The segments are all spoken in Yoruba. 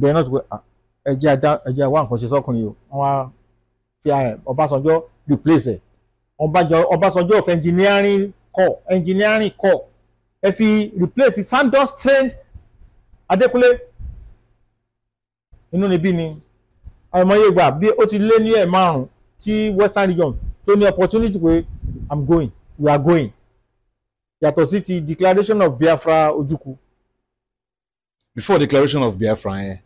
bẹ́ẹ̀ náà tó pé ẹjẹ́ àdá sọ́kùnrin yìí wọ́n wá fi Ọbásanjọ́ replace ẹ̀ Ọbásanjọ́ of engineering core engineering core ẹ fi replace Sandos trained Adékúnlé inú níbí ni àìmọye ìgbà bí ó ti lé ní ẹ̀ márùn-ún Western Region tó ní opportunity pé I'm going we are going yàtọ̀ sí ti declaration of Biafra Ojukwu. Before declaration of Biafra Eh?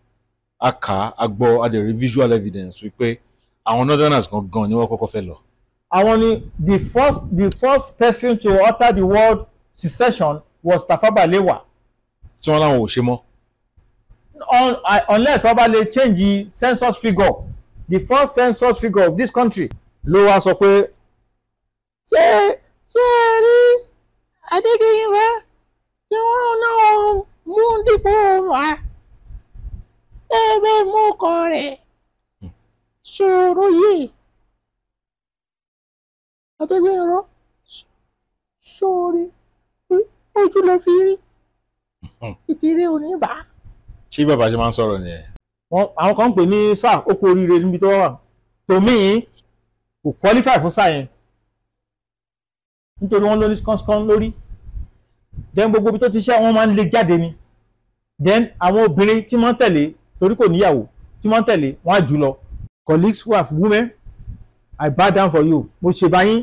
a kà á a gbọ́ a dẹ̀ rí visual evidence wípé àwọn northerners gangan ni wọ́n kọ́kọ́ fẹ́ lọ. àwọn ni the first the first person to utter the word secession was Tafawa Balewa. tí wọ́n láwọn ò ṣe mọ́. unless Tafawa Balewa change the census figure the first census figure of this country ló wá sọ pé ṣé ṣé ẹ rí Adéyẹyẹ wá tí wọ́n náà mú dípò wá ẹ̀rẹ̀ mú kọ rẹ̀ hmm. ṣòro yìí àtẹgbẹ́rọ sórí ojú ló fi rí hmm. ìtìrí oníbà. ṣé bàbá ṣe máa ń sọ̀rọ̀ nìyẹn. àwọn kan ń pè ní sáà ó kú oríire níbi tó wà tòmí kò qualify fún sáà yẹn nítorí wọ́n ló ní skánskán lórí then gbogbo ibi tó ti ṣe wọ́n máa ń lé jáde ni then àwọn obìnrin tí wọ́n tẹ̀lé torí kò níyàwó tí wọ́n tẹ̀lé wọ́n á jù lọ colleagues who have women I bow down for you mo ṣe báyìí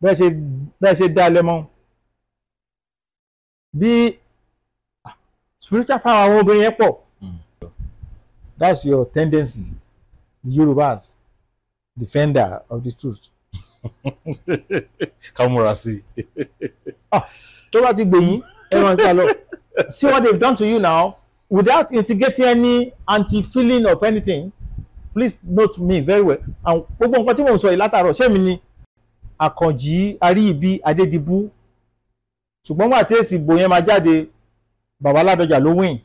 bẹ́ẹ̀ ṣe bẹ́ẹ̀ ṣe dá lẹ́mọ́ bí ah, spiritual power àwọn obìnrin yẹn pọ̀ that's your tendency Yorubas defender of the truth. ká múra sí i. Ah, tó bá ti gbẹ̀yìn ẹ máa ń ta lọ. see what they've done to you now without instigating any anti-feeling of anything please note me very well and gbogbo nǹkan tí mò ń sọ yìí látàárọ̀ ṣé mi ni àkànjì aríyìbí adédìbú ṣùgbọ́n wà tí èsì ìbò yẹn máa jáde bàbá ládọjà ló wìn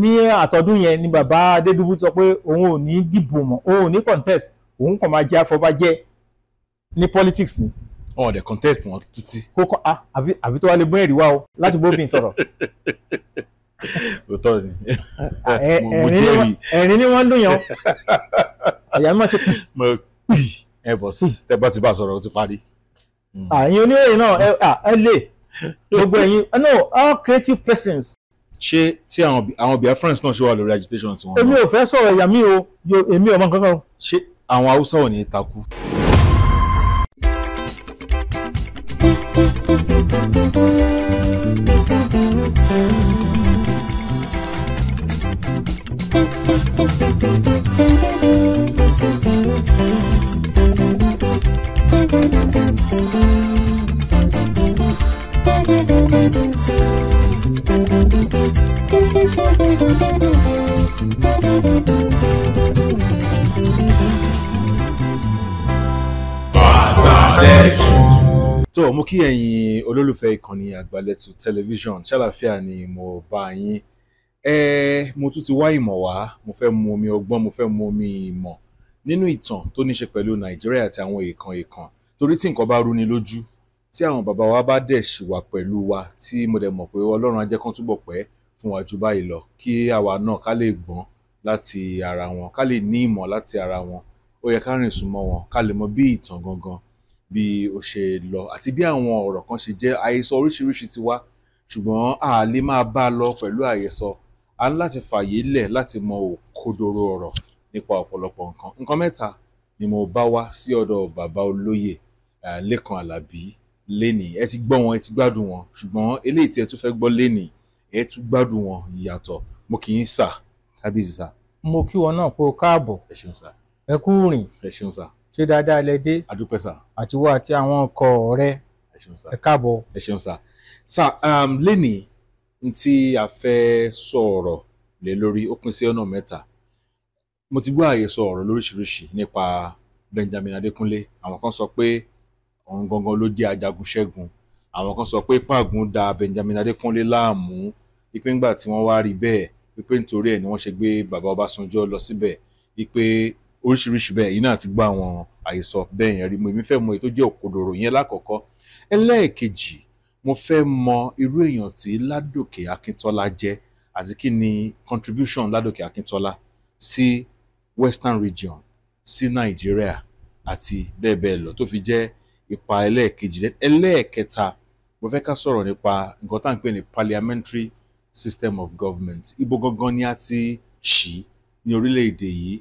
ní àtọ́dún yẹn ni bàbá adédìbú sọ pé òun ò ní dìbò mọ́ òun ò ní contest òun kàn máa jẹ́ afọbajẹ́ ní politics ni wọn ò dẹ̀ contest wọn títí. kókó a àbí tó wá lè bún ẹ̀rí o láti bóbin sọ̀rọ̀. òótọ́ ni ah, mo jẹ́rìí. ẹ̀rín ni wọ́n ń dùn yàn ọ̀yà mọ̀ ṣe kù. mo pì ẹ bọ̀ sí tẹ bá ti bá sọ̀rọ̀ ó ti parí. àyìn hmm. ah, oníròyìn náà ah, ẹ lè gbogbo ẹ̀yin no all creative persons ṣé tí àwọn àwọn Biafrans náà ṣe wà lórí agitation tiwọn. èmi ò fẹ́ sọ̀rọ̀ ẹ̀yà mi o èmi ò mọ kankan. ṣé àwọn Haúsá ò ní takú. tó mú kí ẹ̀yin olólùfẹ́ ìkànnì àgbàlẹ̀tù tẹlifíṣọ̀n ṣàlàfíà ni mo bá yín ẹ mo tún ti wá ìmọ̀ wá mo fẹ́ mu omi ọgbọ́n mo fẹ́ mu omi ìmọ̀ nínú ìtàn tó ní ṣe pẹ̀lú nàìjíríà àti àwọn èèkàn èèkàn torí tí nǹkan bá rúni lójú tí àwọn bàbá wa bá dẹ̀ ṣì wà pẹ̀lú wa tí mo dẹ̀ mọ̀ pé ọlọ́run á jẹ́ kán túbọ̀ pẹ́ fún wa ju báyìí lọ kí àwa náà ká lè gbọ́n láti ara wọn ká lè ní ìmọ̀ láti ara wọn ó yẹ ká rìn súnmọ́ wọn ká lè mọ bí ìtàn gangan bí ó ṣe lọ àti bí àwọn ọ̀rọ̀ kan ṣe jẹ́ àhesọ oríṣiríṣi ti wá ṣùgbọ́n a lè máa bá a lọ pẹ̀lú àhesọ a ń láti fààyè lẹ̀ láti mọ òkodoro ọ̀rọ̀ nípa ọ̀pọ̀lọpọ̀ nǹkan nǹkan mẹ́ta ni mo bá wá sí ọ̀dọ̀ bàbá olóyè Lékan Àlàbí lénìí ẹ ti gbọ́ wọn ẹ ti gbádùn wọn ṣùgbọ́n eléyìí tí ẹ tún fẹ́ gbọ́ lénìí ẹ tún gbádùn wọn yàtọ̀ mo kì í sà kábíyèsí sà. mo kí wọn náà kó o káàbọ̀ ẹ ṣeun sà ẹ kú rìn ẹ ṣeun sà ṣé dáadáa lẹ dé àdúpẹ́ sà àtiwọ́ àti àwọn ọkọ̀ rẹ ẹ káàbọ̀ ẹ ṣeun sà sà um, lénìí n tí a fẹ́ sọ̀rọ̀ lé lórí ó pín sí ọ̀nà mẹ́ta mo ti gbọ́ àyè sọ lóríṣiríṣi nípa Benjamin Adekunle àwọn kan sọ pé òun gangan ló jẹ́ ajagun ṣẹ́gun àwọn kan sọ pé pàgùn da Benjamin Adekunle láàmú wípé ńgbà tí wọ́n wá rí bẹ́ẹ̀ wípé nítorí ẹ̀ ni wọ́n ṣe gbé bàbá Ọbásanjọ́ lọ síbẹ̀ wípé oríṣiríṣi bẹ́ẹ̀ yìí náà ti gbọ́ àwọn àyè sọ bẹ́ẹ̀ yẹn rí mo èmi fẹ́ mọ èyí tó jẹ́ òkodoro yẹn lákọ̀ọ́kọ́ ẹlẹ́ẹ̀kejì mo fẹ́ mọ irú èèyàn tí Ládòkè Akíntọ́lá jẹ́ àti kí ni contribution Ládòkè Akíntọ́lá sí Western Region sí Nàìjíríà àti bẹ́ẹ̀ bẹ́ẹ̀ lọ tó fi jẹ́ ipa ẹlẹ́ẹ̀kejì ẹlẹ́ẹ̀kẹta mo fẹ́ ká sọ̀rọ̀ nípa nǹkan tá à ń pè ní parliamentary system of government ibo gangan ni a ti ṣì ní orílẹ̀-èdè yìí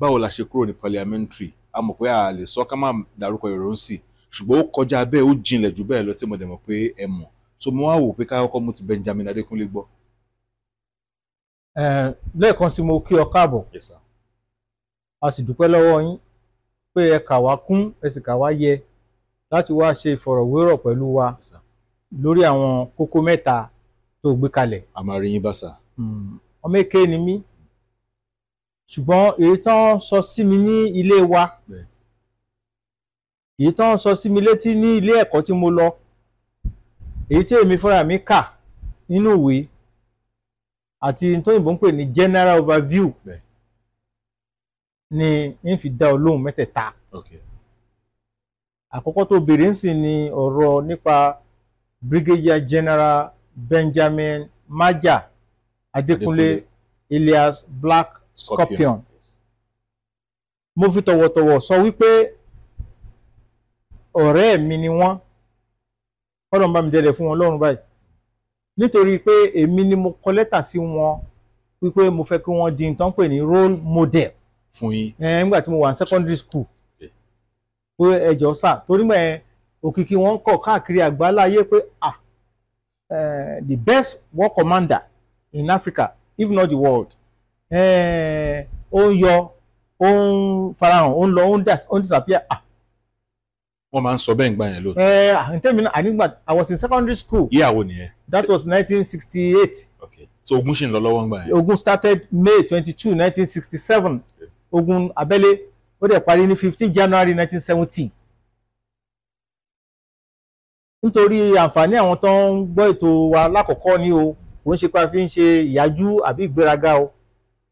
báwo la ṣe kúrò ní parliamentary a mọ̀ pé a lè sọ ká má dárúkọ ìrònsì ṣùgbọ́n ó kọjá bẹ́ẹ̀ ó jinlẹ̀ jù bẹ́ẹ̀ lọ tí mo dẹ̀ pé ẹ mọ̀ so mo wá wò pé ká kọ́kọ́ mú ti Benjamin Adékúnlé gbọ́. Eh, lẹ́ẹ̀kan sí mo kí ọ káàbọ̀ yes sir a sì dúpẹ́ lọ́wọ́ yín pé ẹ kà wá kún ẹ sì kà wá yẹ láti wá ṣe ìfọ̀rọ̀wérọ̀ pẹ̀lú wa lórí àwọn kókó mẹ́ta tó gbé kalẹ̀. a máa rí yín bá sà. Hmm. ọmọ èké ni mí ṣùgbọ́n èyí tán sọ sí mi ní ilé wa. Yeah èyí tó ń sọ sí mi létí ní ilé ẹ̀kọ́ tí mo lọ èyí tí èmi fúnra mi kà nínú ìwé àti tó yìnbó pè ní general overview ni n fi dá olóhùn mẹ́tẹ̀ẹ̀ta àkọ́kọ́ tó béèrè ń sìn ni ọ̀rọ̀ nípa brigadier general Benjamin Maja Adékúnlé Elias Black Scorpion mo fi tọ̀wọ̀tọ̀wọ̀ sọ wípé ọ̀rẹ́ mi ni wọ́n ọlọ́run bá mi jẹ́lẹ̀ fún wọn lọ́rùn báyìí nítorí pé èmi ni mo kọ lẹ́tà sí wọn wípé mo fẹ́ kí wọ́n di nǹkan pè ní role model fún yín nígbà tí mo wà ní secondary school pé ẹjọ́ sà torí mọ̀ ẹ́ òkìkí wọn kọ̀ káàkiri àgbáláyé pé ah uh, the best war commander in Africa if not the world ó ń yọ ó ń farahàn ó ń lọ ó ń disappear ah wọ́n máa ń sọ bẹ́ẹ̀ ń gbà yẹn lóòótọ́. ẹ eh, ẹ ah, ntẹ́mi náà I was in secondary school. yíyà wo nìyẹn. that was nineteen sixty eight. okay so ogun ṣì ń lọ lọ́wọ́ ń gbà yẹn. ogun started May twenty two nineteen sixty seven ogun abẹ́lé ó dẹ̀ parí ní fifteen January nineteen seventy. nítorí àǹfààní àwọn tó ń gbọ́ ètò wa lákọ̀ọ́kọ́ ni o kò ń ṣe pé a fi ń ṣe ìyájú àbí ìgbéraga o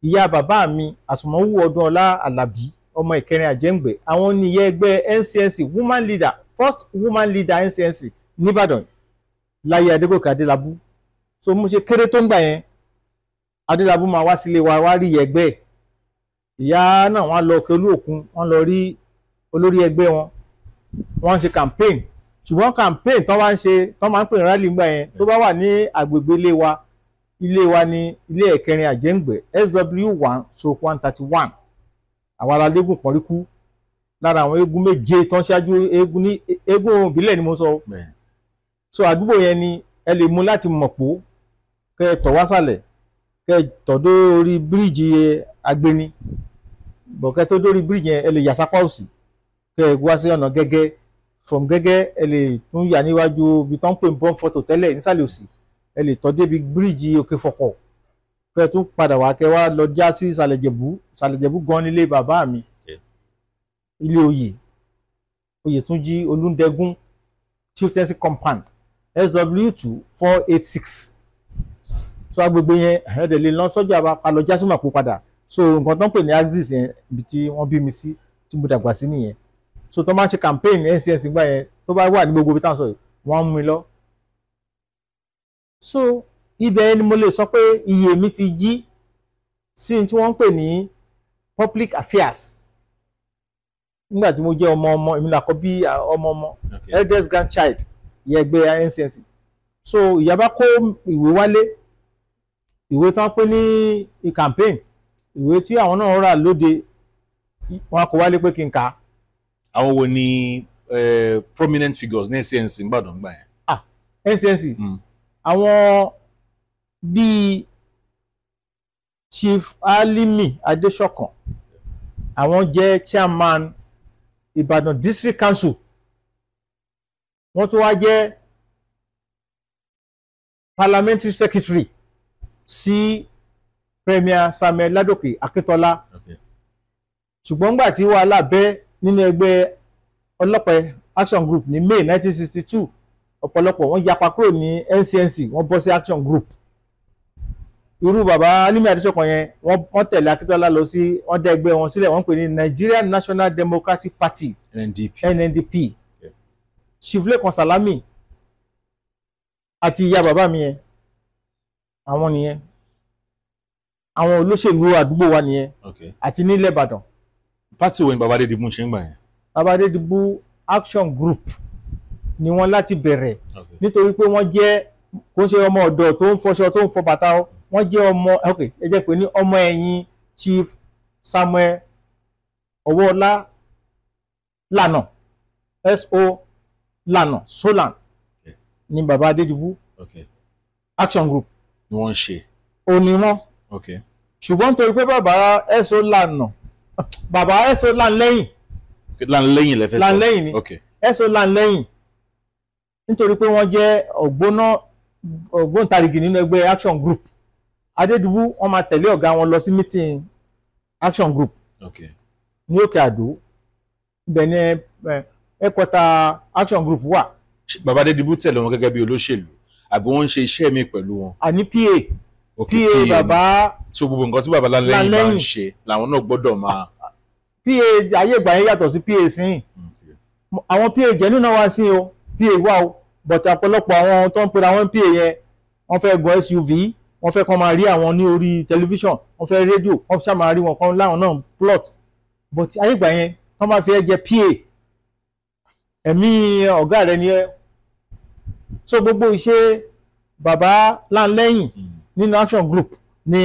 ìyá bàbá mi àsùnmọ́wù ọdún ọlá àlàbí ọmọ ìkẹrin àjẹ́ǹgbè àwọn nìyẹn ẹgbẹ́ NCNC woman leader first woman leader NCNC nìbàdàn láyé adégòkè adélábù so mo ṣe kéré tó ń gbà yẹn adélábù máa wá sílé wa wá rí ẹgbẹ́ ìyá náà wọ́n lọ kẹlú òkun wọ́n lọ rí olórí ẹgbẹ́ wọn wọ́n ṣe campaign ṣùgbọ́n campaign tán wá ń ṣe tán máa ń pè ní rally ńgbà yẹn tó bá wà ní agbègbè ilé wa ilé wa ni ilé ẹ̀kẹrin àjẹ́ǹgbè SW one so one thirty one àwọn ará légùn pọ̀ríkú lára àwọn eégún méje tó ń ṣáájú eégún ní eégún ohun ìbílẹ̀ ni mo sọ so àdúgbò yẹn ni ẹ lè mú láti Mọ̀pó kẹ ẹ tọ̀ wásàlẹ̀ kẹ ẹ tọ̀ dórí bíríìjì Agbeni bọ̀kẹ́ tó dórí bíríìjì yẹn ẹ lè yà sápá òsì kẹ ẹ wá sí ọ̀nà Gẹ́gẹ́ from Gẹ́gẹ́ ẹ lè tún yà níwájú ibi tó ń pè ń bọ́n fọ́tò tẹ́lẹ̀ nísàlẹ̀ òsì ẹ lè tọ́ débi bíríìjì Òkè Fọ̀kọ̀ kẹ́ tún padà wá kẹ́ wá lọ já sí ìsàlẹ̀jẹ̀bú ìsàlẹ̀jẹ̀bú gan nílé bàbá mi ilé oyè oyètúnjí olúndẹ̀gún chieftaincy compound sw two four eight six so agbègbè yẹn ẹ̀ẹ́dẹ̀ lè lọ sọ́jà àpalọ já sí màpò padà so nǹkan tó ń pè ní axis yẹn ibi tí wọ́n bí mi sí tí mo dàgbà sí nìyẹn so tó máa ń ṣe campaign NCNC gbà yẹn tó bá wà ní gbogbo ibi táwọn sọ yìí wọ́n mú mi lọ so ibẹ̀ ni mo lè sọ pé iye mi ti jí sí tí wọ́n ń pè ní public affairs nígbà tí mo jẹ́ ọmọ ọmọ èmi làkọ́ bí ọmọ ọmọ eldest grandchild ìyẹn ẹgbẹ́ NCNC so ìyàbá kó ìwé wálé ìwé tán pé ní campaign ìwé tí àwọn náà rà lóde wọn kò wálé pé kí n kà á. àwọn wo ni prominent figures ní NCNC ń gbàdọ̀ gbà yẹn. ah NCNC hmm. àwọn bíi Chief Alimi Adéṣọ̀kan àwọn jẹ́ chairman Ìbàdàn District Council wọ́n tó wá jẹ́ parliamentary secretary sí Premier Samuel Ládòkè Akíntọ́lá ṣùgbọ́n nígbà tí wàhálà bẹ́ nínú ẹgbẹ́ ọlọ́pàá Action Group ní May 1962 ọ̀pọ̀lọpọ̀ wọ́n yapa kúrò ní NCNC wọ́n bọ́ sí Action Group irú bàbá Alimi Adéṣọ̀kan yẹn wọ́n tẹ̀lé Akíntọ́lá lọ sí wọ́n dá ẹgbẹ́ wọn sílẹ̀ wọ́n pè ní Nigerian National Democratic Party NNDP NNDP Chief Lékan Salami àti ìyá bàbá mi yẹn àwọn nìyẹn àwọn olóṣèlú àdúgbò wa nìyẹn àti nílẹ̀ Ìbàdàn. pátì wo ni bàbá Adédìbú ṣe ń gbà yẹn. bàbá Adédìbú Action Group ni wọ́n láti bẹ̀rẹ̀ nítorí pé wọ́n jẹ́ kó ṣe ọmọ ọ̀dọ́ tó ń fọṣọ tó ń fọ bàtà ọ́. Okay wọ́n jẹ́ ọmọ ok ẹ jẹ́ pé ní ọmọ ẹ̀yìn Chief Samuel Owóọlá Lànà S.O. Lànà Solan ni bàbá Adédìbú Action Group ni wọ́n ń ṣe òní wọn ṣùgbọ́n nítorí pé bàbá S.O. Lànà bàbá S.O. Lanlẹ́yìn Lanlẹ́yìn lẹ́fẹ́ sọ Lanlẹ́yìn ni S.O. Lanlẹ́yìn nítorí pé wọ́n jẹ́ ọ̀gbóná ọ̀gbóǹtarìgì nínú ẹgbẹ́ Action Group adédìwú wọ́n máa tẹ̀lé ọ̀gá wọn lọ sí meeting action group okay. ní òkè àdó ibẹ̀ ni ẹ̀kọ́ta action group wà. bàbá adédìwú tẹ̀lé wọn gẹ́gẹ́ bí olóṣèlú àbí wọ́n ń ṣe iṣẹ́ mi pẹ̀lú wọn. àní pa okay, pa Baba, so gbogbo nǹkan tí bàbá lálẹ́yìn bá ń ṣe làwọn náà gbọ́dọ̀ máa. pa ayé ìgbà yẹn yàtọ̀ sí pa sìn àwọn pa jẹ́nu náà wá sí o pa wà o bọ̀tà ọ̀pọ̀lọpọ̀ àwọn tó ń pera wọn pa yẹn wọ́n fẹ́ gun SUV wọ́n fẹ́ kàn máa rí àwọn ní orí tẹlifíṣàn wọ́n fẹ́ rédíò wọ́n ṣáà máa rí wọn kan láwọn náà plot but ayé ìgbà yẹn wọ́n máa fi ẹ́ jẹ pa ẹ̀mí ọ̀gá rẹ ni ẹ́ so gbogbo iṣẹ́ bàbá láńlẹ́yìn nínú action group ni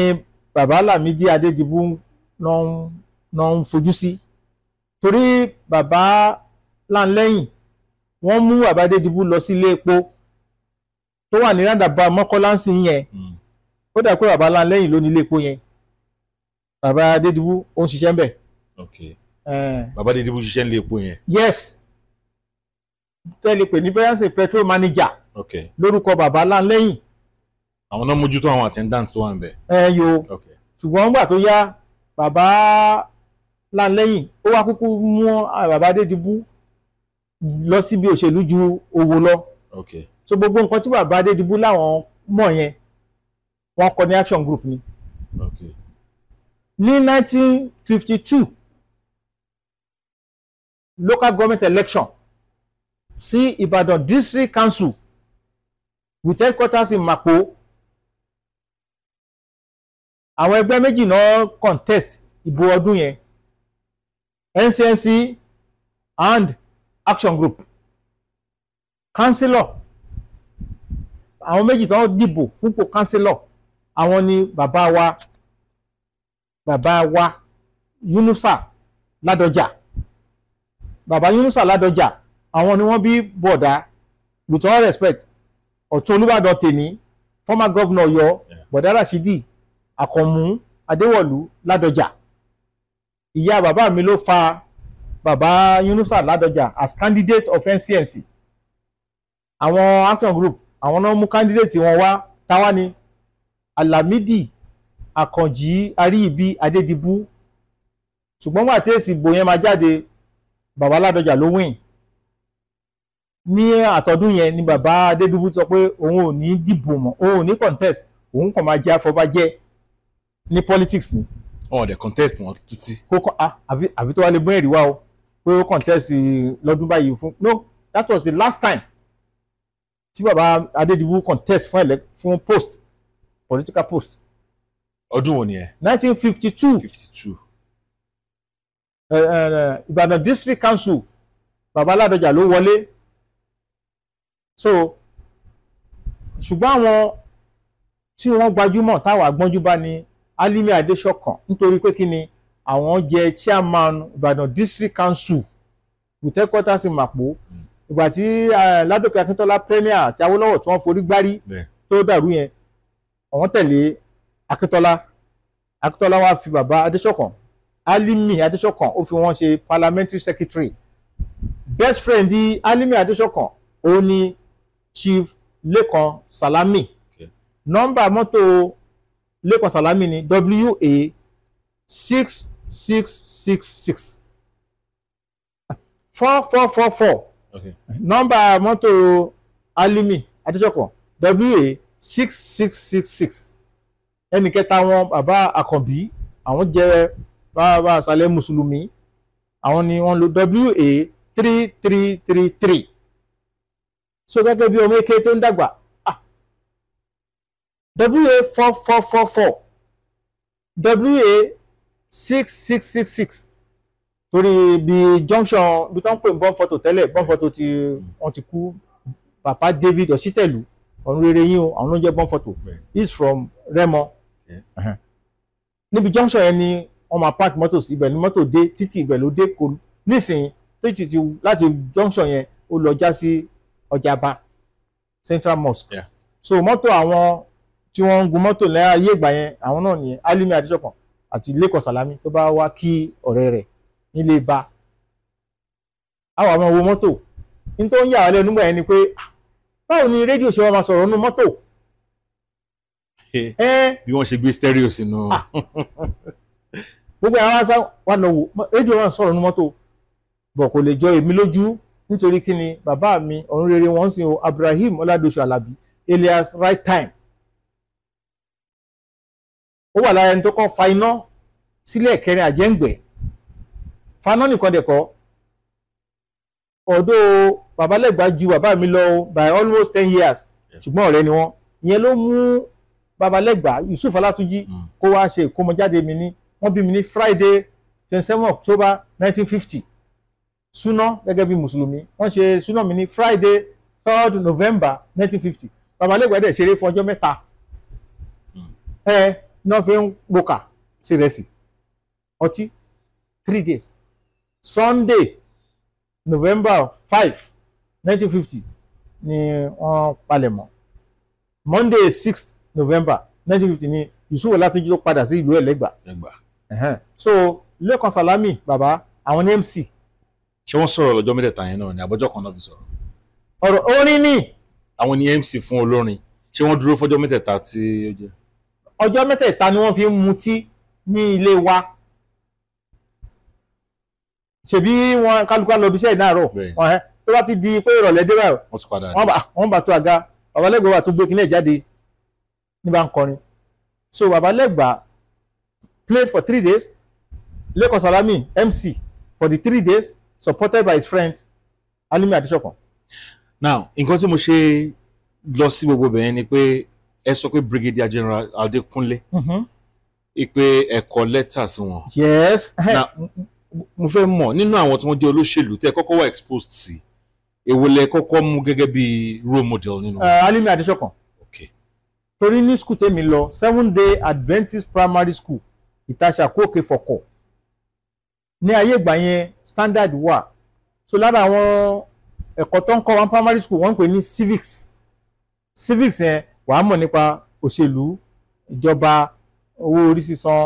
bàbá Lámídì Adédìbú náà ń fojú sí torí bàbá láńlẹ́yìn wọ́n mú bàbá Adédìbú lọ sí ilé epo tó wà ní rádàbà mọ́kọ́láńsì yẹn. Mm ó dà pé bàbá Lanlẹ́yìn ló ní ilé epo yẹn bàbá Adédìbú ó ń ṣiṣẹ́ ń bẹ̀. okay eh. bàbá Adédìbú ṣiṣẹ́ ń lé epo yẹn. yes tẹ́lẹ̀ pè ní bẹ́yànsì petrol manager okay lórúkọ bàbá Lanlẹ́yìn. àwọn náà mójútó àwọn attendant tó wà ń bẹ̀. ẹ yo ṣùgbọ́n nígbà tó yá bàbá Lanlẹ́yìn ó wá kúkú mú bàbá Adédìbú lọ síbi òṣèlú ju owó lọ. okay so gbogbo nǹkan tí bàbá Adédìbú láwọn mọ̀ yẹn wọ́n kọ ní action group ni. Okay. ní 1952 local government election sí Ìbàdàn district council with headquarters in Mapo àwọn ẹgbẹ́ méjì náà contest ìbò ọdún yẹn NCNC and action group councillor àwọn méjì tó ń dìbò fúnpò councillor àwọn ni bàbá wa bàbá wa Yunusa Ládọjà bàbá Yunusa Ládọjà àwọn ni wọ́n bí bọ̀dá with all respect Ọ̀tún Olúbàdàn tèmi former governor Ọ̀yọ́ bọ̀dá Rashidi Àkànmú Adéwọ̀lú Ládọjà ìyá bàbá mi ló fa bàbá Yunusa Ládọjà as candidate of NCNC àwọn action group àwọn náà mú candidate wọn wá táwa ni alamidi akànjí aríyìbí adédìbú ṣùgbọ́n wà tí èsì ìbò yẹn máa jáde bàbá ládọjà ló wìn ní àtọ́dún yẹn ni bàbá adédìbú sọ pé òun ò ní dìbò mọ́ òun ò ní contest òun kàn máa jẹ àfọbàjẹ ní politics ni. wọn ò dẹ contest wọn títí. kó kọ ah, àfi tó wá lè bún ẹ̀rí wá o pé ó contest lọ́dún báyìí fún no that was the last time tí bàbá adédìbú contest fún post political post. ọdún wo ni ẹ. nineteen fifty two. fifty two. Eh, eh, eh, Ìbàdàn district council bàbá Ládọjà ló wọlé so ṣùgbọ́n àwọn tí wọ́n gbajúmọ̀ táwọn agbọ́njú bá ní Alimi Adesokan nítorí pé kí ni àwọn jẹ chairman Ìbàdàn district council with headquarters in Mapo hmm. ìgbà tí Ládòkè Akíntọ́lá premier àti Awólọ́wọ̀ tí wọ́n forí gbárí tó dàrú yẹn àwọn tẹ̀lé Akíntọ́lá Akíntọ́lá wá fi bàbá Adéṣọ̀kan Alimi Adéṣọ̀kan ó fi wọ́n ṣe parliamentary secretary best friend di Alimi Adéṣọ̀kan òun ni Chief Lékan Salami okay. nọ́mbà mọ́tò Lékan Salami ni WA six six six six four four four four nọ́mbà mọ́tò Alimi Adéṣọ̀kan WA six six six six ẹnì kẹta wọn bàbá àkànbí àwọn jẹ bàbá àṣàlẹ̀ mùsùlùmí àwọn ni wọ́n lo wa three three three three so gẹ́gẹ́ bí ọmọ eke tó ń dàgbà ah wa four four four four wa six six six six torí bí junction bí tó ń pè ń bọ́n fọ́tò tẹ́lẹ̀ bọ́n fọ́tò tí wọ́n ti kú papa David Ọ̀sítẹ̀lù ọ̀run rere yín o àwọn oúnjẹ bọ́n fọ́tò is from Rẹ́mọ níbi junction yẹn ni wọ́n máa park mọ́tò sí ibẹ̀ ni mọ́tò dé títì ibẹ̀ ló dé kò nísìnyí títì ti láti junction yẹn ó lọ já sí Ọjàba Central Mosque yeah. so mọ́tò àwọn tí wọ́n ń gun mọ́tò lẹ́yìn ayé ìgbà yẹn àwọn náà nìyẹn Alimi Adéṣọ̀kan àti Lẹ́kọ̀ọ́ Sàlámì tó bá wá kí ọ̀rẹ́ rẹ̀ nílé ba àwọn ọmọ wo mọ́tò ní tó ń yà á lẹ́nu mọ́ ẹ ni pé ah báwo ni rédíò ṣe wá máa sọ̀rọ̀ nínú mọ́tò. bí wọ́n ṣe gbé stereo sínú. Ah. gbogbo àwọn aṣá wà náà wò rédíò náà sọ̀rọ̀ nínú mọ́tò bọ̀ kò lè jọ èmi lójú nítorí kí ni bàbá mi ọ̀run rere wọ́n o Abrahim alias right time ó wà lára ẹni tó kọ́ fa iná sílẹ̀ kẹrin nìkan Although bàbá Legba ju bàbá mi lọ by almost ten years ṣùgbọ́n ọ̀rẹ́ ni wọ́n ìyẹn ló mú bàbá Legba Yusuf Alátúnjí mm. kó wá ṣe ìkómọjáde mi ní wọ́n bí mi ní Friday twenty seven October nineteen fifty Suna gẹ́gẹ́ bí mùsùlùmí wọ́n ṣe súná mi ní Friday third November nineteen fifty bàbá Legba dẹ̀ ṣeré fún ọjọ́ mẹ́ta mm. ẹ náà fi ń poka sí rẹ̀ ọtí three days Sunday November five nineteen fifty ni wọ́n palẹ̀mọ́ Monday sixth November nineteen fifty ni Yusuf Ọlátúnjí ló padà sí ìlú ẹ̀ lẹ́gbà. lẹ́gbà. so Lẹ́kan Sàlámì bàbá àwọn ní MC. ṣé wọ́n sọ̀rọ̀ lọ́jọ́ mẹ́tẹ̀ẹ̀ta yẹn náà ni àbọ̀jọ́ kan náà fi sọ̀rọ̀. ọ̀rọ̀ orin ni. àwọn ní MC fún olórin ṣé wọ́n dúró fọ́jọ́ mẹ́tẹ̀ẹ̀ta tí ó jẹ́. ọjọ́ mẹ́tẹ̀ẹ̀ta ni wọ́n fi ń mutí ní ilé wa ṣèbí wọn kálukú lọ bí iṣẹ́ ìnáàrọ̀ tó bá ti di pé ìrọ̀lẹ́ dé báyìí wọ́n bá tó àga babalẹ́gbà wà tó gbé kílẹ̀ jáde ní bá ń kọrin so babalẹ́gbà played for three days Lekan Salami MC for the three days supported by his friend Alimi Adesokan. now nǹkan tí mo ṣe lọ sí gbogbo bẹ̀yẹn ni pé ẹ sọ pé Brigadier General Adekunle mm-hmm. pé ẹ kọ lẹ́tà sí wọn. yes. now mo fẹ́ mọ̀ nínú àwọn tí wọ́n jẹ́ olóṣèlú tẹ́ kọ́kọ́ wà exposed sí èwo lẹ kọ́kọ́ mú gẹ́gẹ́ bí role model nínú. Eh, Alimi Adesokan torí ní skul tèmi lọ seven day Adventist primary school ìtasàkóòkè fọkọ ní ayé ìgbà yẹn standard wà so lára àwọn ẹ̀kọ́ tó ń kọ́ wọn primary school wọ́n ń pè ní civics civics yẹn wàá mọ̀ nípa òṣèlú ìjọba owó orí sísan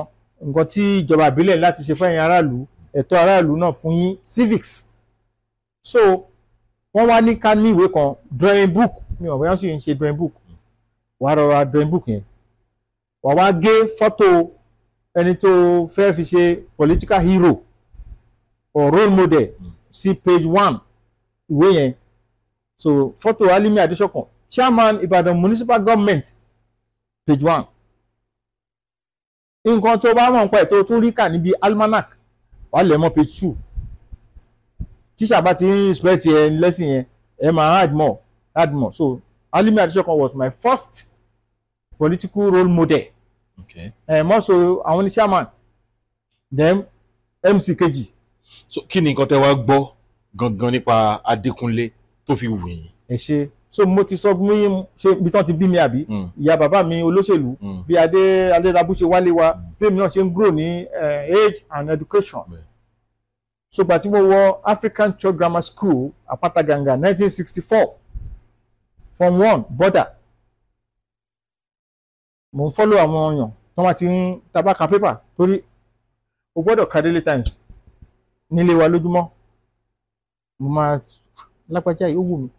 nǹkan tí ìjọba ìbílẹ̀ láti ṣe fún ẹ̀yin aráàlú ẹ̀tọ́ aráàlú náà fún yín civics so wọ́n wá ní ká ní ìwé kan drawing book mi ò wẹ́n sì ń ṣe drawing book wàá rọra drawing book yẹn wàá wá gé fọ́tò ẹni tó fẹ́ fi ṣe political hero or role model sí page one ìwé yẹn so fọ́tò Alimi Adesokan chairman Ibadan municipal government page one nǹkan tó bá mọ̀ nípa ẹ̀ tó tún rí kà níbi almanac wàá lẹ̀ mọ́ page two tíṣà bá ti ń spread ẹ lẹ́sìn yẹn ẹ máa add more add more so Alimi Adesokan was my first political role model okay. ẹ mọ́ so àwọn ní chairman then MC kejì. so kí ni nǹkan tẹ́ wá gbọ́ gangan nípa Adékúnlé tó fi wù yín. ẹ ṣe so mo ti sọ mi ṣe ibi tán ti bí mi àbí mm. ìyá bàbá mi olóṣèlú mm. bí adé adédabú ṣe wálé wa mm. bí èmi náà ṣe ń grow ní eh, age and education so gbà tí mo wọ African Church Grammar School Àpáta Gàngà 1964 form one border mo ń fọ́lọ́ àwọn ọyàn tí wọ́n ti ń tabaka pépà torí o gbọ́dọ̀ ka Daily Times nílé wa lójúmọ́ mo máa lápájá yìí ó wù mí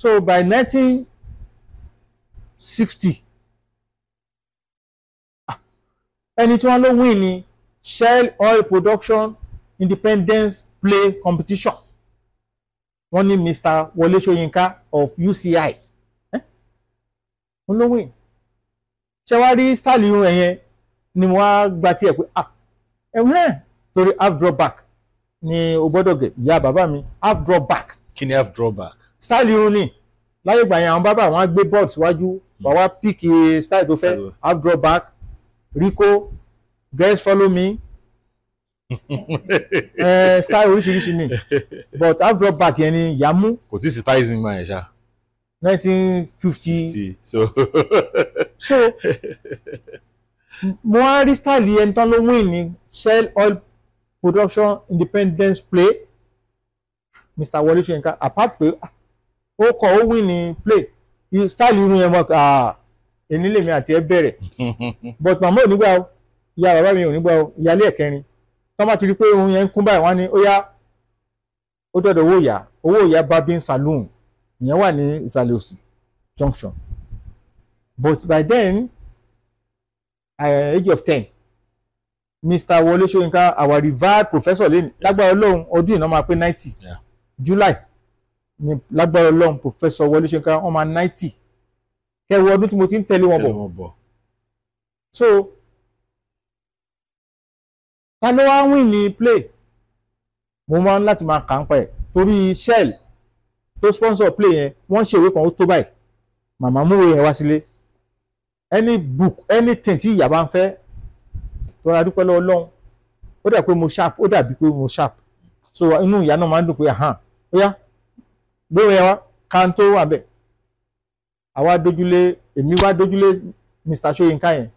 So by 1960, ah, ẹni tí wọ́n ló win ni Shell Oil Production Independence Play Competition wọ́n ní Mr. Wọlé Ṣóyínká of UCI eh? wọ́n ló win ṣe wá rí style irun ẹ̀yẹn ni wọ́n á gba tiẹ̀ pé ah ẹ̀wọ̀n ẹ̀ torí half draw back ni o gbọ́dọ̀ gẹ̀ ìyá bàbá mi half draw back. kí ni half draw back style irun ni láyé ìgbà yẹn àwọn bábà wọn á gbé box síwájú hmm. wà pick style tó fẹ́ half draw back rico guys follow me uh, style oríṣiríṣi ni but half draw back yẹn ni yamu. kò tí ì sí ties nígbà yẹn ṣá. 1950 so so mo wá rí style yẹn tán ló win ní Shell Oil Production Independence Play Mr. Wọlé Ṣóyínká apart pé ah ó kọ ó win ní play style irun yẹn mọ èmi lèmi àti ẹ bẹ̀rẹ̀ but màmá ò nígbà o ìyá bàbá mi ò nígbà o ìyálé ẹ̀kẹrin tó má ti rí pé irun yẹn ń kún báyìí wọ́n á ní ó yá ó dọ̀dọ̀ owó ìyá owó ìyá barbing saloon ìyẹn wà ní ìsàlẹ̀ òsì junction but by then eh, age of ten Mr. Wọlé Ṣóyínká our revered professor lẹ́nu lágbára Ọlọ́run ọdún ìnáwó máa pé ninety July ni lágbára ọlọ́run professor Wọlé Ṣóyínká wọ́n máa náìtì kẹwọ ọdún tí mo ti ń tẹ̀lé wọn bọ̀ so ta ló wá wìn ní play mo máa ń láti máa kà ń pa ẹ̀ torí shell tó sponsor play yẹn wọ́n ṣe ìwé kan ó tó báyìí màmá múwe yẹn wá sílé any book anything tí ìyá bá ń fẹ́ tọ́ra dúpẹ́ lọ́wọ́ lọ́hùn ó dà pé mo sharp ó dàbí pé mo sharp so inú ìyá náà máa ń dùn pé ó yá gbóhùn yẹn wá ká n tó wà bẹ́ẹ̀ àwa dojúlé èmi wá dojúlé Mr. Ṣóyínká yẹn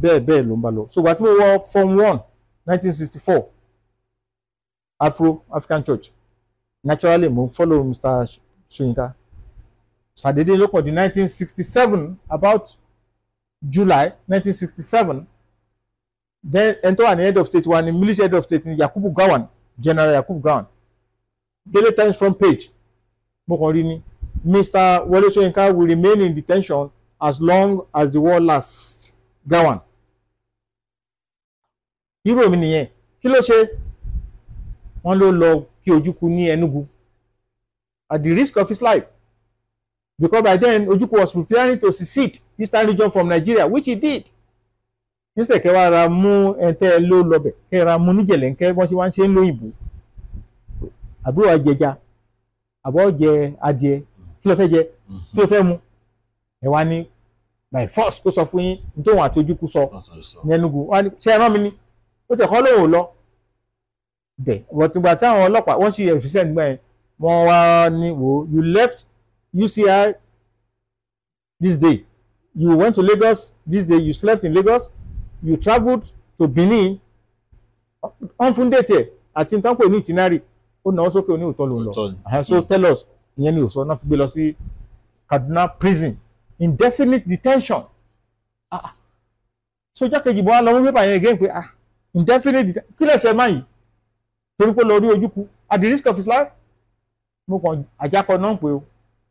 bẹ́ẹ̀ bẹ́ẹ̀ ló ń bá lọ so ìgbà tí mo wọ form one nineteen Afro African Church naturally mo follow Mr. Ṣóyínká ṣàdédé ló pọ̀ di nineteen sixty seven about July 1967, then ẹni tó wà ní head of state wa ni militia head of state ni Yakubu Gowon general yakub ground daily times front page mo kàn rí ni mr wole soyinka will remain in detention as long as the war lasts gawan irú mi nìyẹn kí ló ṣe wọ́n ló lọ kí ojúkú ní enugu at the risk of his life because by then ojukwu was preparing to secede eastern region from nigeria which he did kírísítẹ̀ kẹ́ wá ra mú ẹ̀ńtẹ́ ló lọ́bẹ̀ kẹ́ ra mú níjẹ̀lẹ̀ńkẹ́ bọ́n ṣe wá ń ṣe ń lóyìnbó àbúrò àjẹjà àbọ̀ jẹ adìẹ kí ló fẹ́ jẹ mhm. kí ló fẹ́ mu ẹ wá ní by force kó sọ fún yín nítorí àti ojúkú sọ ní wá ní ṣe ẹran mi ni ó tẹ̀ kọ́ lóun lọ bẹ̀ bọ̀tùgbà táwọn ọlọ́pàá wọ́n ṣe efficient gbọ́n yẹn wọ́n wá ní wo you left UCI this day you went to Lagos this day you slept in Lagos you travelled to Benin wọ́n fún déètì ẹ̀ àti nǹkan pè ní ìtinárì ó náwó sókè ó ní òótọ́ ló ń lọ so tell us ìyẹn ni òsọ náà fi gbé lọ sí Kaduna prison indefinite detention ah, ah. sójà kejì bọ́ wá lọ mú pépà yẹn again pé ah indefinite detention kí lẹ́sẹ̀ máa yìí torí pé lọ rí ojúkú at the risk of his life mo kàn àjákọ náà pé o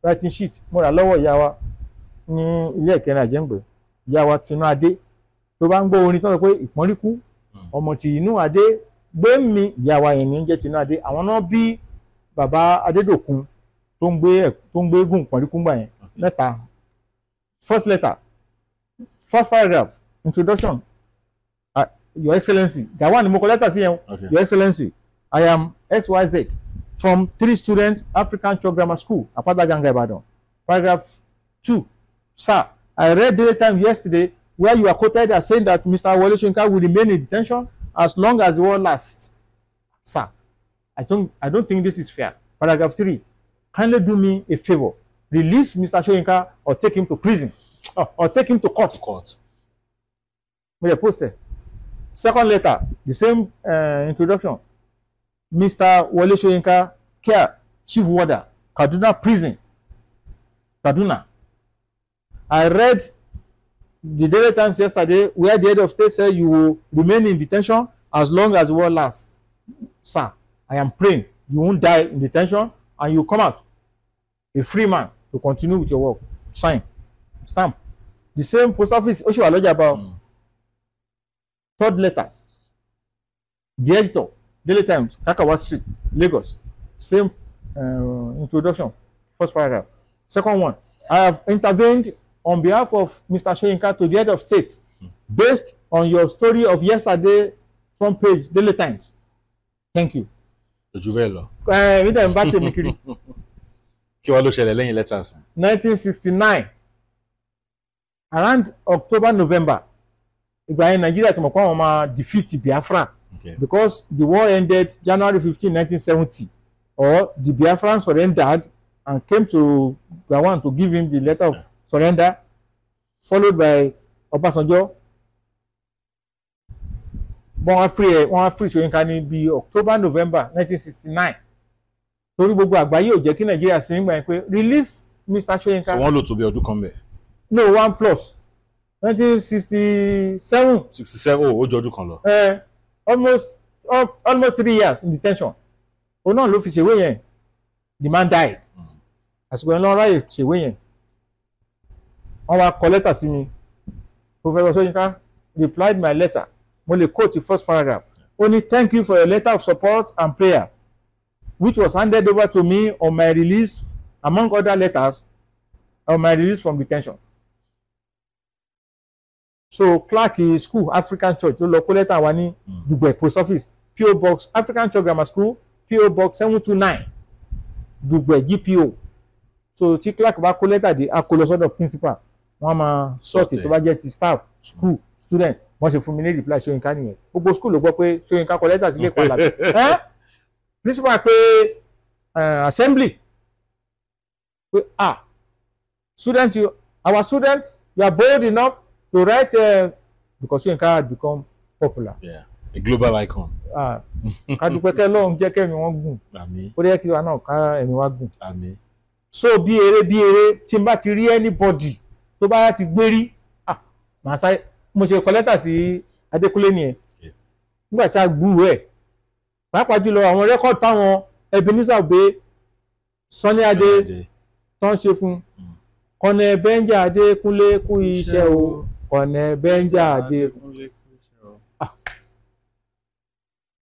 writing sheet mo rà lọ́wọ́ ìyá wa ní ilé ìkẹrin àjẹ́ǹgbẹ̀ ìyá wa Tinú Adé tó bá ń gbọ́ orin tó sọ pé ìpọ́nríkú hmm. ọmọ tí inú adé gbé mi ìyá wa yẹn ní oúnjẹ tí inú adé àwọn náà bí bàbá adédòkun tó ń gbé tó ń gbé eégún ìpọ́nríkú gbà yẹn hmm. mẹ́ta first letter first paragraph introduction uh, your excellency gawa ni mo kọ lẹ́tà sí yẹn your excellency i am xyz from three Student african church grammar school apata ganga ibadan paragraph two sir i read the time yesterday where you are quoted as saying that Mr. Wole Soyinka will remain in detention as long as the war lasts. Sir, I don't, I don't think this is fair. Paragraph 3. Kindly do me a favor. Release Mr. Soyinka or take him to prison or, oh, or take him to court. court. We are posted. Second letter, the same uh, introduction. Mr. Wole Soyinka, care, chief warder, Kaduna prison, Kaduna. I read the daily times yesterday where the head of state said you will remain in detention as long as the war lasts sir i am praying you won't die in detention and you come out a free man to continue with your work sign stamp the same post office oshiwa lọjà bá ọ hmm. third letter the editor daily times kakawa street lagos same uh, introduction first paragraph second one i have intervened on behalf of Mr. Soyinka to the head of state based on your story of yesterday front page Daily Times. Thank you. Ojú bẹ́ẹ̀ lọ. Ẹ eh, mi dẹ̀ ń bá tèmi kiri. Kí wá ló ṣẹlẹ̀ lẹ́yìn lẹ́tà sí? nineteen sixty nine around October November ìgbà yẹn Nàìjíríà ti mọ̀ pé àwọn máa defeat Biafra okay. because the war ended January fifteen nineteen seventy or the Biafran surrendered and came to Gowon to give him the letter of. Yeah surrender followed by Obasanjo. wọ́n á free ẹ̀ wọ́n á free Ṣóyínká ní bíi October November 1969 torí gbogbo àgbáyé ò jẹ́ kí Nàìjíríà sí nígbà yẹn pé release Mr. Ṣóyínká. so wọ́n lò tó bí ọdún kan bẹ̀. no one plus 1967. 67 ó jọ ọdún kan lọ. Eh, almost almost three years in detention òun náà ló fi ṣèwé yẹn the man died hmm. àsìkò yẹn lọ́ọ́ ráyè ṣèwé yẹn wọ́n wá kọ lẹ́tà sí mi Professor Soyinka replied my letter mo lè quote the first paragraph ó ní thank you for your letter of support and prayer which was handed over to me on my release among other letters on my release from detention so clark school african church ló lọ kó lẹ́tà wa ní dùgbẹ̀ post office po box african church grammar school po box seven two nine dùgbẹ̀ gpo so tí clark bá kó lẹ́tà dé a kó lọ sọ́dọ̀ principal wọ́n máa sọ́ọ̀tì tó bá jẹ́ ti staff school student wọ́n ṣe fún mi ní reply Ṣóyínká nìyẹn gbogbo school ló gbọ́ pé Ṣóyínká kọ lẹ́tà sílé padà ẹ́ principal pé assembly pé ah student our student you are bold enough to write eh, because Ṣóyínká had become popular. Yeah. A global icon. Ah, kádùpẹ́ kẹ́ lọ́run jẹ́ kẹ́mi wọn gùn ó dẹ́ kí wa náà ká ẹ̀mí wa gùn. so bí eré bí eré tí n bá ti rí anybody tó bá ti gbé rí màá sáré mo ṣe kọ lẹ́tà sí Adékúnlé nìyẹn nígbà tí a gbúrú ẹ̀ pàápàá jùlọ àwọn rẹ́kọ̀dù táwọn Ebenezer Obey Sunny Adé tán ṣe fún kọ̀nà bẹ́ńjà Adékúnlé kú iṣẹ́ o kọ̀nà bẹ́ńjà Adékúnlé kú iṣẹ́ o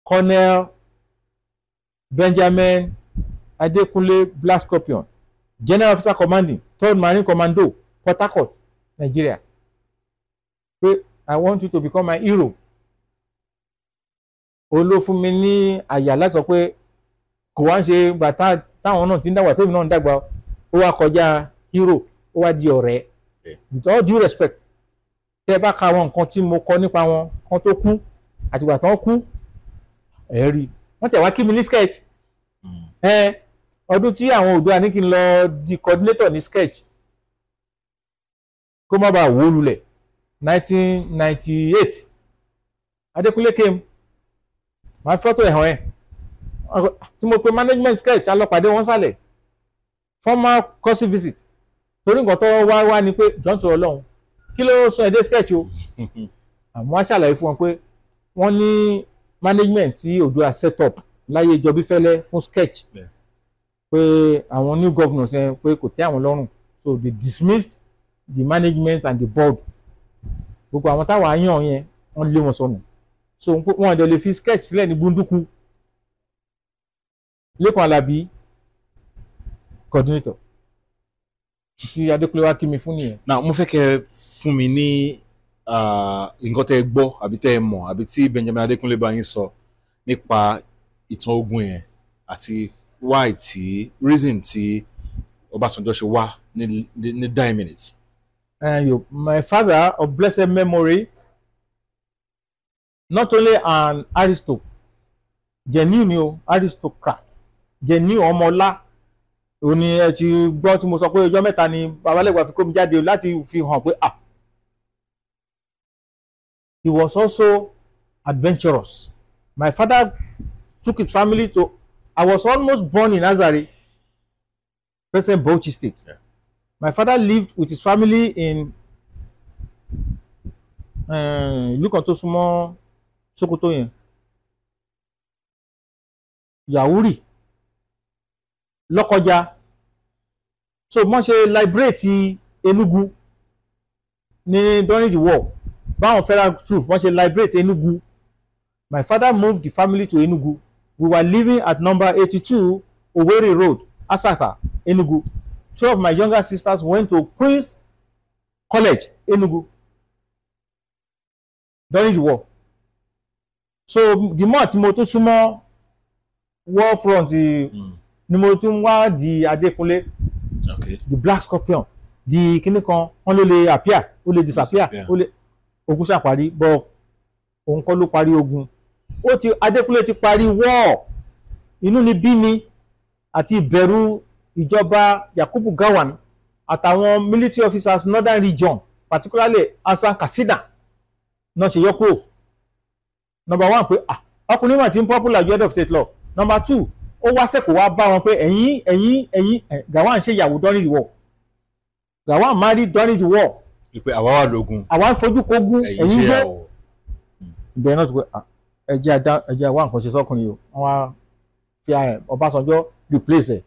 kọ̀nà Benjamin Adekunle Black Scorpion General Officer Commanding Third Marine Commando Port Harcourt Nigeria pé I want you to become my hero ó ló fún mi ní àyà láti sọ pé kò wá ń ṣe gbà táwọn náà ti ń dàgbà tèmi náà ń dàgbà ó wá kọjá hero ó wá di ọ̀rẹ́ with all due respect tẹ́ bá ka àwọn nǹkan tí mo kọ nípa wọn kan tó kú àtìgbà tán kú ẹ rí wọ́n tẹ̀ wá kí mi ní sketch hmm. ẹ ọdún tí àwọn Oòduà ní kí n lọ di coordinator ní sketch kó má bàa wó lulẹ̀ 1998 Adékúnlé came màá fọ́tò ẹ̀hàn ẹ̀ tí mo pe management sketch alọ́pàdé wọn sálẹ̀ formal course visit torí nǹkan tó wá wá ni pé jọ́ǹtò ọlọ́run kí ló sún ẹ̀dẹ́ sketch o àmọ́ a ṣàlàyé fún wọn pé wọ́n ní management tí Oòduà set up láyé ìjọbí fẹ́lẹ́ fún sketch pé àwọn new governors yẹn pé kò tẹ́ àwọn lọ́rùn so they dismissed the management and the board gbogbo àwọn táwa yàn yẹn wọ́n lé wọn sọnù so wọn dẹ̀ lè fi sketch sílẹ̀ ní gbúndúkú Lẹ́kan Alábí coordinator tí Adékúnlé wá kí mi fún nìyẹn. na mo fẹ́ kẹ́ fún mi ní nǹkan tẹ́ ẹ gbọ́ àbí tẹ́ ẹ mọ̀ àbí tí Benjamin Adékúnlé bá yín sọ nípa ìtàn ogun yẹn àti why tí reason tí Ọbásanjọ́ ṣe wá ní nine minutes. And you, my father of blessed memory, not only an aristocrat, genuine aristocrat, genuine ọmọlá, ó ní ẹ ti gbọ́ tí mo sọ pé ọjọ́ mẹ́ta ni babalẹ́gbà fi kó mi jáde láti fi hàn pé ah he was also adventurous my father took his family to I was almost born in Azare present Bauchi state yeah. My father lived with his family in eh, ìlú kan tó súnmọ́ Sokoto yẹn Yawuri Lọ́kọjà so mo ṣe liberate Enugu ní during the war báwọn federal troops wọ́n ṣe liberate Enugu my father moved the family to Enugu we were living at number eighty-two Owerri Road Asata Enugu two of my younger sisters went to Queen's College, Enugu, during the war. So the more tí mo tún súnmọ́ war front ni mo tún wá di Adékúnlé, the Black Scorpion, di kíní kan, wọ́n ló lè appear, ó lè disappear, ó lè ogun ṣàparí, but òun kọ́ ló parí ogun. Ó ti Adékúnlé ti parí war, inú ni Bini ni àti ìbẹ̀rù ìjọba Yakubu Gawon àtàwọn military officers northern region particularly Hassan Katsina náà ṣe yọ number one pé ọkùnrin náà ti ń popular ju head of state lọ number two ó wá sẹ́kọ̀ọ́ wá bá wọn pé ẹ̀yin ẹ̀yin ẹ̀yin Gawon ṣe ìyàwó during the war Gawon marry during the war. ìpè àwa wà lógun àwa ń fojú kógun ẹ̀yin jẹ́ ìbẹ̀rẹ̀ náà ti pé ẹ̀jẹ̀ àwa nǹkan ṣe sọ́kùnrin o wọ́n wá fi Ọbásanjọ́ replace ẹ̀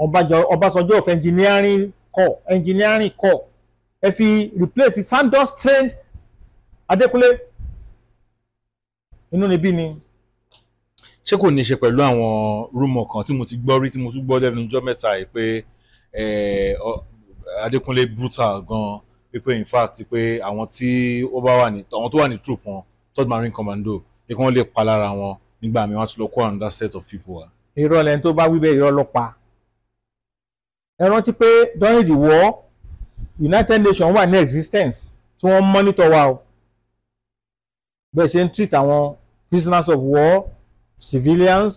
Ọbásanjọ́ of engineering corps engineering corps ẹ fi replace Sandos trained Adékúnlé inú níbí ni. ṣé kò ní í ṣe pẹ̀lú àwọn rúmọ̀ kan tí mo ti gbọ́ rí tí mo tún gbọ́ lẹ́nu ọjọ́ mẹ́ta yìí pé Adékúnlé brutal gan-an wípé in fact pé àwọn tí ó bá wà ní àwọn tó wà ní troop wọn third marine commando pé kí wọ́n lè pa lára wọn nígbà míì wọ́n á tún lọ kó another set of people wá. irọ́ lẹ́ni tó bá wí bẹ́ẹ̀ irọ́ ló pa ẹ rántí pé during the war United Nations wà ní existence tí wọ́n monitor wa o bẹ́ẹ̀ ṣe ń treat àwọn prisoners of war civilians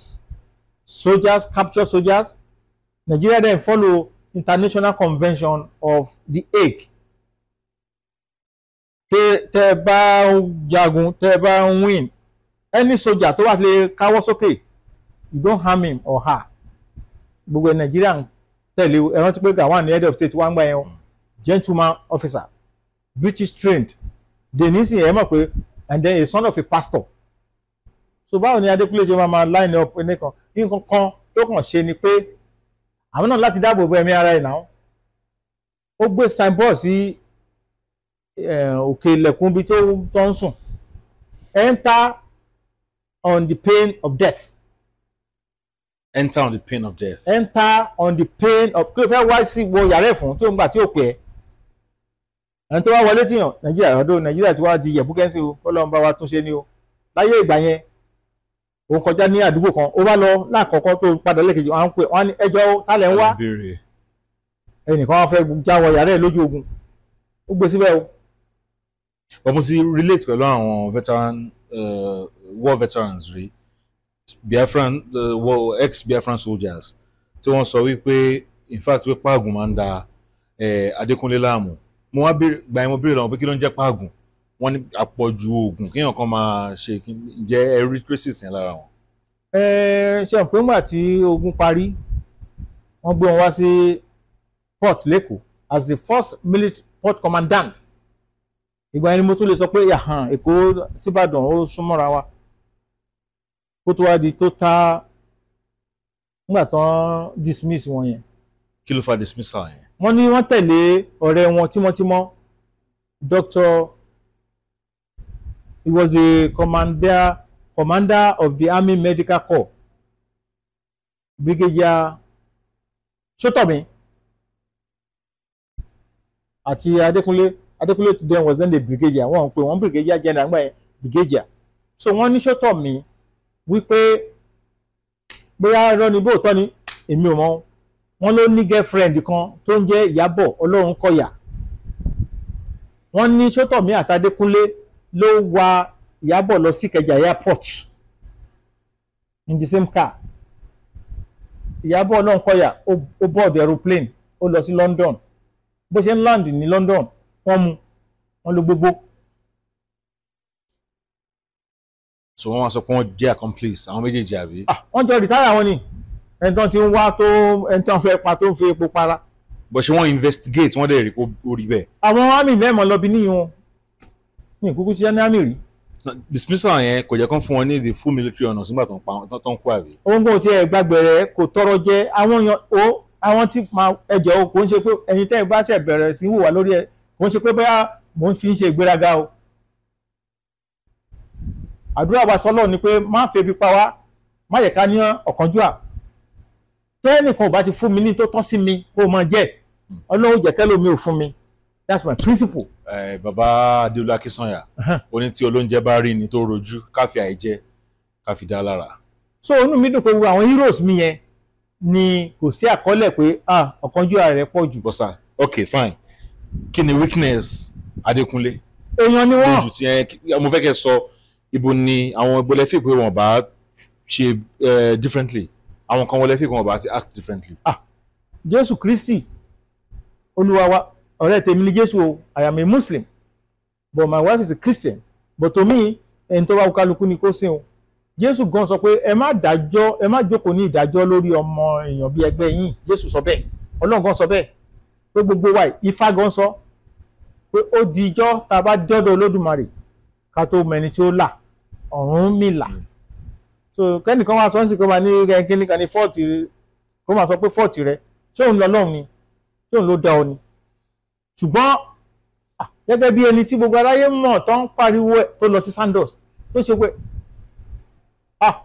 soldiers capture soldiers Nigeria then follow International Convention of the Hague tẹ tẹ bá jagun tẹ bá win any soldier tó wà lè káwọ́ sókè you don't harm him or her gbogbo Nigeria tẹ̀lé o ẹ rántí pé Gawon ní head of state wá ń gbà yẹn o mm. gentleman officer british trained denise yẹn mọ̀ pé and then a son of a pastor so báwo ni Adékúnlé ṣe máa máa line up nìkan nǹkan kan tó kàn ṣe ni pé àwọn náà láti dáàbò bo ẹ̀mí ara ẹ̀ náà ó gbé signboard sí eh, òkè ilẹ̀kùn ibi tó ń sùn enter on the pain of death enter on the pain of death. enter on the pain of kí ló fẹ́ wá sí wo yàrá ẹ̀ tó ń gbà tí ò pẹ́ ẹni tó wá wọlé tìyàn nàìjíríà ọdún nàìjíríà ti wá di yẹ̀bùkẹ́sì o ọlọ́run bá wa túnṣe ni o láyé ìgbà yẹn òun kọjá ní àdúgbò kan ó wá lọ lákọ̀ọ́kọ́ tó padà lẹ́kẹ̀jì wọn pe wọn ní ẹjọ́ tálẹ̀ ń wá ẹnìkan wọn fẹ́ já wọ yàrá ẹ̀ lójú ogun ó gbé síbẹ̀ o. bọ́n mo relate pẹ̀lú àwọn veteran uh, war veterans rí. Really Biafran uh, ex Biafran soldiers tí wọ́n sọ wípé in fact wípé páàgùn máa ń da eh, Adékúnlé láàmú mo wá gba ẹ̀ mo béèrè lọ́wọ́ pé kí ló ń jẹ́ páàgùn wọ́n ní àpọ̀jù oògùn kéèyàn kan máa ṣe jẹ́ erythrosis yẹn lára wọn. ẹ ṣe pé ńgbà tí ogun parí wọ́n gbé wọn wá sí port lẹ́kọ̀ọ́ as the first military port commandant ìgbà yẹn ni mo tún lè sọ pé Èkó síbàdàn ó súnmọ́ra wa kó tó wá di total nígbà tó ń dismiss wọn yẹn. kí ló fa dismissal yẹn. wọ́n ní wọ́n tẹ̀lé ọ̀rẹ́ wọn tímọ́tímọ́ Dr. he was the commander commander of the Army Medical Corps Brigadier Sotomi àti Adékúnlé Adékúnlé today was then the brigadier wọ́n ń pè brigadier general nígbà yẹn brigadier so wọ́n ní Sotomi wípé bóyá irọ́ ni bóòtọ́ ni èmi ò mọ̀ wọ́n ló ní girlfriend kan tó ń jẹ́ Ìyábọ̀ Ọlọ́run kọ̀yà wọ́n ní Sótọ̀mí àtàdékúnlé ló wa Ìyábọ̀ lọ sí Ìkẹjà airport in the same car Ìyábọ̀ Ọlọ́run kọ̀yà ó board aeroplane ó lọ sí London bó ṣe ń land ní London wọ́n mú wọ́n lọ gbogbo so wọ́n wá sọ pé wọ́n jẹ́ accomplice àwọn méjèèjì àbí. Ah, wọ́n jọ rìtáyà wọn ni ẹni tó ti ń wá tó ẹni tó ń fẹ́ pa tó ń fi epo para. bó ṣe wọ́n investigate wọ́n dẹ̀ rí kó orí bẹ́ẹ̀. àwọn army mẹ́mọ̀ lọ bí níyìn wọn ní ìkúkú tí ẹni army rí. dismissal yẹn kò jẹ́ kán fún wọn ní the full military honours nígbà tó ń kú àbí. ohun kò tiẹ̀ gbàgbẹ̀rẹ̀ kò tọrọ jẹ àwọn o àwọn tí máa ẹjọ́ o kò ń ṣe pé ẹni tẹ́ ẹ bá ṣẹ̀ bẹ̀rẹ̀ sí hùwà lórí ẹ kò ń ṣe pé bóyá mò ń àdúrà wa sọ́lọ́run ni pé má febi pa wá má yẹ ká ní ọ̀kánjúà tẹ́nìkan ò bá ti fún mi ní tó tọ́ sí mi kó o máa jẹ́ ọlọ́run jẹ́ kẹ́lómi ò fún mi that's my principle. ẹ bàbá adéolú akínsànyà ó ní tí olóúnjẹ bá rí ni tó rojú káfí àìjẹ káfí dá lára. so inú mi dùn pé àwọn heroes mi yẹn ni kò sí àkọọ́lẹ̀ pé ah ọ̀kánjúà rẹ̀ pọ̀ jù. bọ́sà ok fine kí ni weakness adékúnlé. èèyàn ni wọ́n. mo fẹ́ kẹ́ sọ. So, ibo ni àwọn ibo lẹ́fì pé wọ́n bá ṣe differently àwọn kan wọ́n lẹ́fì pé wọ́n bá ti act differently. ah jésù kristi olúwa wa ọ̀rẹ́ tèmi ni jésù o i am a muslim but my wife is a christian but to me ẹni tó bá wù kálukú ni kó sìn o jésù gan sọ pé ẹ má dájọ́ ẹ má jókòó ní ìdájọ́ lórí ọmọ èèyàn bíi ẹgbẹ́ yín jésù sọ bẹ́ẹ̀ ọlọ́run gan sọ bẹ́ẹ̀ pé gbogbo wa ifá gan sọ pé ó di ijọ́ tá bá dọ́dọ̀ olódùmarè ká tó mẹni tí ó là Ọ̀rúnmìlà mm. so kẹ́nìkan wá sọ́nsì kó máa ní kíní kan ní fọ́ọ̀tì kó máa sọ pé fọ́ọ̀tì rẹ tí òun lọ lọ́hùn ni tí òun ló dá ọ ni ṣùgbọ́n gẹ́gẹ́ bí ẹni tí gbogbo aráyé mọ̀ tó ń pariwo ẹ̀ tó lọ sí Sandals tó ṣe pé ah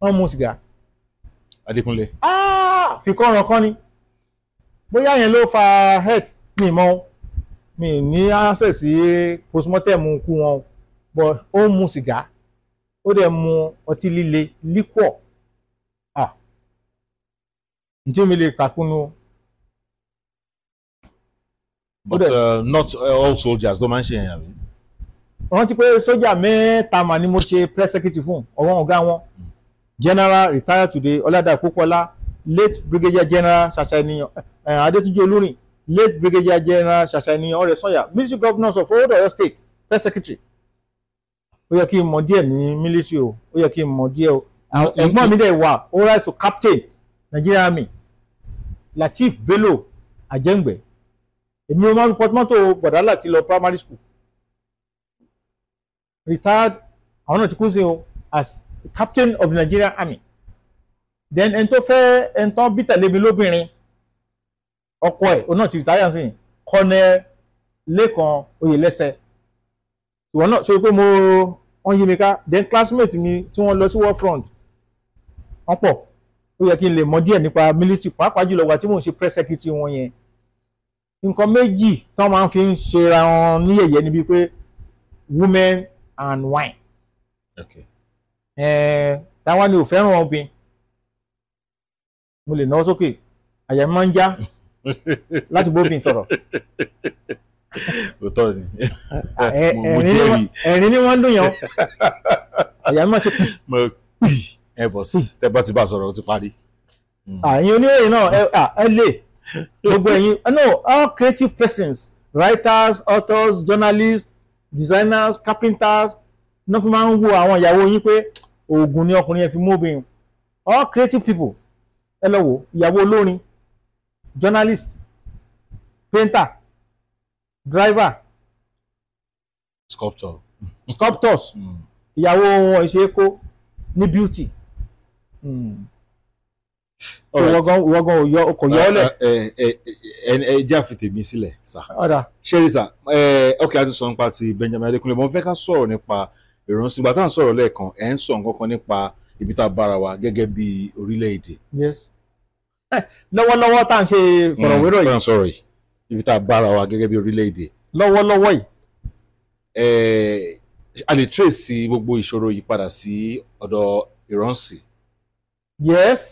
wọ́n mú sìgá. Adékúnlé. ah fikọ́ ọ̀ràn kan ni bóyá yẹn ló fa health mi mọ́ mi ní access sí postmortem kú wọn o but ó ń mu sìgá ó dẹ̀ mu ọtí líle lípọ̀ ah ǹjẹ́ mi lè kàkúnú. but uh, not all soldiers ló máa ń ṣe yẹn àbí. rántí pé sójà mẹ́ta mà ni mo ṣe press secretary fún ọ̀wọ́n ọ̀gá wọn general retired today ọ̀làdà kókọ́lá late brigadier general ṣàṣà ènìyàn eh, eh, adétúnjì olórin late brigadier general ṣàṣà ènìyàn ọ̀rẹ́ sọ̀yà military governors of old Oyo state press secretary ó yẹ kí n mọ díẹ̀ ní military o ó yẹ kí n mọ díẹ̀ o ẹ̀gbọ́n mi dẹ̀ wà ó rise to captain Nigeria Army Lateef Bello Ajengbe èmi ò máa ń pọtumọ́tò gbọ̀dálà ti lọ primary school retired àwọn náà ti kú sí o as captain of the Nigerian Army then ẹni tó fẹ́ ẹni tó bí tẹ̀lé mi lóbìnrin ọkọ ẹ̀ òun náà ti retire sí Colonel Lẹ́kan Oyèlẹ́sẹ̀ ìwọ náà ṣe pé mo wọ́n yí mi ká then classmate mi tí wọ́n lọ sí war front wọ́n pọ̀ ó yẹ kí n lè mọ díẹ̀ nípa military pàápàá jùlọ wà tí mò ń ṣe press secretary wọn yẹn nǹkan méjì tán máa ń fi ń ṣera wọn ní yẹ̀yẹ́ níbi pé women and wine okay. eh, táwa ni ò fẹ́ràn obìnrin mo lè náwó sókè àyà mi máa ń já láti bóbin sọ̀rọ̀ òótọ́ ni ah, eh, mo jẹ́rìí ẹ̀rín ni wọ́n ń dùn yàn ọ̀yà mímọ́ ṣe pì. mo pì ẹ bọ̀ bá ti bá sọ̀rọ̀ ó ti parí. àyìn hmm. ah, oníròyìn náà ah, ẹ lè gbogbo ẹ̀yin no all creative persons writers authors journalists designers carpenters náà fi máa ń wo àwọn ìyàwó yín pé oògùn ni ọkùnrin yẹn fi mú obìnrin all creative people ẹ lọ wò ìyàwó olórin journalist painter driver sculptor sculptors hmm. ìyàwó wọn ṣe é kó ní beauty hmm. wọ́gán kò yọ ah, ọ́lẹ̀. Ah, eh, eh, eh, ẹ jẹ́ àfi tèmi sílẹ̀ sá ṣẹ́rí sá ọkẹ́ àti sọ̀rọ̀ nípa ti Benjamin Adékúnlé mo fẹ́ ká sọ̀rọ̀ nípa ìrànṣígbà tá à ń sọ̀rọ̀ lẹ́ẹ̀kan ẹ̀ ń sọ nǹkan kan nípa ibi tá a bára wa gẹ́gẹ́ bí orílẹ̀-èdè. lọ́wọ́lọ́wọ́ tá à ń ṣe hmm, fọ̀rọ̀wérọ̀ yìí ibi tá a bára wa gẹ́gẹ́ bí orílẹ̀-èdè. lọ́wọ́lọ́wọ́ yìí. ẹ̀ẹ́ a lè trace gbogbo ìṣòro yìí padà sí ọ̀dọ̀ ìránṣì. yes.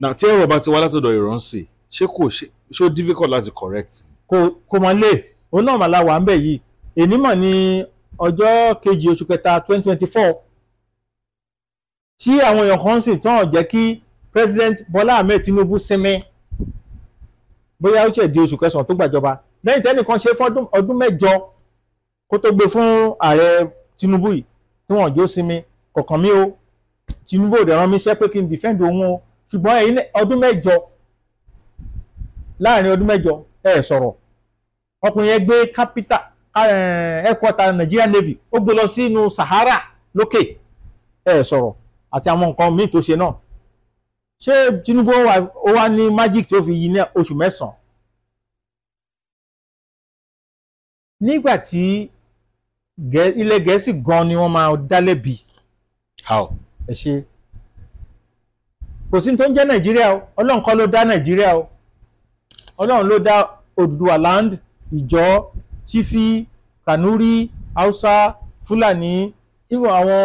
na tí ẹ̀rọ bá ti wá látọ̀dọ̀ ìránṣì ṣé kò ṣe ó difficult láti correct. kò kò mọ̀ lè òun náà màá la wà ń bẹ̀ yìí èní mọ̀ ní ọjọ́ kejì oṣù kẹta twenty twenty four tí àwọn èèyàn kan sì tán jẹ́ kí president Bọ́lá Ahmed Tinubu sinmi bóyá ó ṣe di oṣù kẹsàn-án tó gbàjọba lẹ́yìn tẹ́nìkan ṣe fún ọdún mẹ́jọ kó tó gbé fún ààrẹ Tinubu yìí tí wọ́n jó sinmi kọ̀ọ̀kan mi o Tinubu ò dẹ̀ rán mi iṣẹ́ pé kí n defend òun o ṣùgbọ́n ẹ̀yin ọdún mẹ́jọ láàrin ọdún mẹ́jọ ẹ sọ̀rọ̀ ọkùnrin yẹn gbé capital eh, headquarter Nigerian Navy ó gbé lọ sínú Sahara lókè ẹ sọ̀rọ̀ àti àwọn nǹkan míì tó ṣe náà ṣé Tinubu ó wá ní magic tó fi yí ní oṣù mẹ́sàn-án nígbà ilẹ̀ gẹ̀ẹ́sì gan ni wọ́n máa dá lẹ́bi ẹ ṣe kò sí tó ń jẹ́ nàìjíríà o ọlọ́run kọ́ ló dá nàìjíríà o ọlọ́run ló dá Odùduwà land ìjọ tífí kanuri hausa fulani even àwọn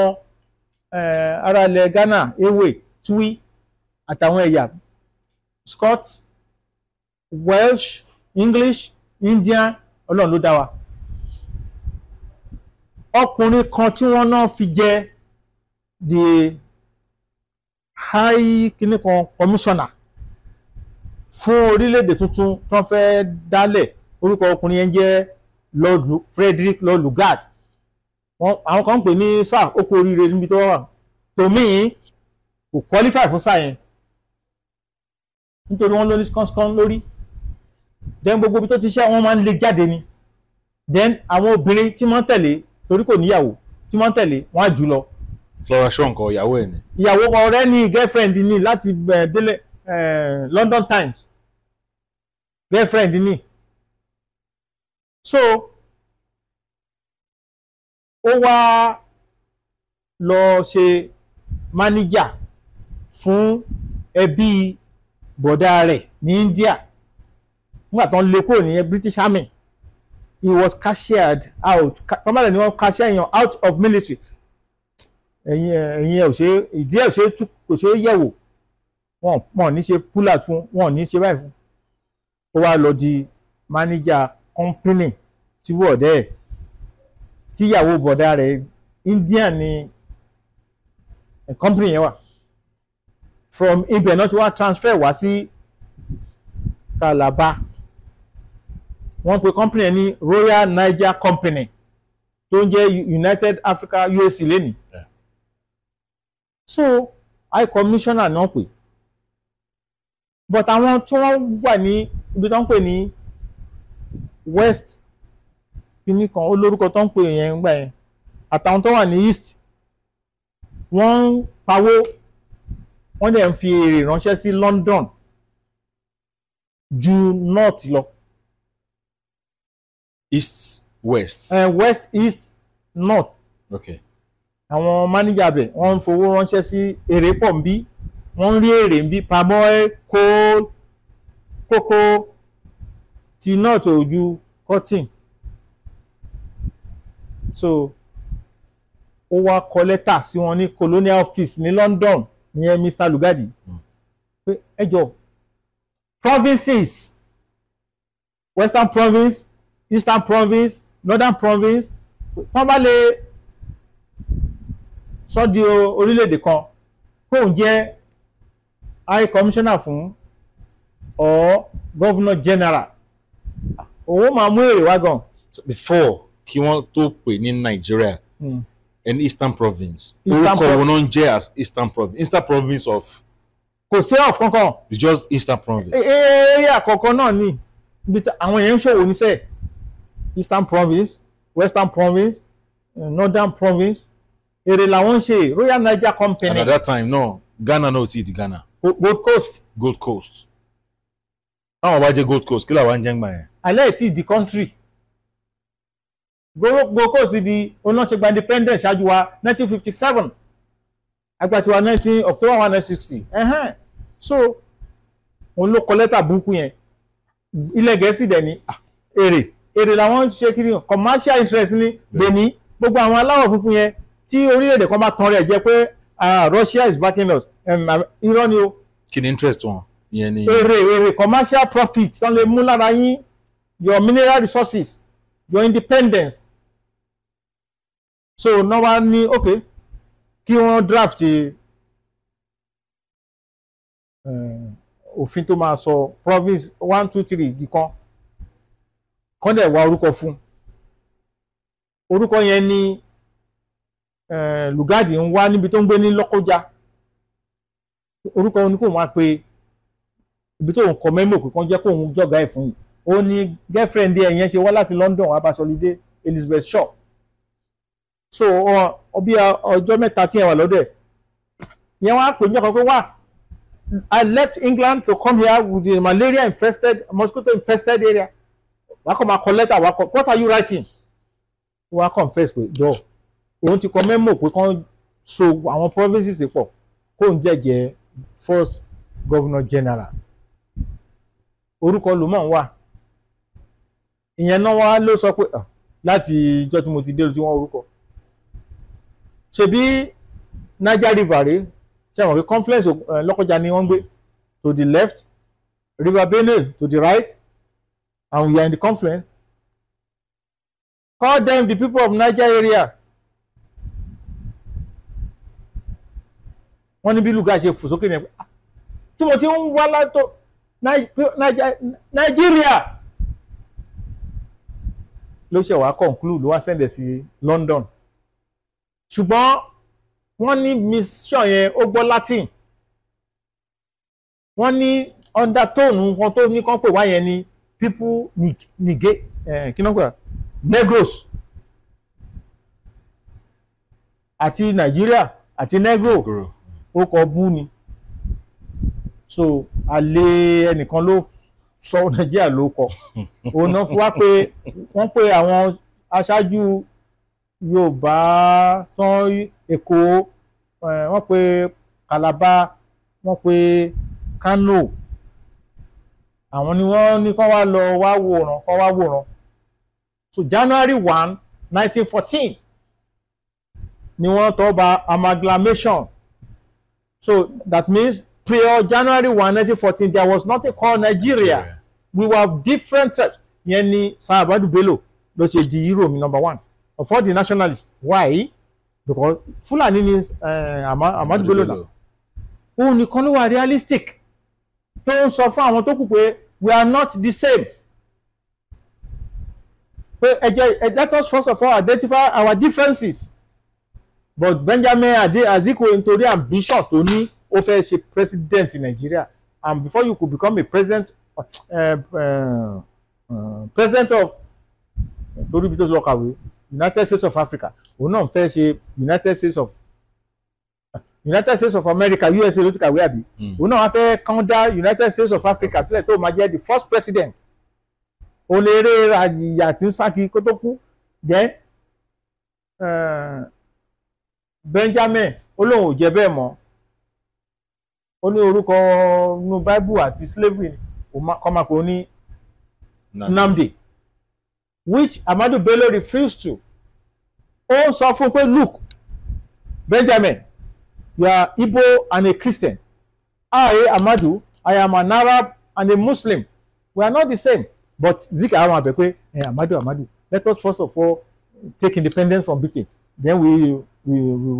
eh, ará ghana ewe twi àtàwọn ẹ̀yà Scots Welsh English Indian ọlọ́run ló dá wa ọkùnrin kan tí wọ́n náà fi jẹ the high kìnnì kan commissioner fún orílẹ̀-èdè tuntun tó ń fẹ́ dálẹ̀ orúkọ ọkùnrin yẹn jẹ́ Lord Frederick Lord Lugard àwọn kan ń pè ní sáà ó kú oríire níbi tó wà tòmíì kò qualify fún sáà yẹn nítorí wọ́n ló ní skánskán lórí then gbogbo ibi tó ti ṣẹ́ wọ́n máa ń lé jáde ni then àwọn obìnrin tí wọ́n tẹ̀lé torí kò níyàwó tí wọ́n tẹ̀lé wọ́n á jù lọ. Flora Shon ìyàwó ẹ̀ ni. ìyàwó ọ̀rẹ́ ni girlfriend ni láti eh, délé eh, London Times girlfriend ni so ó wá lọ ṣe manager fún ẹbí bọ̀dá rẹ̀ ní India nígbà tó ń lé kúrò nìyẹn British Army he was cashiered out tọ́mọ̀lẹ̀ ni wọ́n cashier yan out of military ẹ̀yìn ẹ̀yìn ẹ̀ ò ṣe ìdí ẹ̀ kò ṣe é yẹ̀wò wọn wọn ní ṣe púlà fún wọn ní ṣe báyìí fún ó wá lọ di mánéjà kọ́ńpínì tí bọ̀dẹ́ ẹ̀ tíyàwó bọ̀dá rẹ̀ India ni kọ́ńpínì yẹn wà from ibẹ̀ náà ti wá transfer wá sí Calabar wọ́n pe company ní Royal Niger Company tó ń jẹ́ United Africa UAC lẹ́nìí so high commissioner náà pè but àwọn tó wà ní ibi tó ń pè ní West kìíní kan olórúkọ tó ń pè yẹn ń gbà yẹn àtàwọn tó wà ní East wọ́n pawó wọ́n dẹ̀ ń fi èrè ránṣẹ́ sí London ju north lọ. east west. Uh, west east north. okay. àwọn máníjà bẹ̀ wọ́n ń fowó ránṣẹ́ sí èrè pọ̀ ń bí wọ́n ń rí èrè ń bí pamọ́ kó kókó ti north ojú cotton. so ó wá kọ lẹ́tà sí wọn ní colonial office ní London ìyẹn Mr. Lugadi hmm. pé ẹ jọ provinces Western Province Eastern Province Northern Province tán bá lè sọ di orílẹ̀-èdè kan kóun jẹ́ high commissioner fún or governor general òun máa mú èrè wá gan. before kí wọ́n tó pè ní Nigeria. Mm and eastern province. eastern province orúkọ wọn náà ń jẹ́ as eastern province eastern province of. kò sí of kankan. it's just eastern province. E, e, e, area kankan náà ni àwọn yẹn ń ṣòwò níṣẹ́ eastern province western province northern province èrè làwọn ń ṣe royal niger company. and at that time no ghana no ti di ghana. gold coast. gold coast. táwọn bá jẹ gold coast kí làwọn ń jẹ́ ń gbà yẹn. alẹ́ ti di country. Gold Coast di onáṣẹgba independent ṣáájú wa 1957 agbàtí wa 19 October 1960 Uh huh. so òun ló kọ lẹ́tà burúkú yẹn ilẹ̀ gẹ̀ẹ́sì dẹ̀ ní ah, èrè èrè làwọn ṣe kiri commercial interest ní benin gbogbo àwọn aláwọ̀ funfun yẹn tí orílẹ̀-èdè kan bá tan rẹ̀ jẹ́ pé Russia is backing us irọ́ ni o. kí ni interest wọn ìyẹn ni. èrè èrè commercial profit tán lè mú lára yín your mineral resources your independence so náà wá ní ok kí wọ́n draft eh, òfin tó máa sọ province one two three di kan kán dẹ̀ wá orúkọ fún orúkọ yẹn ni eh, Lugard ń wá níbi tó ń gbé ní Lọ́kọ́jà orúkọ oníkóhùn wá pé ibi tó ń kọ mẹ́mọ̀ pé kán jẹ́ kóhùn jọ̀gá ẹ̀ fún yìí ó ní girlfriend ẹ̀ yẹn ṣe wá láti London wá bá Elizabeth Shaw so bí ọjọ́ mẹ́ta tí ẹ wà lọ́dẹ̀ yẹn wá pè mí ọkọ̀ pé wá I left England to come here with a malaria infested mosquito infested area wàá kọ́ máa kọ lẹ́tà wàá kọ́ what are you writing wàá confess pé jọ òun ti kọ mẹ́mọ̀ pé kán so àwọn provinces pọ̀ kó ń jẹ́jẹ́ first governor general orúkọ lòmọ̀ wà ìyẹn náà wá ló sọ pé láti ìjọ tí mo ti dé tí wọ́n orúkọ ṣebí Niger River rèé ṣe àwọn pé confluence Lọ́kọ́jà ni wọ́n gbé to the left River Benue to the right and we are in the confluence call them the people of Niger area wọ́n ní bí lùgà ṣe fò sókè ní ẹgbẹ́ tí mo ti ń wá látọ̀ Nàìjíríà ló ṣe wá conclude ló wá sẹ́ndẹ̀ sí London ṣùgbọ́n wọ́n ní mission yẹn ó gbọ́ Latin wọ́n ní undertone nǹkan tó ní kán pè wá yẹn ni people nige eh, kí negros àti Nigeria àti negro ó kọ bú ni so àlè ẹnìkan ló sọ nàìjíríà ló kọ òun náà fún wa pé wọ́n pe àwọn aṣáájú yorùbá tán èkó wọ́n pe calabar wọ́n pe kano àwọn ni wọ́n ní kán wá lọ wá wòran kán wá wòran so january one nineteen fourteen ni wọ́n tọ́ ba amalgamation so that means prior January one 1, fourteen, there was nothing called Nigeria. We were different tribes. Yẹn ni Sàbádù Bello ló ṣe di hero mi number one of all the nationalists. Why? Because Fulani ni eh, Ahmadu Bello náà. Òun nìkan ló wà realistic tó ń sọ fún àwọn tó kù pé we are not the same. Pé ẹ jẹ́ let us first of all identify our differences. But Benjamin Ade Azikiwe nítorí ambition tó ní ó fẹ́ ṣe president Nigeria and before you could become a president uh, uh, uh, president of torí ibi tó lọ kàwé United States of Africa òun náà fẹ́ ṣe United States of United States of America USA ló ti kàwé àbí hmm. òun náà wá fẹ́ kàn dá United States of Africa sílẹ̀ tó máa jẹ́ the first president ó lè eré ìyà tí ń sáki kó tó kú then uh, Benjamin ó lóun ò jẹ bẹ́ẹ̀ mọ́ ó ní orúkọ nu bible àti slavery kọ́mọkò ní Nnamdi which Amadu Bello refused to ó sọ fún pé look Benjamin you are Igbo and a Christian I Amadu I am an Arab and a Muslim we are not the same but zika àwọn àbẹ̀ pé Amadu Amadu let us first of all take independence from Britain then we we we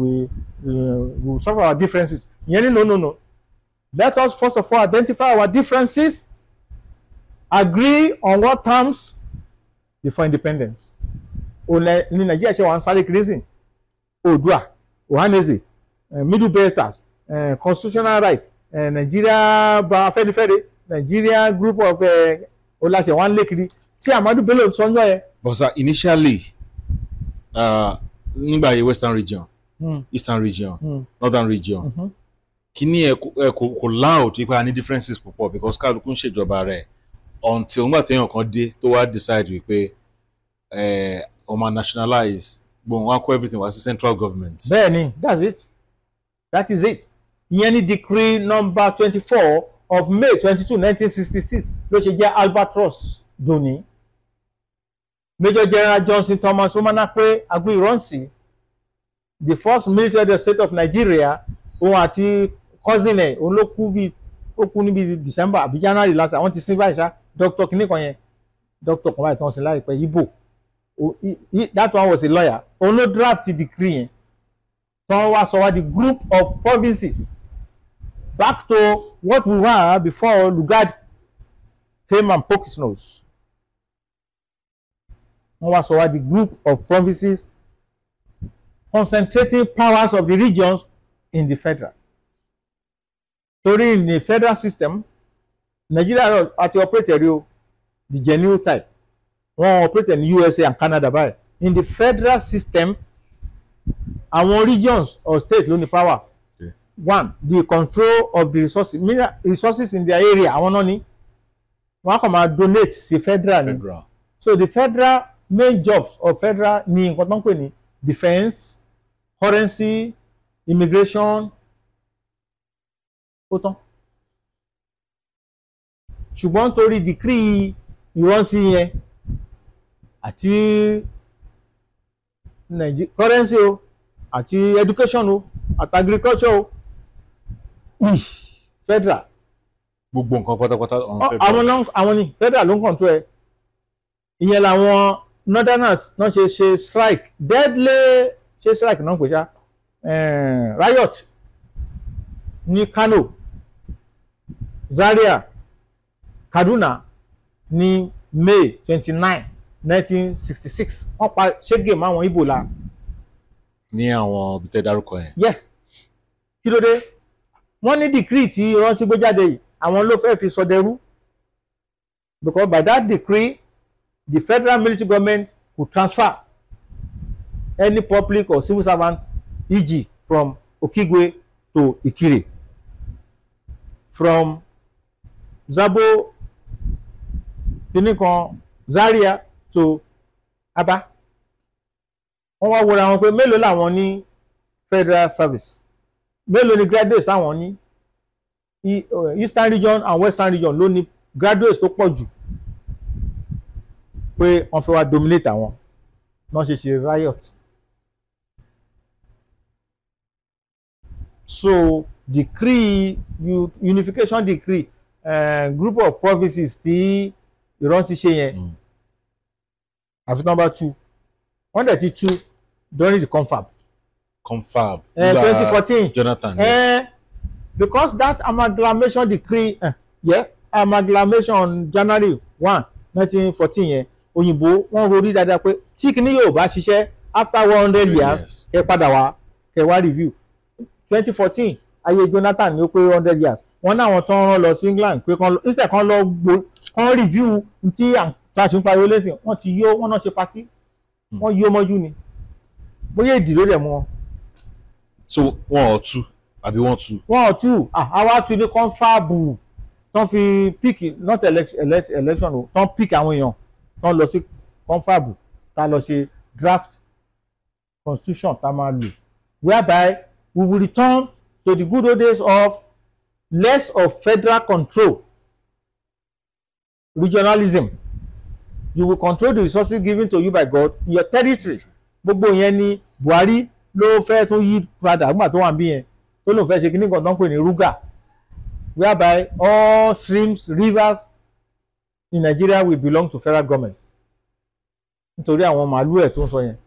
we, uh, we will solve our differences yẹn ni no no no Let us first of all identify our differences, agree on what terms before independence. Òlẹ̀ ní Nàìjíríà ṣe wà ń sáré kìrìsìn, Oòduà, Ohanaeze, eh, Middle Belters, eh, Constitutional Right, eh, Nigeria Afẹ́nifẹ́re, Nigeria Group of Olaṣẹ̀wá Lékiri tí Amadu Bello sọ́njọ́ But Bọ̀sà initially uh, nígbà uh, yìí Western Region, mm. Eastern Region, mm. Northern Region. Mm -hmm kíní ẹ kò kò loud ipa ní differences púpọ̀ because kálukú ń ṣèjọba rẹ̀ until nígbà téèyàn kan dé tó wá decide wípé ẹ máa nationalize gbòòrùn wá kó everything wá sí central government. bẹ́ẹ̀ni that's it that is it ìyẹn ní decree number twenty four of may twenty two nineteen sixty six ló ṣe jẹ́ albatross doni major general johnson thomas omanakwe aguironsi the first military of the state of nigeria òun àti cousin ẹ̀ òun ló kú bíi ó kú níbi December àbí January last àwọn ti sin báyìí ṣá doctor kìnnì kan yẹn doctor kan báyìí tó ń sin láìpẹ́ Igbo that one was a lawyer òun ló draft decree yẹn tó wá sọ wá di group of provinces back to what we were before Lugard came and poke his nose wọ́n wá sọ wá di group of provinces concentrating powers of the regions in the federal torí ní federal system Nàìjíríà àti operator rí o the genuine type wọn operator ní USA and Canada báyìí in the federal system àwọn regions or states ló ní power okay. one the control of the resources resources in their area àwọn náà ni wọn á kàn máa donate sí federal ni so the federal main jobs of federal ni nǹkan tó ń pè ní defence currency immigration ó tán ṣùgbọ́n torí dìkírí ìrọ́nsí yẹn àti currency o àti education o àti agriculture o federal. gbogbo nǹkan pátápátá ọ̀hún federal. àwọn náà àwọn ni federal ló ń kàn tó ẹ ìyẹn làwọn northerners náà ṣe ṣe strike deadly ṣe strike náà pè riot ní Kano Zaria Kaduna ní May twenty nine nineteen sixty six wọ́n pa ṣégè máwọn Ìgbò la. ní àwọn tẹ dárúkọ yẹn. yẹ kí ló dé wọ́n ní decree tí Rántí gbé jáde yìí àwọn ló fẹ́ẹ́ fi sọdẹrú because by that decree the federal military government could transfer any public or civil servant e.g. from Okigwe to Ikire from Zabo kìíní kan Zaria to Aba wọ́n wá wọra wọn pé mélòó làwọn ní federal service mélòó ni graduates táwọn ní uh, eastern region and western region ló ní graduates tó pọ̀ jù pé wọ́n fẹ́ wá dominate àwọn náà ṣe ṣe riot. So decree unification decree Eh, group of provinces, tí ìran ti ṣe yẹn hmm. àfi tán bá tú wọ́n dẹ̀ ti tú during the confab. confab eh, twenty fourteen jonathan uh, because that amalgamation decree uh, yeah, amalgamation on january one nineteen fourteen yẹn òyìnbó wọ́n rorí dáadáa pé tí kìíní yóò bá ṣiṣẹ́ after one hundred years ẹ padà wá kẹ wá review twenty fourteen ayé Jonathan ni ó pé hundred years wọ́n náà wọ́n tán rán lọ sí England pé kán instead kán lọ gbó kán review tí àtúnṣe ń pariwo lẹ́sìn wọ́n ti yó wọ́n náà ṣe patí hmm. wọ́n yó mọ́jú ni bóyá èdè ló dẹ̀ mú wọn. so wọn ò tú àbí wọn tú. wọn ò tú àwa tú ní kọ́ńfàbù tán fi pick not election o tán pick àwọn èèyàn tán lọ sí kọ́ńfàbù tá lọ ṣe draft constitution tá máa lò whereby we will return to the good old days of less of federal control, regionalism. You will control the resources given to you by God your territory. Gbogbo yẹn ni Buhari ló fẹ́ tó yí padà nígbà tó wà ń bí yẹn tó lòun fẹ́ ṣe kíní kan tó ń pè ní Ruga whereby all streams, rivers in Nigeria will belong to federal government. Nítorí àwọn màálù ẹ̀ tó ń sọ yẹn.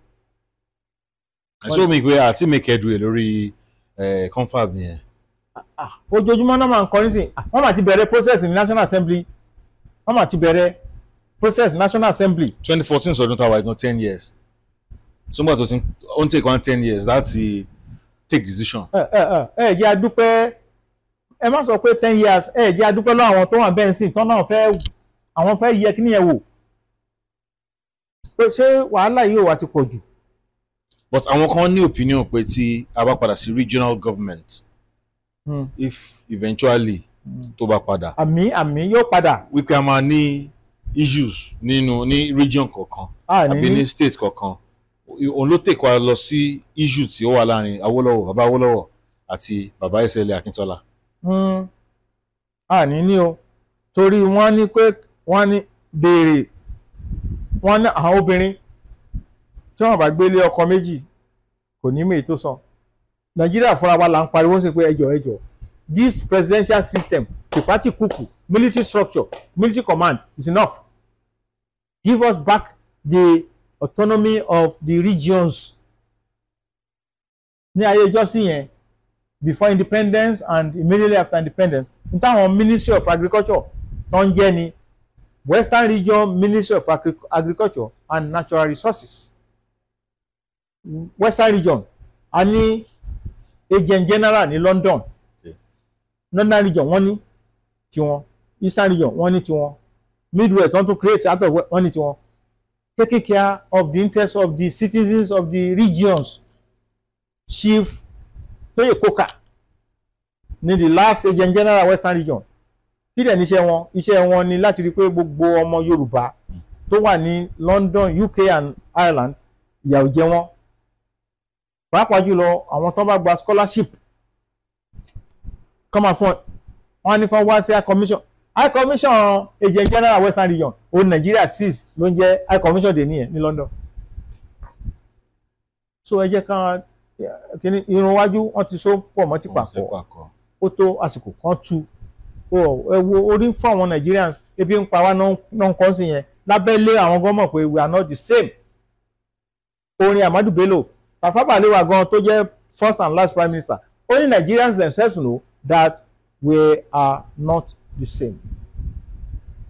Ẹ ṣó mi pé àti mi kẹ́dùn ẹ̀ lórí. Eh, confab yẹn. Ah, ah, ojoojúmọ́ náà máa ń kọrin sí ah, wọ́n máa ti bẹ̀rẹ̀ process ní national assembly wọ́n máa ti bẹ̀rẹ̀ process national assembly. twenty fourteen sọdún táwa igun ten years sọgbà tó ti ń take one ten years láti take decision. ẹ eh, ẹ eh, ẹ jẹ́ adúpẹ́ ẹ má sọ pé ten years ẹ jẹ́ adúpẹ́ lọ́wọ́ àwọn tó wà bẹ́ẹ̀ sìn tán náà fẹ́ àwọn fẹ́ yẹ kí nìyẹn wò pé ṣé wàhálà yìí ò wá ti pọ̀ jù but àwọn kan ní opinion pé tí a bá padà sí regional government mm. if eventually mm. tó bá padà. àmì àmì yóò padà. wípé a máa ní issues nínú ní region kọ̀ọ̀kan ah, àbí ní state kọ̀ọ̀kan òun ló tèkọ́ lọ sí issue tí ó wà láàrin Awólọ́wọ̀ bàbá Awólọ́wọ̀ àti bàbá ẹsẹ̀lẹ̀ Akíntọ́lá. àní hmm. ah, ní o torí wọ́n ní pé wọ́n ní béèrè wọ́n ní àwọn obìnrin tí wọ́n bá gbélé ọkọ méjì kò ní mèé tó san nàìjíríà fúnra wa là ń pariwo sí pé ẹjọ ẹjọ this presidential system tìpátì kuku military structure military command is enough give us back the autonomy of the regions ní ayé ìjọsìn yẹn before independence and immediately after independence n táwọn ministry of agriculture tó ń jẹ́ ni western region ministry of agriculture and natural resources western region a ní agent general ní London northern region wọ́n ní tiwọn eastern region wọ́n ní tiwọn midwest wọ́n tún create out of wọ́n ní tiwọn taking care of the interests of the citizens of the regions chief Toye koka. ní the last agent general western region kí dẹ̀ níṣẹ́ wọn iṣẹ́ wọn ni láti rí i pé gbogbo ọmọ Yorùbá tó wà ní London UK and Ireland ìyà ò jẹ pàápàá jùlọ àwọn tó bá gba scholarship Come máa fún ọ wọ́n ní kọ́ wá sí high commission high commission agent general western region o Nigeria six ló ń jẹ́ high commission dè nìyẹn ní London so ẹ jẹ́ ká kíní irun wájú wọ́n ti so pọ̀ mọ́ ti pàkọ́ ó tó àsìkò kan tu ẹ wo orí fún àwọn Nigerians ebi ń pa wá náà ń kọ́ sí yẹn lábẹ́lé àwọn gọ́mọ̀ pé we are not the same orin Amadu Bello Tafawa Balewa gan tó jẹ́ first and last prime minister Only Nigerians themselves know that we are not the same.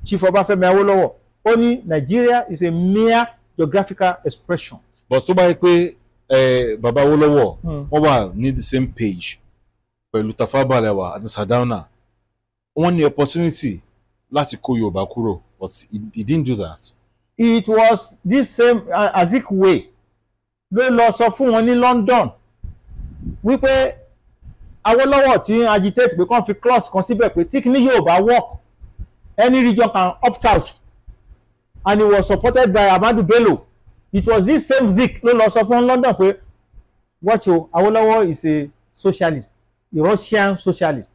Chief Obafemi Awolowo. Only Nigeria is a mere geographical expression. but tó bá yẹ pé bàbá Awólọ́wọ̀ hmm. wọ́n wà ní the same page pẹ̀lú Tafawa Balewa àti Sardauna wọ́n ní opportunity láti kó Yorùbá kúrò but he, he didn't do that. it was this same uh, Azikiwe ló lọ sọ fún wọn ní London wípé Awólọ́wọ̀ tí ń agitate pé kàn fi cross kan síbẹ̀ pé tí kìíní yóò bá work any region can opt out and he was supported by Ahmadu Bello it was this same Zik ló lọ sọ fún London pé watch o Awólọ́wọ̀ is a socialist a Russian socialist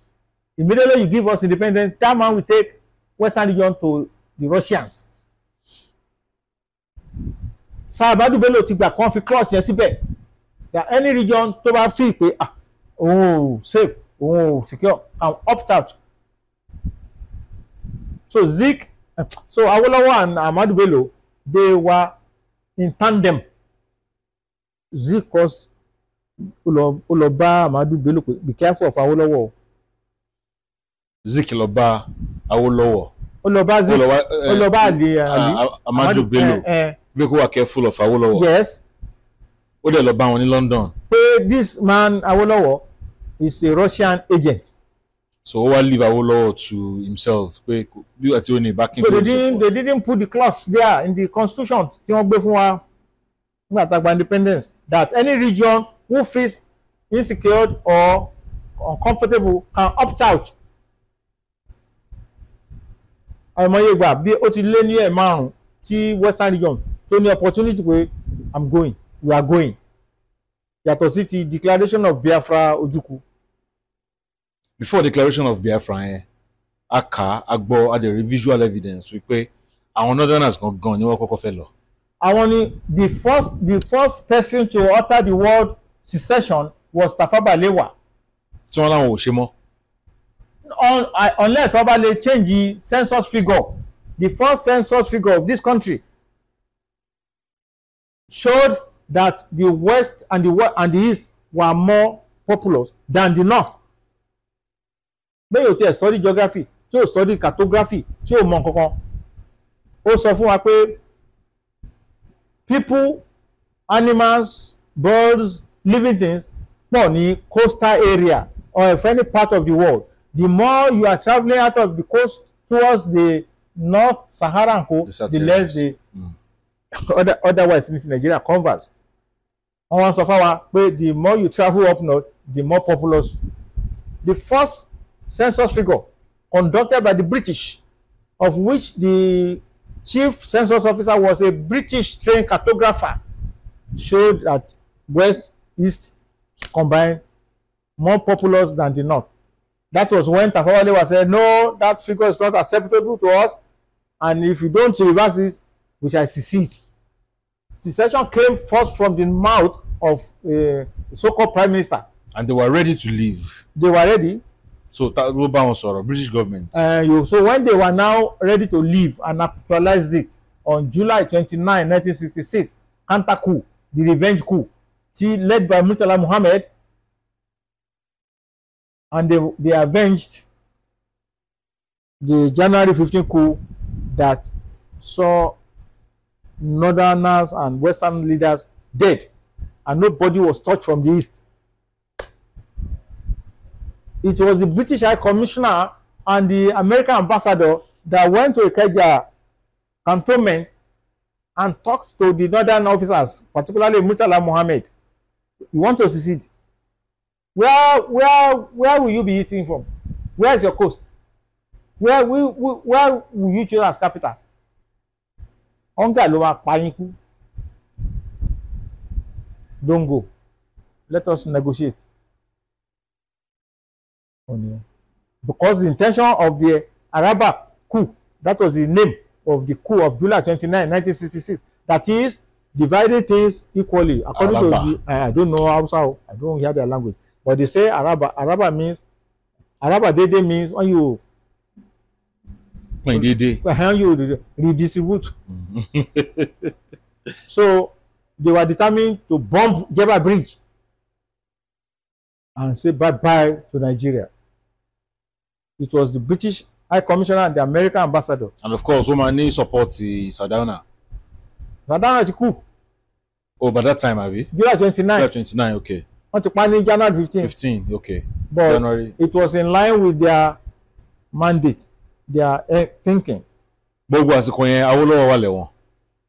immediately you give us independence that man will take Western region to the Russians Sàbádù Bello ti gbà kán fi cross yẹn síbẹ̀ that any region tó bá fi pé ah, òun ò safe Oh, ò secure and opt out so Zik eh, so Awolowo and Ahmadu Bello they were in tandem Zik cause Ulo lọ bá Ahmadu Bello be careful of Awolowo o. Zik lọ bá Awolowo. ó lọ bá Zik ó lọ bá àlè eh, ah, Ahmadu Bello. Eh, eh pé wà careful of yes. ó dẹ̀ lọ bá wọn ní London. pé this man Awolowo is a Russian agent. so ó wá leave Awolowo to himself pé bí àti ó ní backing. so they didn't they didn't put the clause there in the constitution tí wọ́n gbé fún wa nígbà tá a gba independence that any region who feels insecure or uncomfortable can opt out àìmọye ìgbà bí ó ti lé ní ẹ̀ márùn-ún tí western region tó ní opportunity pé i'm going we are going yàtọ̀ sí ti declaration of Biafra Ojukwu. before declaration of Biafra yẹn a kà á gbọ́ a dẹ̀ rí visual evidence wípé àwọn northerners kan gan ni wọ́n kọ́kọ́ fẹ́ lọ. àwọn ni the first the first person to utter the word secession was Tafawa Balewa. tí wọ́n láwọn ò ṣe mọ́. unless Tafawa Balewa change the census figure the first census figure of this country showed that the west and the west and the east were more populous than the north. bẹ́ẹ̀ you tiẹ̀ study geography tí yóò study cartography tí yóò mọ nǹkankan ó sọ fún wa pé people animals birds living things pọ̀ ní coastal area or if any part of the world the more you are traveling out of the coast towards the north Sahara and the, the less the mm other otherwise ní Nigeria converse wọ́n wá sọ fáwa pé the more you travel up north the more populous the first census figure conducted by the British of which the chief census officer was a British trained cartographer showed that west east combined more populous than the north that was when Tafawale was saying no that figure is not acceptable to us and if you don't reverse it we shall secede secession came first from the mouth of a uh, so-called prime minister. and they were ready to leave. they were ready. so that ló bá wọn sọ̀rọ̀ british government. Uh, you, so when they were now ready to leave and actualized it on july twenty-nine nineteen sixty-six counter coup the revenge coup ti led by murtala muhammed and they, they avenged the january fifteen coup that saw northerners and western leaders dead and nobody was touched from the east it was the british high commissioner and the american ambassador that went to ikeja cantonment and talked to the northern officers particularly murtala mohammed you want to secede where where where will you be eating from where is your coast where will where will you choose as capital hunger ló máa pa yín kú don't go let us negotiate because the intention of the Araba coup that was the name of the coup of July twenty-nine nineteen sixty-six that is dividing things equally according Araba. to the I, I don't know Hausa o I don't hear their language but they say Araba Araba means Araba dede means when you pin déédéé ẹ̀hán yóò redistribute mm-hmm. so they were determined to bomb Jeba Bridge and say bye bye to Nigeria it was the British High Commissioner and the American ambassador. and of course woman ní support Sardauna. Sardauna ti kú. oh by that time abi. July twenty-nine July twenty-nine okay. wọ́n ti pa ní January fifteen. fifteen okay. but January. it was in line with their mandate their eh, thinking. gbogbo àsìkò yẹn Awólọ́wọ̀ wà lẹ́wọ̀n.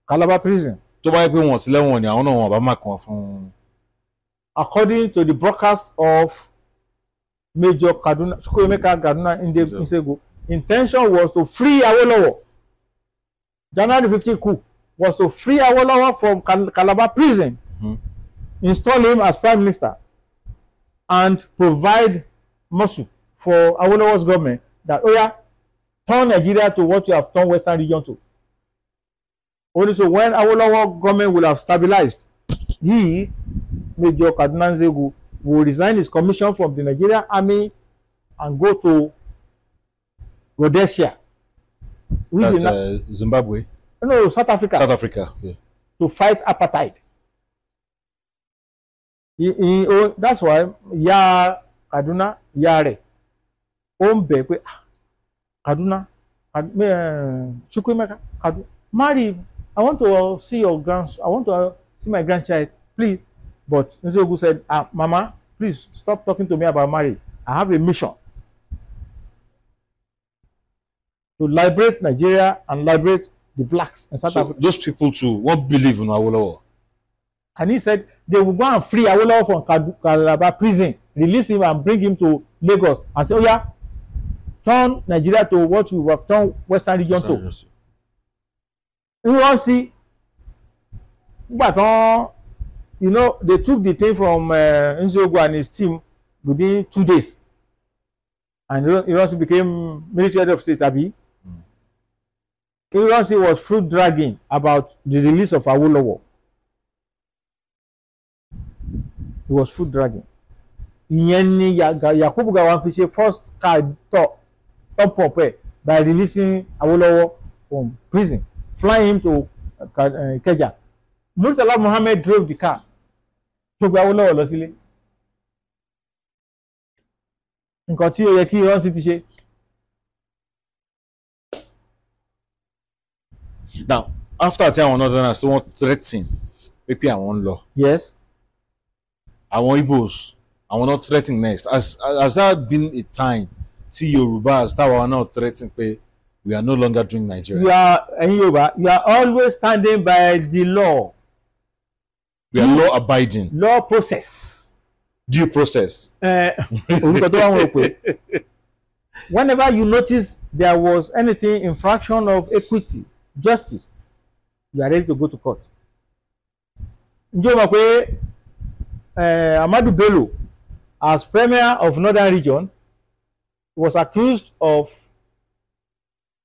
Calabar prison. tó bá yẹ pé wọn ò sí lẹ́wọ̀n ni àwọn náà wọn bá má kàn fún. according to the broadcast of Major Kaduna Chukwuemeka Kaduna Nsego intention was to free Awolowo January fifteen coup was to free Awolowo from Calabar prison mm-hmm. install him as prime minister and provide muscle for Awolowo's government that oya oh yeah, turn Nigeria to what you have turned Western region to. Only so when Awolowo government will have stabilized, he, Major Kaduna Nzeugwu, will resign his commission from the Nigeria army and go to Rhodesia. That's uh, Zimbabwe. No, South Africa. South Africa, yeah. To fight apartheid. He, he, oh, that's why ya Kaduna, ìyá rẹ̀, ó ah Kaduna, eh, Chukwemeka, Kaduna. Marry, I want to see your grand, I want to see my grandchild, please. But Nzeogu said, ah, Mama, please stop talking to me about marry. I have a mission to liberate Nigeria and liberate the blacks in South so Africa. Those people too, what believe in Awolowo? And he said they will go and free Awolowo from Calabar prison, release him and bring him to Lagos and say, Oh yeah, turn Nigeria to what we have turned Western region to wọ́n sí nígbà tán you know they took the thing from uh, Nzeogwu and his team within two days and Ironsi became military head of state abi mm. was fruit dragging about the release of Awolowo he was fruit dragging ìyẹn ni Yakubu Gawa fi ṣe first card talk top up ẹ̀ by releasing Awolowo from prison flying him to uh, Ikeja Murtala Mohammed drove the car tó gba Awolowo lọ sílé nǹkan tí ó yẹ kí ránṣí ti ṣe. now after ti àwọn northerners tí wọ́n threaten pé pé àwọn ń lọ. yes. àwọn Igbos àwọn not threatening next has has that been a time tí yorùbá táwa náà threaten pé we are no longer doing nigeria. you are ẹ̀yin yorùbá you are always standing by the law. we are law abiding. law process. due process. Eh, orúkọ tó wà wọn pé whenever you notice there was anything infraction of equity justice you are ready to go to court. ǹjẹ́ o mọ̀ pé eh, Ahmadu Bello as premier of northern region was accused of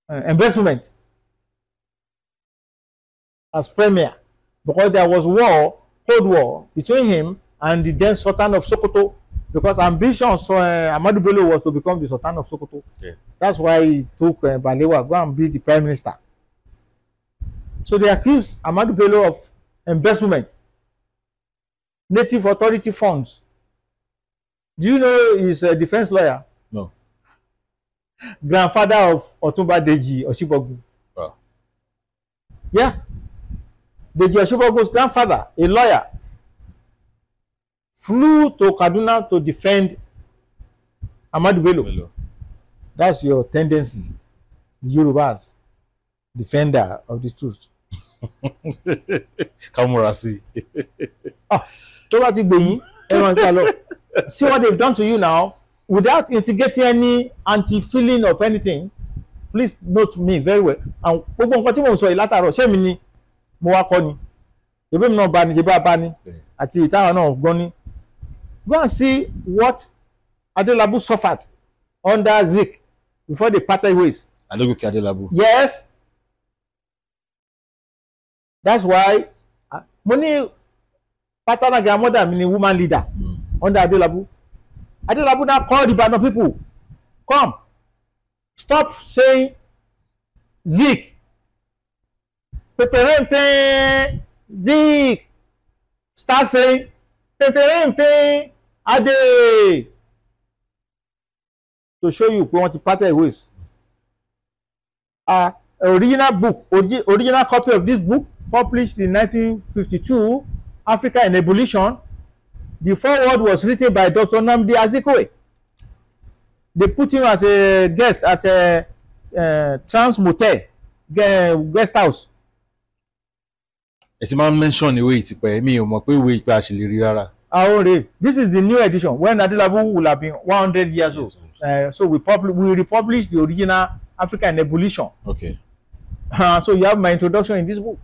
uh, embezzlement as premier because there was war, cold war between him and the then Sultan of Sokoto because ambition so uh, Ahmadu Bello was to become the Sultan of Sokoto. Yeah. That's why he took uh, Balewa go and be the prime minister. So they accused Amadu Bello of embezzlement, native authority funds. Do you know his a defense lawyer? grandfather of Otunba Deji Oshibogun. Yeah. Deji Oshibogun's grandfather, a lawyer, flew to Kaduna to defend Ahmadu Bello. Bello. That's your tendency, Yorubas, defender of the truth. Kamurasi. Oh, ah, to bá ti gbẹ̀yìn, everyone tell us. See what they've done to you now without instigating any anti-feeling of anything please note me very well and gbogbo nǹkan tí mò ń sọ yìí látàárọ̀ ṣé mi ni mo wá kọ́ ni ìbí mi náà bá ni ìbí abá ni àti ìtara náà gbọ́n ni go and see what Adelabu suffered under Zik before the party ways. Adegoke Adelabu. yes that's why ah, mo ní paternal grandmother mi ni woman leader mm. under Adelabu. Adelabu now called Ibadan people, come, stop saying Zik. Peperempe, Zik. Start saying Peperempe, Ade. To show you pé wọ́n ti parted ways. Uh, original book, original copy of this book, published in 1952, Africa in Ebullition, The foreword was written by Dr. Namdi Azikwe. They put him as a guest at a, a Trans Motel guest house. Ẹ ti máa ń mention ìwé ìtìpẹ́ mi ò mọ̀ pé ìwé ìpẹ́ àṣìlérí rárá. Àwọn ah, this is the new edition when Adelabu will have been one hundred years old uh, so we, we republish the original African ebullition. Okay. Uh, so you have my introduction in this book.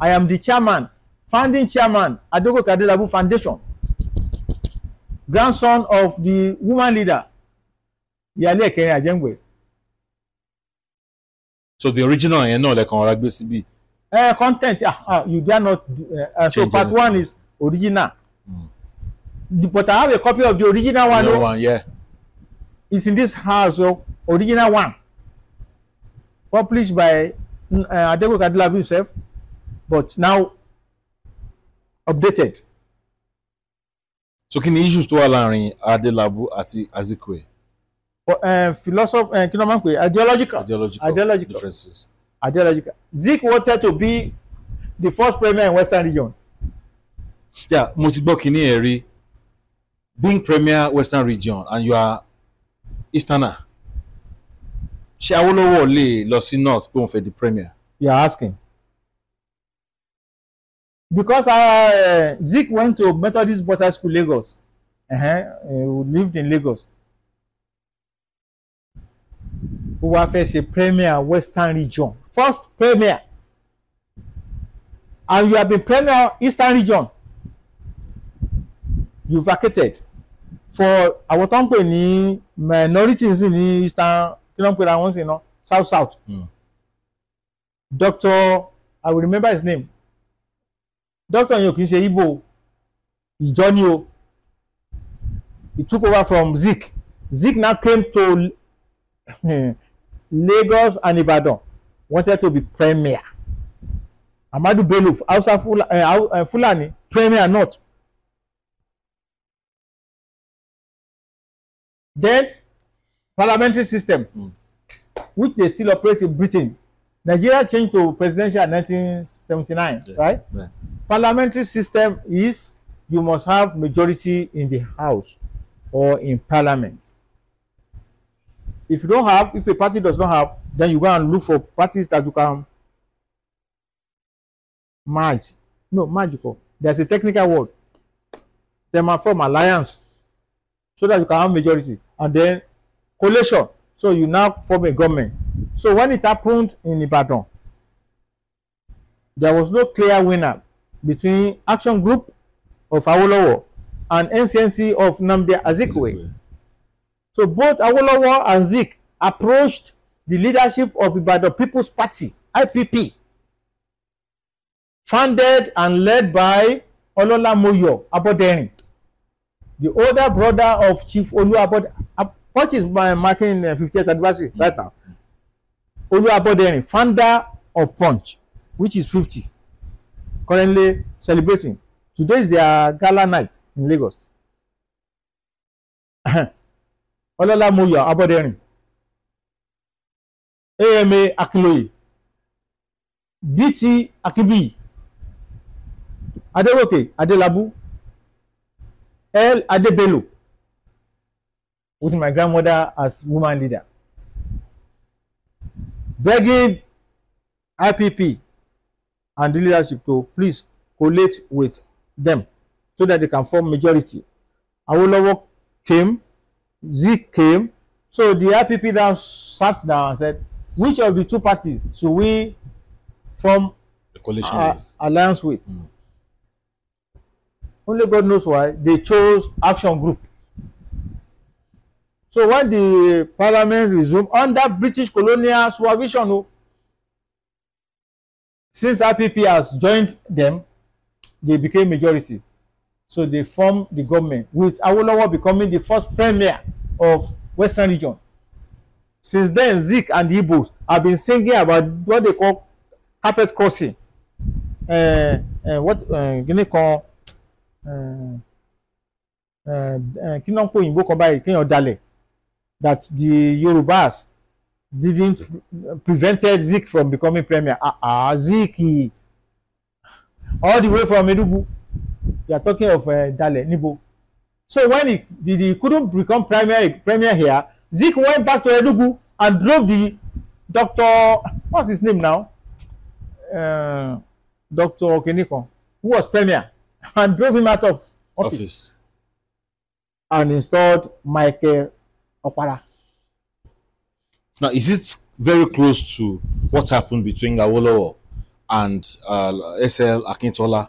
I am the chairman founding chairman Adogo Kadelabu Foundation, grandson of the woman leader, Yale Kenya Jengwe. So the original yẹn náà lẹ́kàn ọ̀rá gbé síbí. Uh, content, uh, uh, you dare not. Uh, uh, so part anything. one is original. Mm. The, but I have a copy of the original one. No oh. one, yeah. It's in this house, so oh. original one. Published by uh, mm, Adegoke Adelabu himself, but now updated. so kí ni issues tó wà láàrin Adélabú àti Azikiwe. Eh, philosophy eh, kí ló máa ń pè ideological ideological ideological differences. ideological Zik wanted to be the first premier in Western Region. yeah mo ti gbọ́ kínní ẹ̀ rí being premier Western Region and you are Easterner ṣé Awólọ́wọ̀ lè lọ sí north pé òun fẹ́ di premier. you are asking because I uh, Zeke went to Methodist Butter School, Lagos. Uh-huh. Uh, lived in Lagos. who wá fẹ́ ṣe premier Western region. First premier. And you have been premier Eastern region. You vacated for àwọn tó ń pè ní minorities ní Eastern kí ló ń pè ra wọn sí náà South South. Mm. Doctor I will remember his name Doctor yẹn ò kì í ṣe Igbo ìjọ ni o he took over from Zik Zik now came to Lagos and Ibadan wanted to be premier Amadu Bello Hausa Fula, uh, Fulani premier not. then parliamentary system mm. which they still operate in Britain Nigeria changed to presidential in 1979, yeah, right? Yeah. Parliamentary system is you must have majority in the house or in parliament. If you don't have, if a party does not have, then you go and look for parties that you can merge. No, magical. There's a technical word. They must form alliance so that you can have majority. And then coalition So you now form a government. So when it happened in Ibadan, there was no clear winner between Action Group of Awolowo and NCNC of Nnamdi Azikwe. So both Awolowo and Zik approached the leadership of Ibadan People's Party, IPP, founded and led by Olola Moyo Aboderin, the older brother of Chief Olu Aboderin what is my marking 50th uh, anniversary mm. right now Oluwaboderin founder of Punch which is 50, currently celebrating today is their gala night in Lagos ọlọ́lá moyo Aboderin ama akinloye dt akinbiyi adewoke adelabu l adebelo with my grandmother as woman leader. Begging IPP and the leadership to please collate with them so that they can form majority. Awolowo came, Zik came, so the IPP now sat down and said, which of the two parties should we form a coalition uh, alliance with? Mm. Only God knows why they chose Action Group. So when the parliament resumed under British colonial supervision, oh, since IPP has joined them, they became majority. So they formed the government, with Awolowo becoming the first premier of Western region. Since then, Zik and the Igbos have been singing about what they call carpet crossing. Uh, uh, what uh, eh, Guinea kan kí náà ń pè kan báyìí kéèyàn dalẹ̀ that the Yorubas didn't prevented Zik from becoming premier. Ah, ah Zik, all the way from Enugu. You are talking of uh, Dale Nibo. So when he, did, he couldn't become premier premier here, Zik went back to Enugu and drove the doctor. What's his name now? Uh, eh, Dr. Okenikon, who was premier, and drove him out of office, office. and installed Michael Opara. Now, is it very close to what happened between Awolowo and uh, SL Akintola?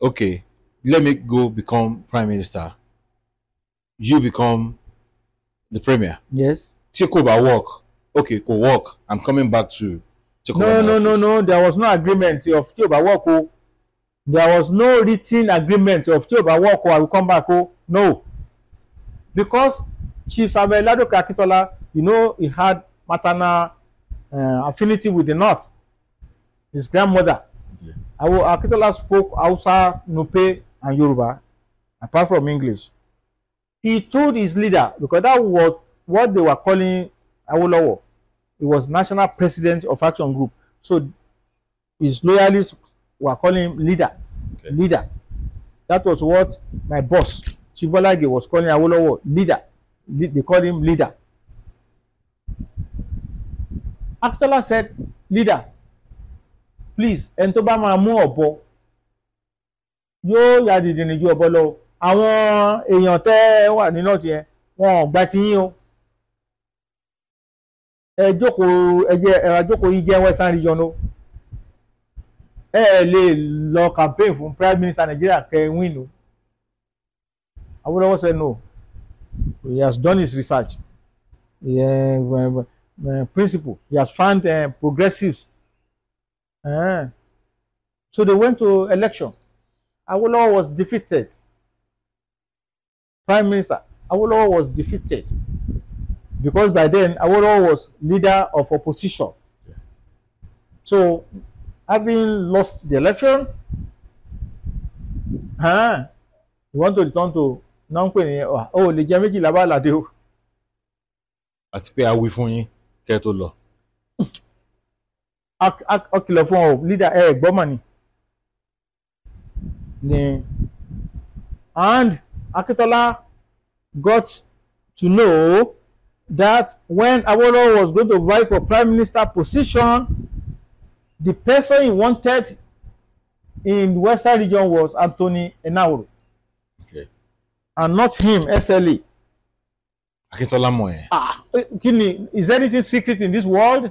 Okay, let me go become prime minister. You become the premier. Yes. Take over work. Okay, go work. I'm coming back to take no, over. No, no, no, no. There was no agreement of take over work There was no written agreement of take over work I will come back o. No. Because Chief Samuel Ladoke Akintola, you know, he had maternal uh, affinity with the North, his grandmother. Yeah. Akintola spoke Hausa, Nupe, and Yoruba, apart from English. He told his leader, because that was what they were calling Awolowo. He was national president of Action Group. So his loyalists were calling him leader. Okay. Leader. That was what my boss, Chibolage, was calling Awolowo, leader they call him leader. Akintola said, leader, please, ẹni tó bá máa mú ọ̀bọ yóò ya dìdìrì ju ọ̀bọ lọ. Àwọn èèyàn tẹ́ wà nínú ọ̀tí yẹn, wọn ò gba ti yín o. Ẹ jókòó ẹ jẹ ẹ̀rọ jókòó yìí jẹ́ Western region o. Ẹ lè lọ campaign fún Prime Minister Nigeria kẹ́ win o. Awólọ́wọ̀ sẹ́nu o he has done his research yeah, eh, uh, eh, uh, principle he has found uh, progressives uh, so they went to election Awolowo was defeated prime minister Awolowo was defeated because by then Awolowo was leader of opposition yeah. so having lost the election huh, he want to return to náà ń pè ní ọ ò lè jẹ méjìlá bá àlàdé o. àti pé a wí fún yín kẹ́ tó lọ. a fún ọ lídà ẹ gbọ́ mọ̀ ni. ni and Akintola got to know that when Awolowo was going to vie for prime minister position the person he wanted in the western region was Anthony Enaworo and not him SLE. Akintola Moye. Ah, eh, Kini, is there anything secret in this world?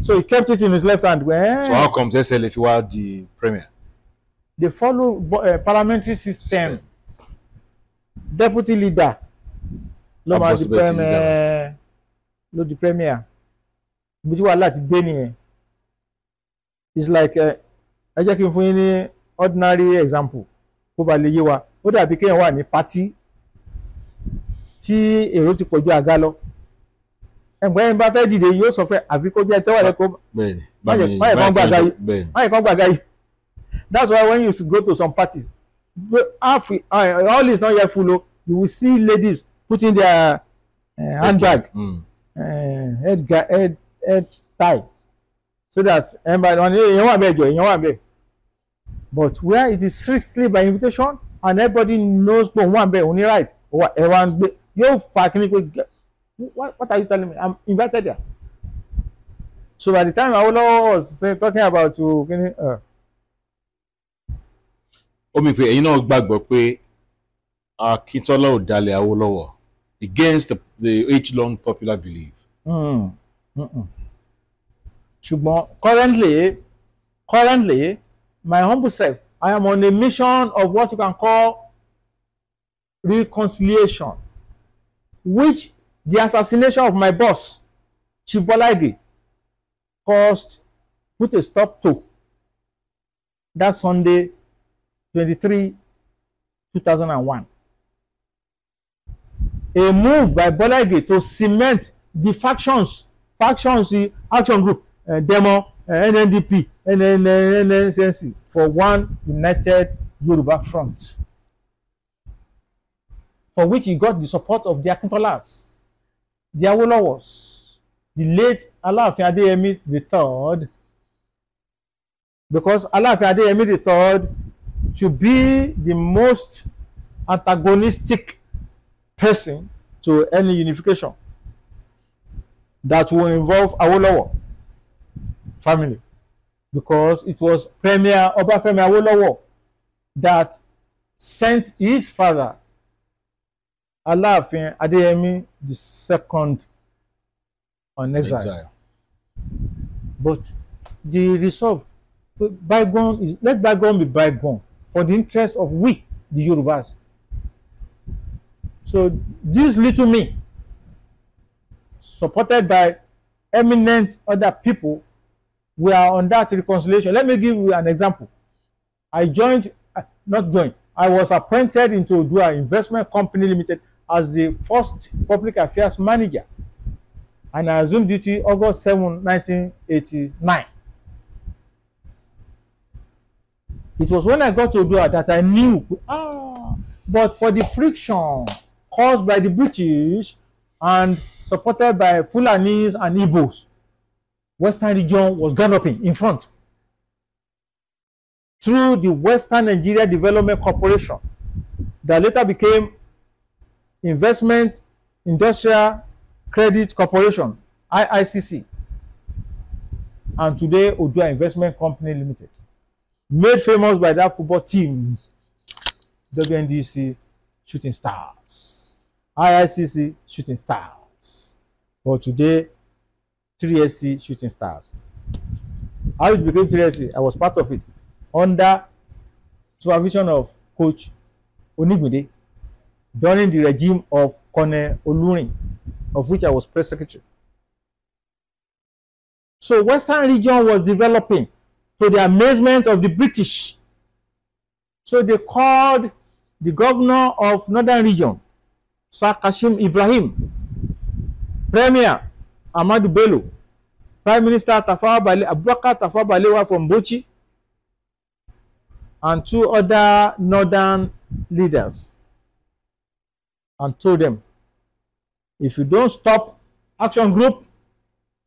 So he kept it in his left hand. Well, so how comes SLE fi wá di premier? They follow uh, parliamentary system. Sure. Deputy leader ló máa di premier ló di premier ibi tí wàhálà ti dé nìyẹn it's like eh, ẹ jẹ́ kí n fún yín ní ordinary example kó ba lè yé wa ó dàbí kéèyàn wà ní pátí tí èrò ti pọ̀jù àga lọ ẹ̀gbọ́n ẹni bá fẹ́ dìde yóò sọ fẹ́ àfi kó jẹ́ tẹ́wọ̀ rẹ kó báyìí kan gbàgà yìí that's why when you go to some parties half uh, all is not yet full o you will see ladies putting their uh, handbag mm. uh, head, head, head tie so that ẹnba ẹ̀yàn wà bẹ́ẹ̀ jọ ẹ̀yàn wà bẹ́ẹ̀ but where it is strictly by invitation and everybody knows pé òun wà bẹ́ẹ̀ òun ní right ẹ̀ wá ń gbé yóò fa kí ni pé what are you telling me i'm invited there so by the time Awolowo was say, talking about uh, kí ni. Uh, ó mi pé ẹ̀yin náà gbàgbọ́ pé Akíntọ́lá ò dalẹ̀ Awolowo against the, the age-long popular belief. Mm. Mm -mm. currently currently my humble self I am on a mission of what you can call reconciliation, which the assassination of my boss, Chibolagi, caused, put a stop to. That Sunday, 23, 2001. A move by Bolagi to cement the factions, factions, the action group, uh, demo, NNDP NNSSC e for one united Yoruba front for which he got the support of the Akintolas the Awolowos the late Aláàfin Adéyẹmí the third because Aláàfin Adéyẹmí the third should be the most antagonistic person to any unification that will involve Awolowo family because it was Premier Obafemi Awolowo that sent his father Aláàfin Adéyẹmí the second on exile. exile. But the resolve bygone is let bygone be bygone for the interest of we the Yorubas. So this little me supported by eminent other people we are on that reconciliation let me give you an example i joined uh, not joined i was appointed into Odua investment company limited as the first public affairs manager and i assumed duty august 7, 1989. it was when i got to Odua that i knew ah but for the friction caused by the British and supported by Fulanis and Igbos Western region was galloping in front through the Western Nigeria Development Corporation that later became Investment Industrial Credit Corporation, IICC, and today Odua Investment Company Limited, made famous by that football team, WNDC Shooting Stars, IICC Shooting Stars. But today, 3SC shooting stars. How it became 3SC, I was part of it under supervision of Coach Onigbide during the regime of Kone Olurin, of which I was press secretary. So Western region was developing to the amazement of the British. So they called the governor of Northern region, Sir Kashim Ibrahim, premier Amadu Bello, Prime Minister Tafawa Bale, Abubakar Tafawa Balewa from Bauchi, and two other northern leaders, and told them, if you don't stop action group,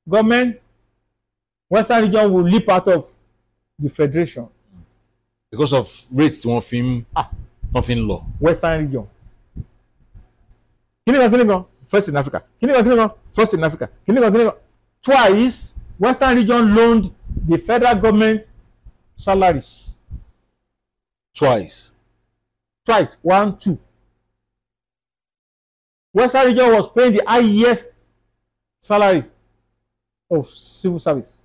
government, Western region will leap out of the federation. Because of rates wọ́n fi ń ah. wọ́n fi ń lọ. Western region. Kí ni kan kí kan? first in Africa kíní kan kíní kan first in Africa kíní kan kíní kan twice Western region loaned the federal government salaries. twice. twice one two. Western region was paying the highest salaries of civil service.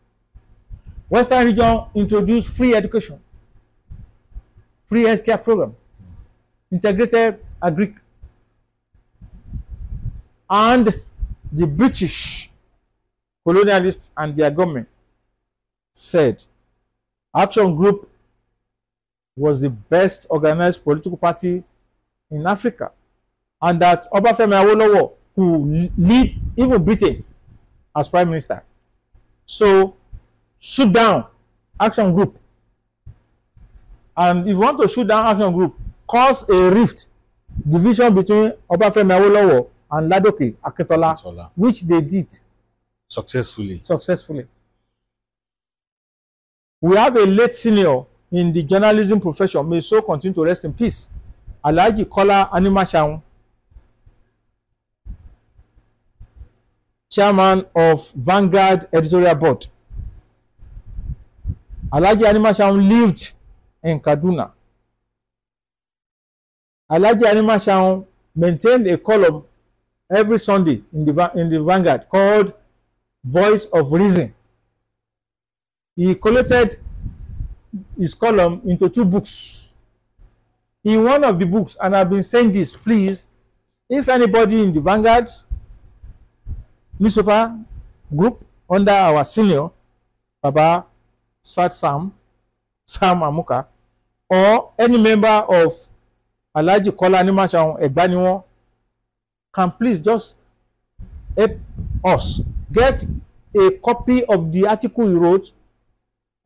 Western region introduced free education, free healthcare program, integrated agri and the British colonialists and their government said Action Group was the best organized political party in Africa and that Obafemi Awolowo could lead even Britain as prime minister. So shoot down Action Group and if you want to shoot down Action Group cause a rift division between Obafemi Awolowo and Ladoke Aketola, Akintola, which they did successfully. Successfully. We have a late senior in the journalism profession, may so continue to rest in peace, Alaji Kola Animashaun, chairman of Vanguard editorial board. Alaji Animashaun lived in Kaduna. Alaji Animashaun maintained a column every Sunday in the, in the Vanguard called Voice of Reason. He collated his column into two books. In one of the books, and I've been saying this, please, if anybody in the Vanguard newspaper group under our senior, Baba Sad Sam, Sam Amuka, or any member of Alhaji Kola Animashaun Egbaniwon can please just help us get a copy of the article he wrote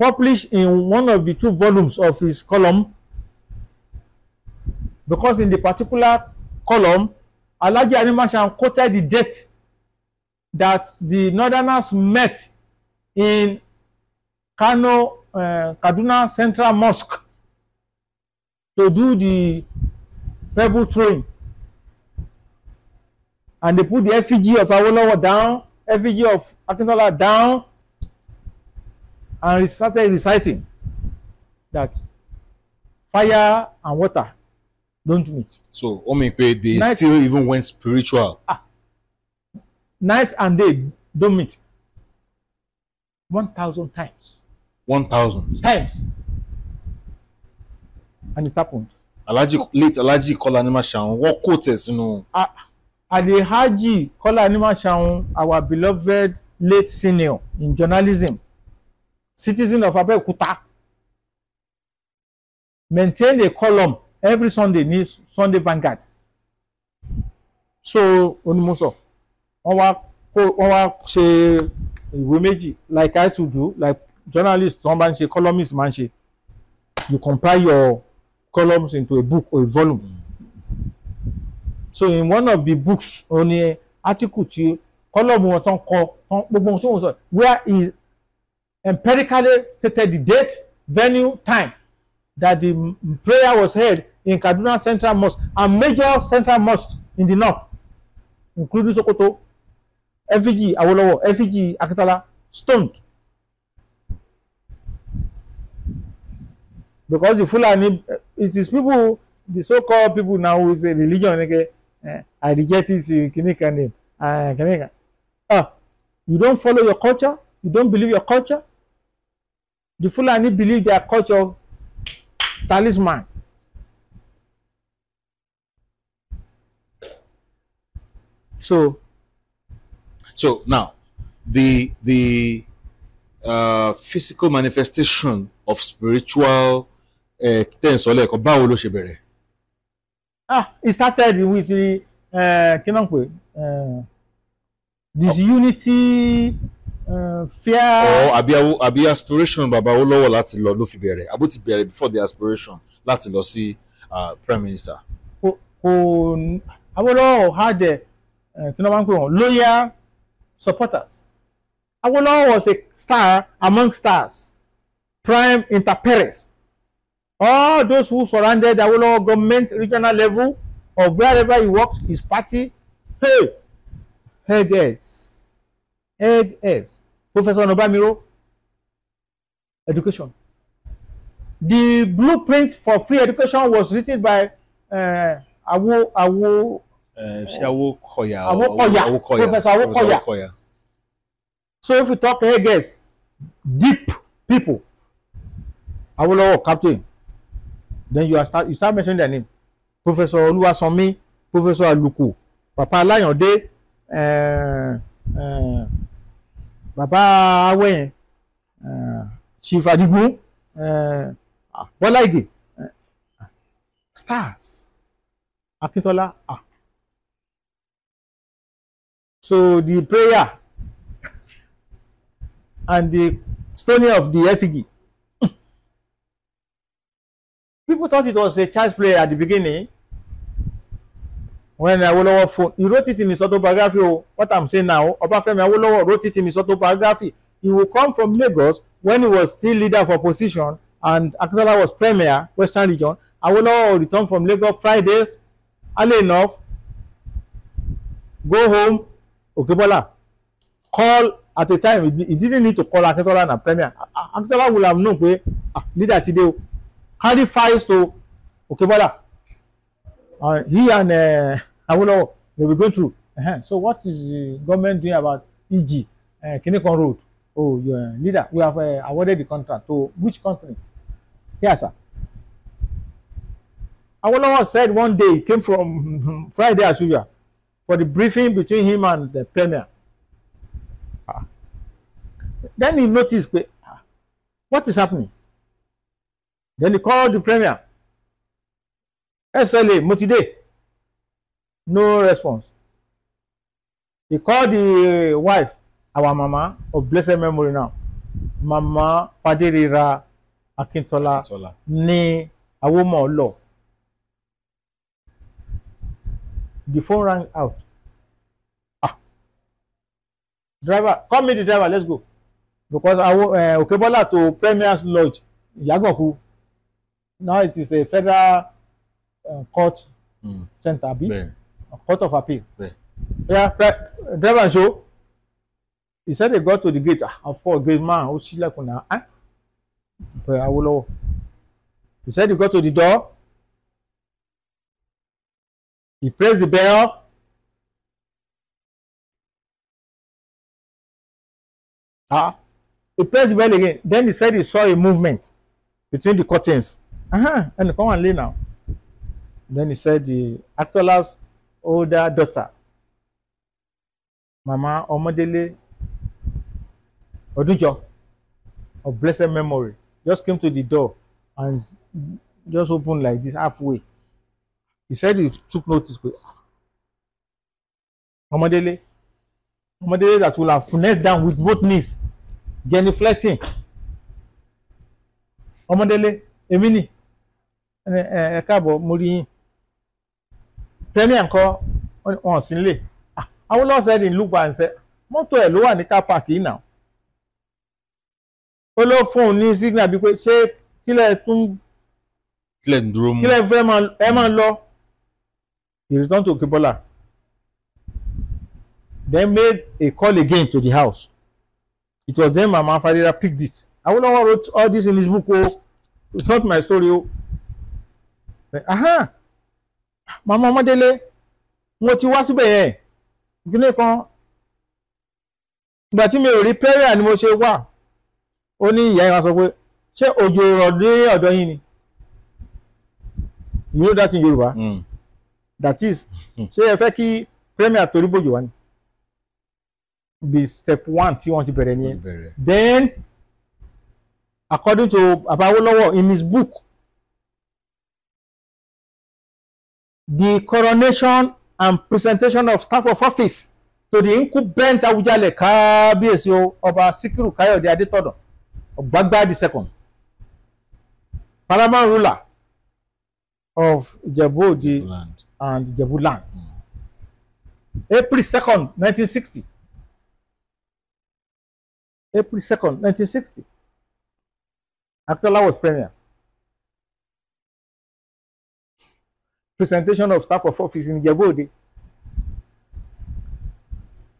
published in one of the two volumes of his column because in the particular column Alhaji Animashan quoted the date that the northerners met in Kano uh, Kaduna Central Mosque to do the pebble throwing and they put the effigy of Awolowo down, effigy of Akintola down, and started reciting that fire and water don't meet. So, omi they night, still even went spiritual. Ah, night and day don't meet. One thousand times. One thousand times. And it happened. Alhaji late Alhaji Kolanima Shaun, wọ́n kò tẹ̀ sínú. Ah. Adehaji Kola Animashaun, our beloved late senior in journalism, citizen of Abeokuta, maintained a column every Sunday ní Sunday Vanguard. So, Onimoso, wọ́n wá wọ́n wá ṣe like I to do like journalists, wọ́n bá ń columnist máa ń You compile your columns into a book or a volume. Mm so in one of the books on ní article tí kọ́lọ́mù wọn tán kọ tán gbogbo ohun tí wọ́n sọ where is empirically stated the date venue time that the prayer was held in Kaduna Central Mosque and major central Mosque in the north including Sokoto efiji Awolowo efiji Akitala stoned because the Fulani it is people the so-called people now who say religion again okay, Eh, i reject it eh, kìnnì kan name Ah, eh, kìnnì kan ah you don't follow your culture you don't believe your culture the Fulani believe their culture talisman so so now the the uh, physical manifestation of spiritual uh, ten sọlẹ ẹkọ báwo ló ah it started with eh, kí náà pè eh, disunity uh, fear. ọ àbí àbí aspiration bàbá ó lọ́wọ́ láti lọ ló fi bẹ̀rẹ̀ àbó ti bẹ̀rẹ̀ before the aspiration láti lọ sí ah, prime minister. kò kò Awolowo had kí ló máa ń pè wọ́n loyal supporters Awolowo was a star among stars prime inter Paris all those who surrounded Awolowo government regional level or wherever he worked his party hey head s head s Professor Onobamiro education the blueprint for free education was written by uh, Awo Awo uh, Awo Koya Awo Koya Awo Koya Professor Awo Koya. so if we talk head s deep people Awolowo captain then you are start you start mentioning their name professor Olúwasanmi professor Aluko papa Alayande uh, uh, baba awẹyẹn uh, eh, chief Adigun uh, ah, Bọ́lá Ìgè uh, uh, ah, stars Akintola ah so the prayer and the stoning of the effigy People thought it was a child's play at the beginning when Awolowo phone he wrote it in his autobiography o oh, what I'm saying now Obafemi Awolowo wrote it in his autobiography he will come from Lagos when he was still leader for opposition and Akintola was premier Western Region Awolowo will return from Lagos Fridays early enough go home Okebola call at a time he didn't need to call Akintola na premier Akintola will have known pe ah leader ti dey o carry files to okay brother uh, he and uh, Awolowo they will go through uh -huh. so what is the government doing about EG uh, Kinnikon road oh your uh, leader we have uh, awarded the contract to which company yes sir Awolowo said one day he came from Friday as usual for the briefing between him and the premier ah. then he noticed ah, what is happening Then he called the premier. SLA, Motide. No response. He called the uh, wife, our mama of blessed memory now. Mama Fadirira Akintola, Akintola. ní Awomo Law. The phone rang out. Ah. Driver, call me the driver, let's go. Because Awo uh, Okebola to Premier's Lodge, Yagoku now it is a federal uh, court mm. center abi court of appeal yeah driver show he said he got to the gate ah, of course great man ó ṣílẹ̀kùn náà ah pẹ Awolowo he said he got to the door he pressed the bell ah he pressed the bell again then he said he saw a movement between the curtains And come and nílé now then he said the Aktola's older daughter Mama Omodele Odujo of blessed memory just came to the door and just opened like this halfway he said he took notice pe Omodele Omodele that will have knelt down with both knees genuflecting Omodele èmi ni. E ẹ káàbọ̀ mo rí yín premier ńkọ́ wọn sì ń lè Awolowo said in lugba and said mọ́tò ẹ̀ ló wà ní car park yìí náà ó ló fún un ní signal bíi pé ṣé kílẹ̀ tún kílẹ̀ ń dúró mú kílẹ̀ fún ẹ máa lọ he returned to Okebola then made a call again to the house it was then Mama Fadera picked it Awolowo wrote all this in his book o oh. it's not my story o. Oh màmá ọmọdélé mo ti wá síbẹ̀ yẹn ìgbìlẹ̀ kan ìgbà tí mi ò rí pẹ́rẹ́ ni mo ṣe wà ó ní ìyá yẹn wá sọ pé ṣé òjò rọ̀ dé yín ni you know that in Yorùbá hmm. that is hmm. ṣé ẹ fẹ́ kí premier torí bòjò wá ni be step one tí wọ́n ti bẹ̀rẹ̀ nìyẹn then according to Baba Awolowo in his book the coronation and presentation of staff of office to the incumbent Awujale kábíyèsí o ọba Sikiru Káyọ̀dé Adétọ̀nà Ọ̀gbágbá the second paramount ruler of Ijebu-Ode and Ijebu-Land mm. April second nineteen sixty April second nineteen sixty Akitola was premier presentation of staff of office in Ìjẹ̀bú Òde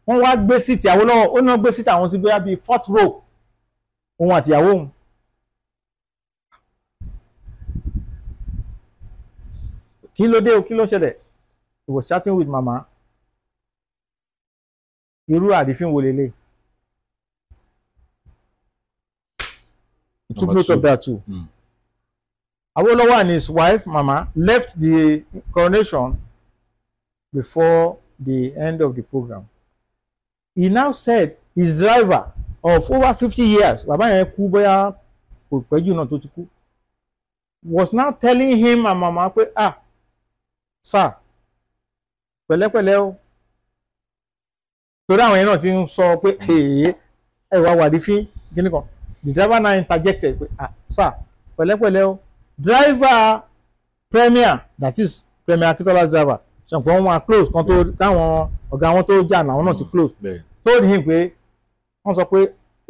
wọ́n wá gbé síìtì Awólọ́wọ̀ ó náà gbé síìtì àwọn sí bóyá bíi fourth row òun àtìyàwó òun kí ló dé o kí ló ṣẹlẹ̀ he was chatting with mama irú àrífín wo lélẹ̀ he took note of that too. Mm. Awolowo and his wife, Mama, left the coronation before the end of the program. He now said his driver of over fifty years, Baba yẹn kú bóyá kò pẹ́jù náà tó ti kú, was now telling him and Mama pé ah sir pẹ̀lẹ́pẹ̀lẹ́ o torí àwọn yẹn náà ti ń sọ pé èèyàn ẹ wá wàdí fín kíní the driver now interjected pé ah sir pẹ̀lẹ́pẹ̀lẹ́ o driver premier that is premier akitola driver ṣàǹpọ̀ wọn máa close kan tó hmm. táwọn ọ̀gá wọn tó jà làwọn náà ti hmm. close tó rí i pé wọ́n sọ pé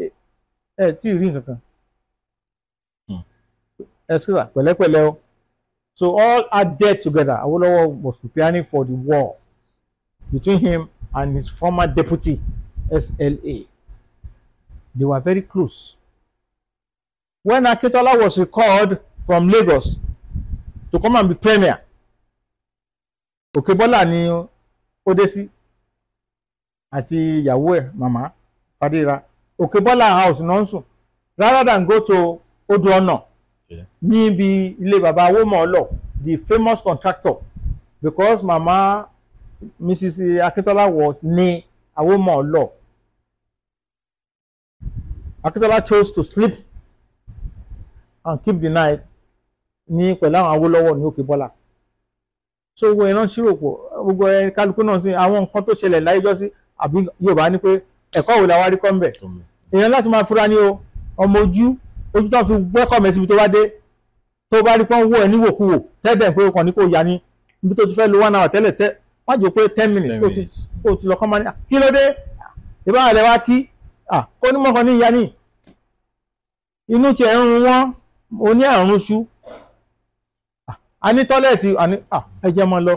eh, ẹ tí ì rí nǹkan kan hmm. excuse pẹ̀lẹ́pẹ̀lẹ́ o so all are dead together Awolowo was preparing for the war between him and his former deputy SLA they were very close when Akitola was recalled from Lagos to come and be premier Òkèbọ́lá ni ó dé sí àti ìyàwó ẹ̀ màmá Fadéra Òkèbọ́lá house náà rather than go to Odò Ọ̀nà níbi ilé bàbá Awómọ̀ọ́lọ̀ the famous contractor because mama Mrs. Akintola was ní Awómọ̀ọ́lọ̀ Akintola chose to sleep and keep the night ní pẹ̀lú àwọn Awólọ́wọ̀ ní Òkè Bọ́lá so gbogbo ìran ṣíròpọ̀ gbogbo ẹ kálukú náà sí àwọn nǹkan tó ṣẹlẹ̀ láyé jọ́sí àbí Yorùbá ní pé ẹ̀kọ́ òwe làwa rí kọ́ ńbẹ̀ èèyàn láti máa fura ní o ọmọ ojú ojú tó fi gbẹ́kọ̀ mẹ́sì ibi tó bá dé tó bá rí pọ́n wó ẹ níwòkuwò tẹ́bẹ̀ pé kàn ní kò yá ní ibi tó ti fẹ́ lo one hour tẹ́lẹ̀ tẹ́ má jò pé ten minutes kó o ti lọ kọ́ máa ní kí ló dé ìbáraẹ̀ wá kí onímọ̀kan ní ìyá ní inú tiẹ̀ ń run oní àrùn ṣú a ní tọ́lẹ̀tì àní ẹ jẹ́ mọ́ lọ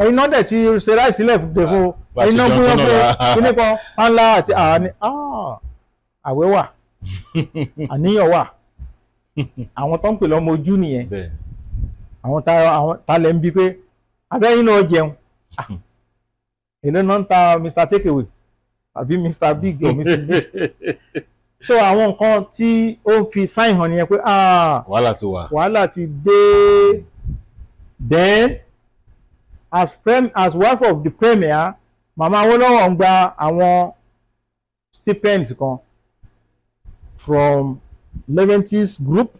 ẹ̀yin náà dẹ̀ ti ṣe ráì sílẹ̀ dè fún ẹ̀yin ah, náà fún wọn fún nípa pánlá àti àní àwẹ̀ wà àníyàn wà àwọn tó ń pè lọ́mọ ojú nìyẹn àwọn talẹ̀ ń bi pé abẹ́yìn náà jẹun èlé náà ń ta Mr. Takeaway àbí Mr. Big or Mrs. Big so àwọn nǹkan tí ó fi sign hàn nìyẹn pé ah, wàhálà ti wà wàhálà ti dé then as prem as wife of the premier Mama Awólọ́wọ̀ ń gba àwọn stipend kan from Leventis group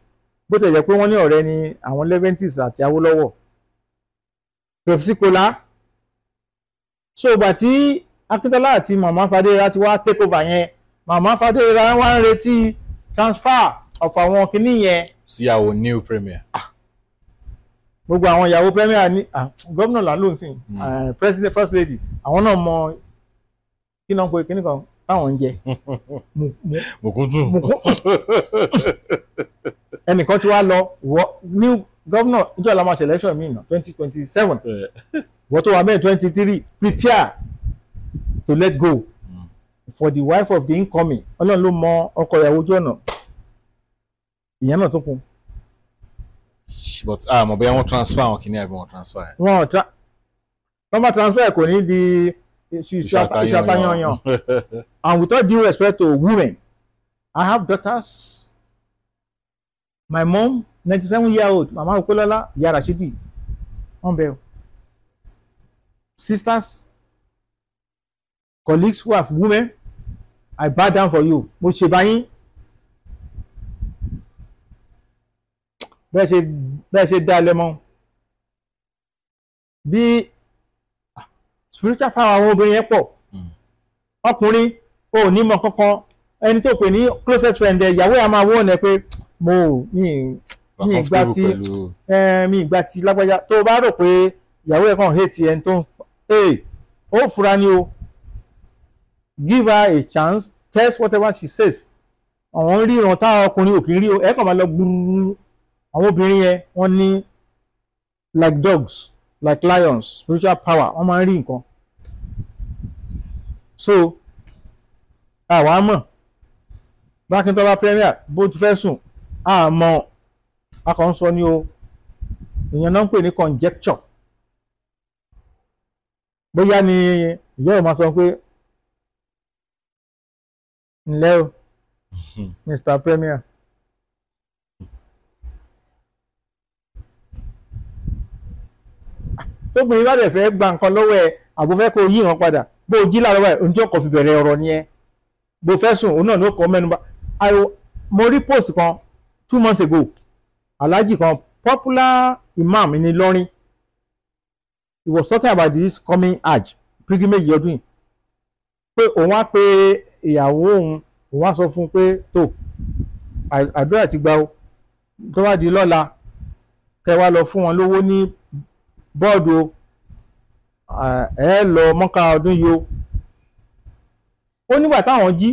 bó tẹ̀ jẹ́ pé wọ́n ní ọ̀rẹ́ ni àwọn Leventis àti Pepsi pepsicola so ìgbà tí Akíntọ́lá àti màmá Fadéra ti wá take over yẹn màmá Fadéyìrá wá ń retí transfer of àwọn kìíní yẹn. síyàwó new premier. Ah. gbogbo àwọn ìyàwó premier ní gómìnà lálóhùn sí president first lady àwọn náà mọ kí náà ń pe kìíní kan táwọn ń jẹ. mùkúntù. ẹnìkan tí wàá lọ new gómìnà níjọ́ la máa ṣe election mi náà twenty twenty seven eh. wọ́n tó wà mẹ́rin twenty three prepare to let go for the wife of the incoming ọlọ́run ló mọ ọkọ ìyàwó ojú ọ̀nà ìyẹn náà tó kù. but ah mo bẹ́ẹ̀ wọ́n transfer wọn kìíní àbí wọ́n transfer. wọn tra wọ́n bá transfer kò ní di ìṣàtàyànyàn and without due respect to women I have daughters my mom ninety seven year old mama Okolọ́lá ìyá Rashidi wọ́n bẹ̀rù sisters colleagues who are women I bow down for you mo ṣe báyìí bẹ́ẹ̀ ṣe bẹ́ẹ̀ ṣe dá lẹ́mọ́ bí ah, spiritual power àwọn obìnrin yẹn pọ̀ hmm. ọkùnrin o ò ní mọ kankan ẹni tó pè ní closest friend ẹ ìyàwó ẹ máa wọ́n ẹ pé mo mi mi ìgbà tí mi ìgbà tí lágbájá tó o bá rò pé ìyàwó ẹ kàn hate ẹni tó ń ó fura ni o give her a chance test whatever she says àwọn ríran táwọn ọkùnrin òkè rí o ẹ kàn máa lọ gbúrúrú àwọn obìnrin yẹn wọ́n ní like dogs like lions spiritual power wọ́n máa ń rí nǹkan so àwa mọ̀ bákíntọ́lá premier bó ti fẹ́ sùn a akọ̀ ń sọ ní o ìyẹn náà ń pè ní conjecture bóyá ni ìyá ò sọ pé ǹlẹ́ o mr hmm. premier. tóbìnrin bá dẹ̀ fẹ́ gba nǹkan lọ́wọ́ ẹ àbò fẹ́ kó yí ìran padà bó o jí làárọ̀ ẹ̀ oúnjẹ ọkọ̀ fi bẹ̀rẹ̀ ọ̀rọ̀ ni ẹ bó fẹ́ sùn òun náà ló kọ́ mẹ́nu bá mo rí post kan two months ago alhaji kan popular imam ní Ìlọrin he was talking about this coming age. pilgrimage ọdún yìí pé òun á pe ìyàwó òun òun wá sọ fún un pé tó àdúrà ti gba o tó bá di lọ́la kẹ wá lọ fún wọn lówó ní bọ́ọ̀dù ẹ lọ mọ́ka ọdún yìí o ó nígbà táwọn jí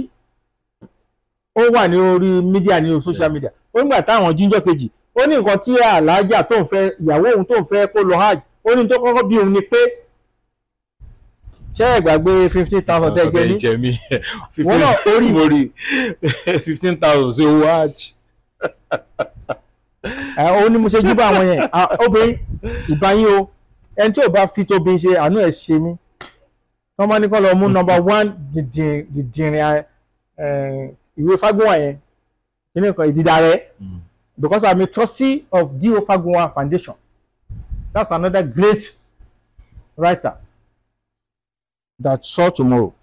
ó wà ní orí mídíà ní social media ó nígbà táwọn jí níjọ́ kejì ó ní nǹkan tí aláàjà tó ń fẹ́ ìyàwó òun tó ń fẹ́ kó lọ hajj ó ní tó kọ́kọ́ bí òun ni pé ṣé ẹ gbàgbé fifteen thousand tẹ jẹ mí wọn náà orí mo fifteen thousand sí owó hajj. ẹ ó ní mo ṣe júbà àwọn yẹn obìnrin ìbáyín o ẹni tí ò bá fi tóbi ṣe àánú ẹ ṣe mí wọn máa ní kọ́ lọ mú nọ́mbà one dìndìnrín ìwé fagunwa yẹn kíni kan ìdìdà rẹ hmm. because i'm a trustee of D.O. Fagunwa Foundation that's another great writer that saw tomorrow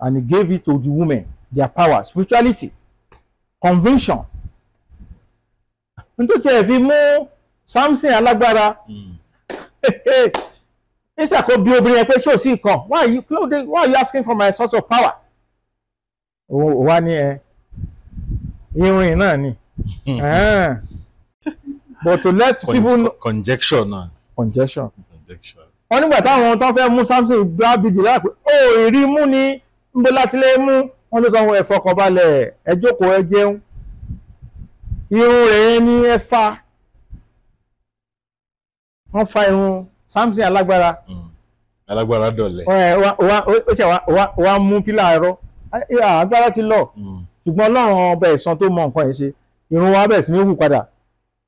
and he gave it to the women their power spirituality convention n tó tiẹ̀ fi mú Samson alágbára instead hmm. kó bi obìnrin yẹn pé ṣé ò sí nǹkan why are you why you asking for my source of power ó wá ní ẹ irin náà ni hmm. but to let people know conjecture náà conjecture. conjecture wọ́n nígbà táwọn tó fẹ́ mú Samson gbábìdì láàpẹ ó rí mú ní nbó láti lè mú wọ́n ló sọ wọn ẹ fọkàn balẹ̀ ẹ jókòó ẹ jẹun irun rẹ̀ yẹn ní ẹ fa wọ́n fa irun Samson alágbára hmm. alágbára dọ̀lẹ́ ó ṣe wàá mú pílà ẹ̀rọ agbára ti lọ hmm. ṣùgbọ́n Ọlọ́run ọba ẹ̀san tó mọ nǹkan yẹn ṣe irun wa bẹ̀ sí ní hù padà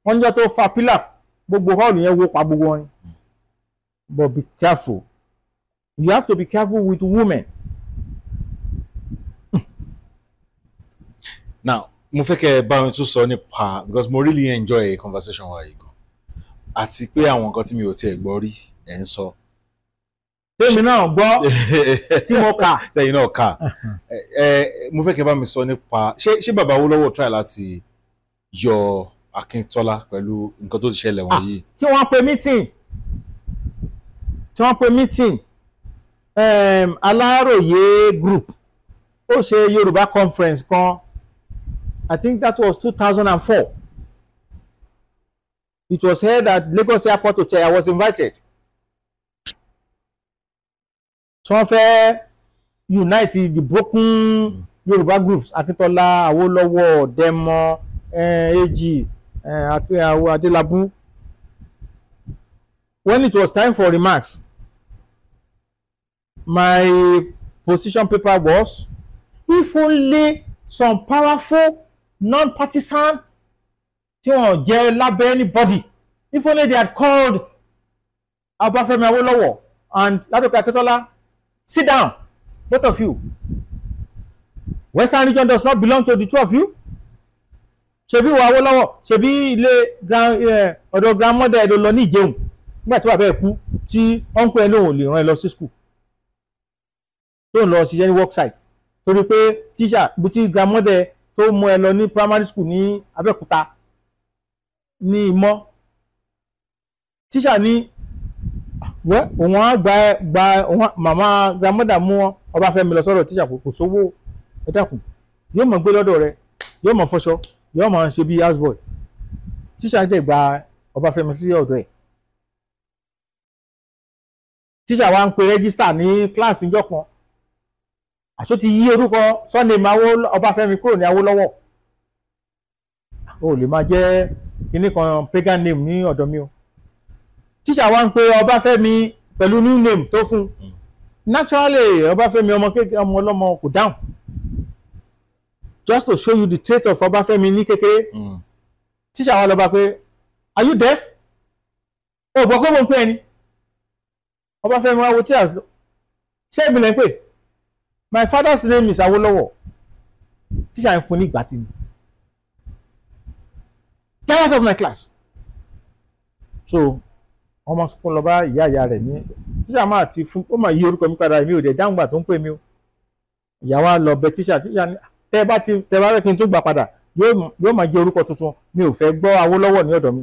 wọ́n níjọ́ tó fa pílà gbogbo hall yẹn wó pa gbogbo wọn ni but be careful. You have to be careful with women. Now, mo fẹ́ kẹ́ ẹ bá mi tún sọ nípa because mo really enjoy a conversation wa yìí gan àti pé àwọn nǹkan tí mi ò tiẹ̀ gbọ́ rí ẹ̀ ń sọ. tèmi náà gbọ́ tí mo kà. tẹ̀yin náà kà mo fẹ́ kẹ́ bá mi sọ nípa ṣé ṣé bàbá Awólọ́wọ̀ try láti yọ Akíntọ́lá pẹ̀lú nǹkan tó ti ṣẹlẹ̀ wọ̀nyí. Ah, tí wọ́n pe meeting tí wọ́n pe meeting um, aláròyé group ó ṣe yorùbá conference kan i think that was two thousand and four it was held at lagos airport hotel i was invited tí wọ́n fẹ́ unite the broken yorùbá groups Akintola, awolowo demo eji um, um, adelabu when it was time for remarks my position paper was if only some powerful non-partisan tí wọn jẹ lábẹ́ anybody if only they had called Abáfẹ́mi Awolowo and Ládòkè Akíntọ́lá sit down both of you Western region does not belong to the two of you ṣebí wo Awólọ́wọ̀ ṣebí ilé eh, ọ̀dọ̀ grandmother ẹ̀ ló lọ ní ìjẹun nígbà tí bàbá ẹ̀ kú tí ọ̀npẹ̀ ẹ̀ lòun ò lè rán ẹ lọ sí school tó ń lọ ṣiṣẹ́ ní worksite torí pé tíṣà ibi tí grandmother tó mú ẹ lọ ní primary school ní Abẹ́òkúta ní ìmọ̀ tíṣà ní wẹ́ òun á gba gba màmá grandmother mú Ọbáfẹ́mi lọ sọ́dọ̀ tíṣà kò sówó ẹ dákun yóò mọ̀ gbé lọ́dọ̀ rẹ yóò mọ̀ fọṣọ yóò mọ̀ ṣe bí houseboy tíṣà dẹ̀ gba Ọbáfẹ́mi sí ọ̀dọ̀ ẹ̀ tíṣà wa ń pe rẹ́gísítà ní kíláàsì ńjọ́ kan àṣó ti yí orúkọ Sunday mawo Ọbáfẹ́mi kúrò ní Awólọ́wọ̀ o lè máa jẹ́ kíní kan pagan name ní ọ̀dọ̀ mi o tíṣà wa ń pe Ọbáfẹ́mi pẹ̀lú new name tó fún hmm. naturally Ọbáfẹ́mi ọmọ kékeré ọmọ ọlọ́mọ kò dáhùn just to show you the trait of Ọbáfẹ́mi ní kékeré hmm. tíṣà wa lọ bá pé are you deaf o gbọ́ pé mo ń pè ẹni Ọbáfẹ́mi wa wo tíṣà ṣé èmi ń pè my father's name is Awolowo teacher ń fún ní ìgbà get out of my class so ọmọ sọpọ lọ bá ìyá ìyá rẹ̀ ní tíṣà máa ti fún ó máa yí orúkọ mi padà mi ò dẹ̀ dáhùn gbà tó ń pè mí o ìyá wa lọ bẹ tíṣà tíṣà ní tẹ bá ti tẹ bá fẹ́ kí n tó gbà padà yóò máa jẹ́ orúkọ tuntun mi ò fẹ́ gbọ́ Awólọ́wọ̀ ní ọ̀dọ̀ mi.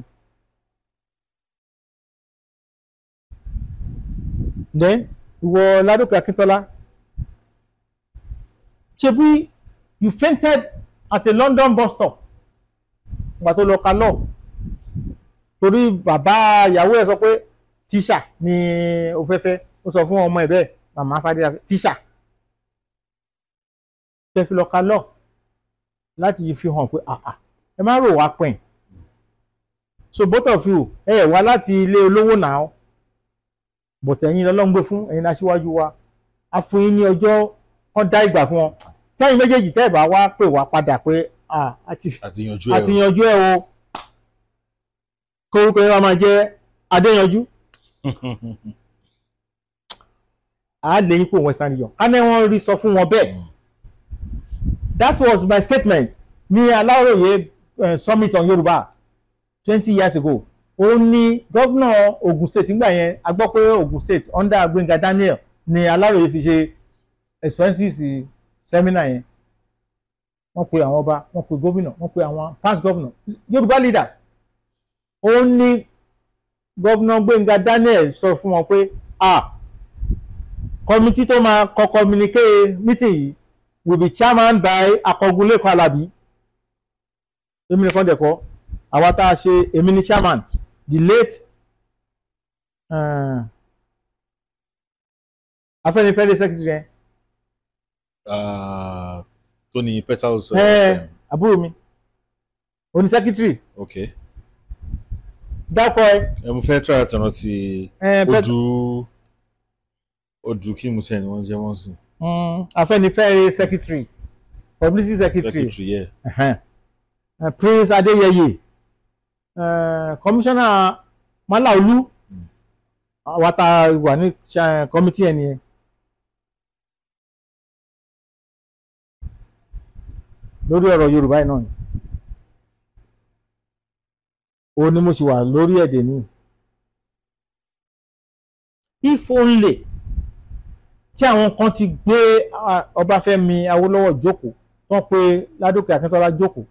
then ìwọ Ládòkè Akíntọ́lá ṣebí you fainted at a London bus stop ìgbà tó lọ ka lọ torí bàbá ìyàwó ẹ̀ sọ pé tíṣà ni ó fẹ́ fẹ́ ó sọ fún ọmọ ẹ̀ bẹ́ẹ̀ màmá fàdíra tíṣà tẹ́ fi lọ ka lọ láti fi hàn pé àà ẹ má rò wá pẹ̀yìn so both of you ẹ ẹ̀ wá láti ilé olówó náà bọ̀tẹ̀yìn lọ́lọ́ngbé fún ẹ̀yin aṣíwájú wa a fún yín ní ọjọ́ wọ́n dá ìgbà fún wọn sẹ́yìn méjèèjì tẹ́ ẹ̀ wá pè wá padà pé àti yanjú ẹ̀ o kórúkọ yẹn máa jẹ́ adéyanjú a lè yín kó western union a ní rí sọ fún wọn bẹ́ẹ̀ hmm. that was my statement ní aláròye uh, summit on yorùbá twenty years ago ó ní gọ́vnà ogun state nígbà yẹn a gbọ́ pé ogun state under gbẹ̀ngà daniel ni aláròye fi ṣe expenses seminar yẹn wọ́n pe àwọn ọba wọ́n pe gómìnà wọ́n pe àwọn past governor Yorùbá leaders ó ní gọ́vnà Gbẹ́ngà Daniel sọ fún wọn pé ah committee tó máa kọ communicate meeting yìí will be chairman by Akọgunlékan Alábí èmi nìkan dẹ̀kọ́ àwa tá a ṣe èmi ni chairman the late uh, Afẹ́nifẹ́re secretary yẹn tó ní petals. àbúrò mi òní sẹ́kítírì. ok dákọ ẹ. ẹ mo fẹ́ try àti rántí ojú ojú kí mo tẹ̀ ni wọ́n jẹ́ wọ́n sìn. Hmm, Afẹ́nifẹ́re secretary publicity secretary, secretary yeah. uh -huh. uh, Prince Adeyeye uh, commissioner Malaolu mm. wata wà ní eh, committee ẹni yẹn lórí ọ̀rọ̀ Yorùbá yìí náà ni ó ní mo sì wà lórí ẹ̀dẹ̀ ní. if only tí àwọn kan ti gbé Ọbáfẹ́mi Awólọ́wọ̀ jókòó wọ́n pe Ládòkè Akíntọ́lá jókòó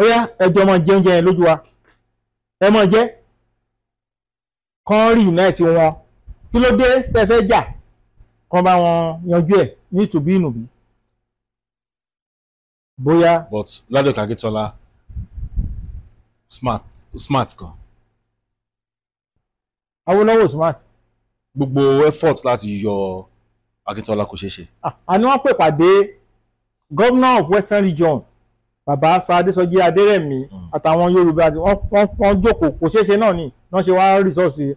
ó yá ẹjọ́ máa jẹ oúnjẹ yẹn lójú wa ẹ máa jẹ kan reunite wọn kí ló dé tẹ́ jà kan bá wọn yanjú ẹ̀ ní tùbí ìnùbí bóyá. but Ládòkè Akíntọ́lá smart smart kan. Awólọ́wọ̀ smart. gbogbo effort láti yọ Akíntọ́lá kò ṣeé ṣe. Ah, àní wọ́n pè pàdé governor of Western Region bàbá Ṣadésọjí Adérẹ̀mí hmm. àtàwọn Yorùbá wọ́n jókòó kò ṣeé ṣe náà ni wọ́n ṣe wá resource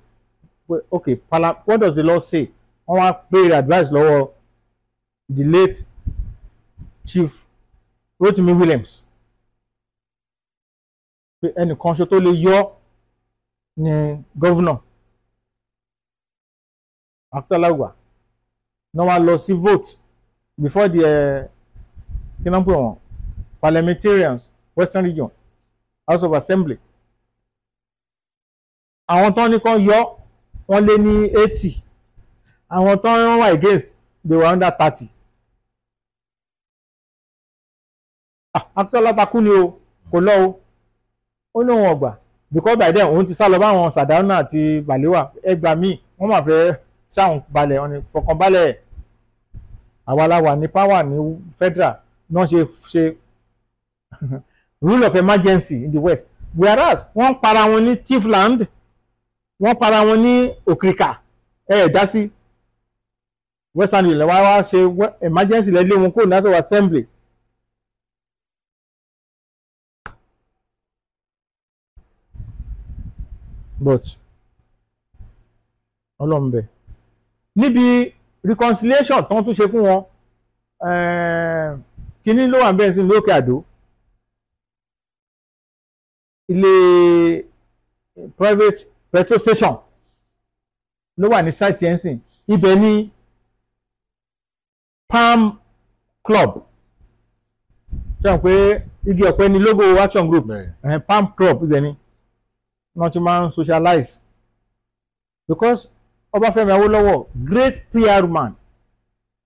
okay pala what does the law say wọ́n wá pay advice lọ́wọ́ the late chief Rotimi Williams pé ẹnìkan ṣe tó lè yọ ní gọ́vùnà Akintalagba náà wá lọ sí vote before the eh, kí náà parliamentarians Western Region House of Assembly àwọn tán ní kan yọ wọ́n lé ní eighty àwọn tán wà against they were under thirty Ah, akíntọ́lá takú ni o kò lọ o ó ní òun ọgbà because by then òun ti sá lọ báwọn sàdánù àti bàlẹ́wà ẹgbà míì wọ́n máa fẹ́ sáwọn balẹ̀ ọ̀nì fọkànbalẹ̀ àwa la wà ní power ní federal náà ṣe ṣe rule of emergency in the west whereas wọ́n para wọn ní tifland wọ́n para wọn ní òkìrìkà ẹ̀ dá sí western union wá wá ṣe emergency lẹ́lé wọn kó national assembly but ọlọ́run bẹ̀ níbi reconciliation tán tún ṣe fún wọn eh, kínní ló wà bẹ́ẹ̀ sí lókè àdó ilé eh, private petrol station ló wà ní site yẹn sìn ibẹ̀ ní palm club ṣe hàn pé igi ọ̀pẹ ni logo action group eh, palm club ibẹ̀ ni náà ti máa ń socialize because Ọbáfẹ́mi Awolowo, great PR man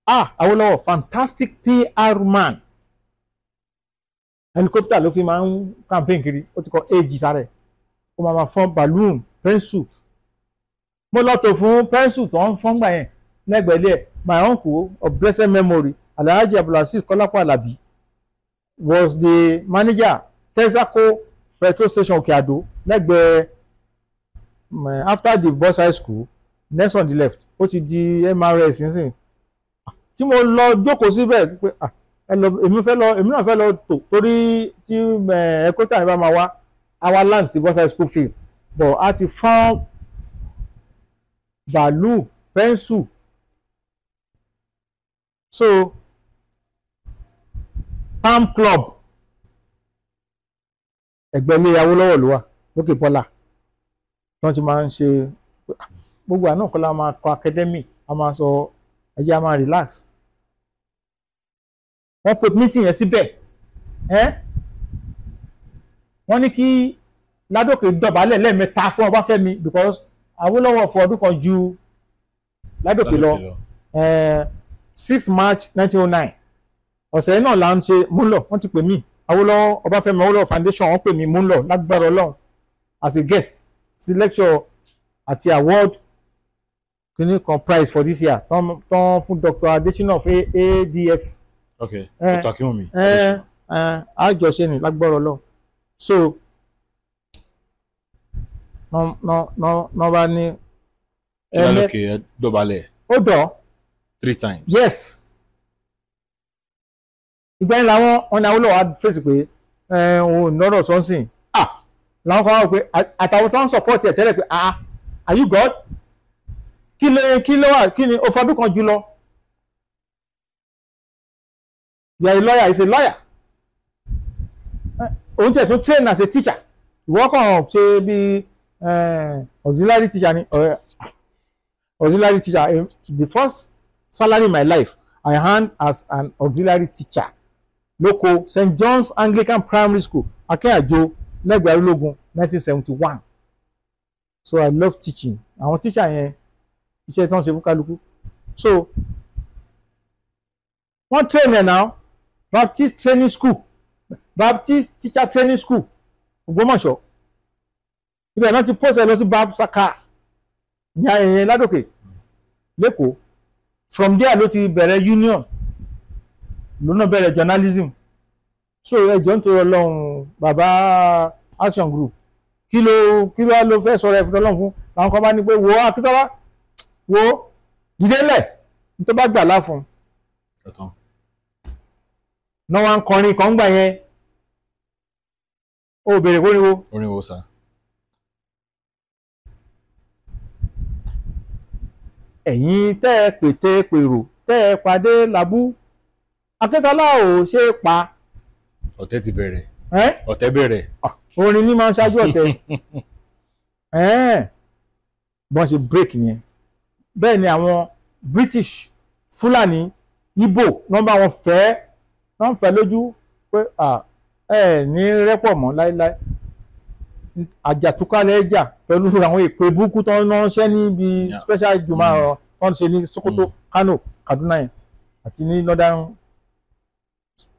ah Awolowo, fantastic PR man helicopter ló fi máa ń campaign kiri ó ti kọ ag sáré ó máa ma fọ́n balloon pencil mo lọ tò fún pencil tó ń fọ́n gbà yẹn lẹ́gbẹ̀ẹ́ ẹ̀ my uncle of blessed memory Alhaji Abdulaziz Kọ́lápọ̀ Alabi was the manager Tesaco petrol station òkè àdó lẹ́gbẹ̀ẹ́ mm, after the boys high school next on the left ó ti di MRS nísìn tí mo lọ jókòó síbẹ̀ pé èmi fẹ́ lọ èmi náà fẹ́ lọ tò torí tí mm, ẹ̀kọ́ tàbí bá máa wá our land sí boys high school field but a ti fọ́n bàálù pẹ́ńsù so palm club ẹ̀gbẹ́ ilé Awólọ́wọ̀ ló wà lókè Bọ́là wọ́n ti máa ń ṣe gbogbo àná kọ́lá máa kọ academy a máa sọ ẹ̀yà máa relax wọ́n pe meeting yẹn síbẹ̀ wọ́n ní kí Ládòkè dọ̀bálẹ̀ lẹ́ẹ̀mẹ́ta fún Ọbáfẹ́mi because Awólọ́wọ̀ fún ọdún kan ju Ládòkè lọ six March nineteen oh nine ọ̀sẹ̀ náà là ń ṣe múlò wọ́n ti pè mí Awólọ́wọ̀ Ọbáfẹ́mi Awólọ́wọ̀ foundation wọ́n pè mí Moonlaw lágbára Ọlọ́run as a guest sí lecture àti award kìíní kan prize for this year tán tán fún Dr. Adesina fún ADF. ok eh, Dr. Akínwùmí eh, Adesina. Eh, àjọṣe ni lágbára Ọlọ́run so nọba ni. kí ló lókè dọ̀bálẹ̀. ó dọ̀. three times. yes ìgbà yẹn làwọn ọ̀nà Awólọ́wọ̀ wa fèsì pé eh, òun lọ́rọ̀ sọ́nsìn à ah! làwọn kan wá pé àtàwọn tó ń sọ̀pọ̀tì ẹ̀ tẹ́lẹ̀ pé ah, ah are you God kí ló kí ló wà kí ni o fọdún kan jù lọ you are a lawyer he is lawyer eh, òun tẹ̀ tún train as a teacher ìwọ kàn ṣe bí eh, auxiliary teacher ni auxiliary teacher the first salary in my life I hand as an auxiliary teacher lóko st john's anglican primary school akẹ́àjò lẹ́gbẹ̀ẹ́ arúlógún 1971 so i love teaching àwọn tíṣà yẹn iṣẹ́ tí wọ́n ṣe fún kálukú so wọ́n train ẹ̀ now baptist training school baptist teacher training school Ògbómọ̀ṣọ́ ibẹ̀ náà ti post ẹ̀ lọ sí babsaka ìyá ẹ̀yẹn ládòkè lẹ́kọ̀ọ́ from there ló ti bẹ̀rẹ̀ union lónà bẹ̀rẹ̀ journalism so ẹjọ́ ń tọrọ lọ́hùn Baba action group kí ló kí ló ló fẹ́ sọ̀rọ̀ ẹ̀fọ́ lọ́hùn fún làwọn kan bá ní pé wo akíntọ́lá wo dìde lẹ̀ nítorí bá gbà láfun náà wá ń kọrin kan gbà yẹn ó béèrè orin wo. orin wo sá. ẹ̀yin tẹ́ ẹ pète pèrò tẹ́ ẹ pàdé làbú akíntọ́lá ò ṣe é pa. ọ̀tẹ̀ ti bẹ̀rẹ̀ ọ̀tẹ̀ bẹ̀rẹ̀. orin ní máa ń ṣáájú ọ̀tẹ̀ bọ́n ṣe break nìyẹn bẹ́ẹ̀ ni àwọn British Fúlàní Ìgbò nọ́mbà wọn fẹ́ wọ́n fẹ́ lójú pé ẹ ní rẹ́pọ̀ mọ́ láéláé àjàtúkálẹ̀ ẹ̀jà pẹ̀lú àwọn èpè burúkú tó ń ránṣẹ́ níbi special jùmọ̀ mm. tó ń ṣe ní Sokoto mm. Kano Kaduna yẹn àti ní northern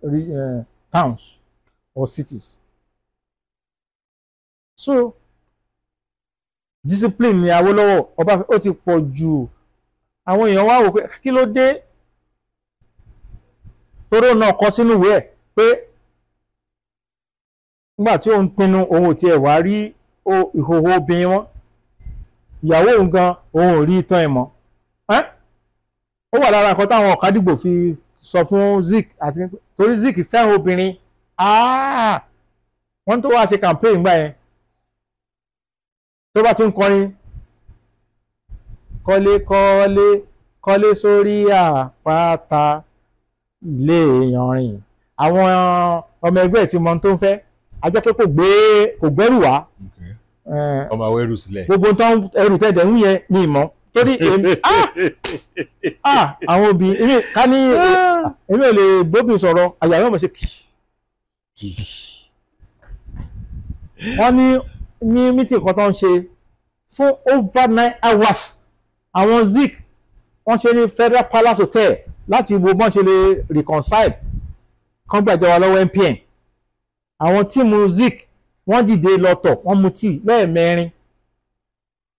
uh, towns or cities. So discipline ni Awólọ́wọ̀ ọba ó ti pọ̀ jù àwọn èèyàn wá wò pé kí ló dé tóró náà kọ sínú ìwé o pé nígbà tí òun pinnu òun ò tiẹ̀ wá rí ìhòòhò obìnrin wọn ìyàwó òun gan òun ò rí itan ẹ̀ mọ́ ó wà fi sọ fún Zik àti torí Zik fẹ́ràn obìnrin ah! wọ́n tó wá ṣe campaign gbà yẹn tó bá tún kọrin kọ́lé kọ́lé kọ́lé sórí àpáta ilé yanrìn àwọn ọmọ ẹgbẹ́ tí mọ tó ń fẹ́ ajá pé kò gbé kò gbẹ́rù wá ọmọ àwọn ẹrù sílẹ̀ gbogbo ẹrù tẹ̀dẹ̀ ń yẹn ní ìmọ̀ torí ah, ah, àwọn òbí èmi ká ní èmi ò lè bóbi sọ̀rọ̀ àyà yóò mọ̀ sí kì wọ́n ní ní mítì kan tó ń ṣe fún over nine hours àwọn zik wọ́n ṣe ní Federal Palace Hotel láti wo bọ́n ṣe lè reconcile kan gbàjọba lọ́wọ́ NPN àwọn tíìmù zik wọ́n dìde lọ́tọ̀ wọ́n mutí lẹ́ẹ̀mẹrin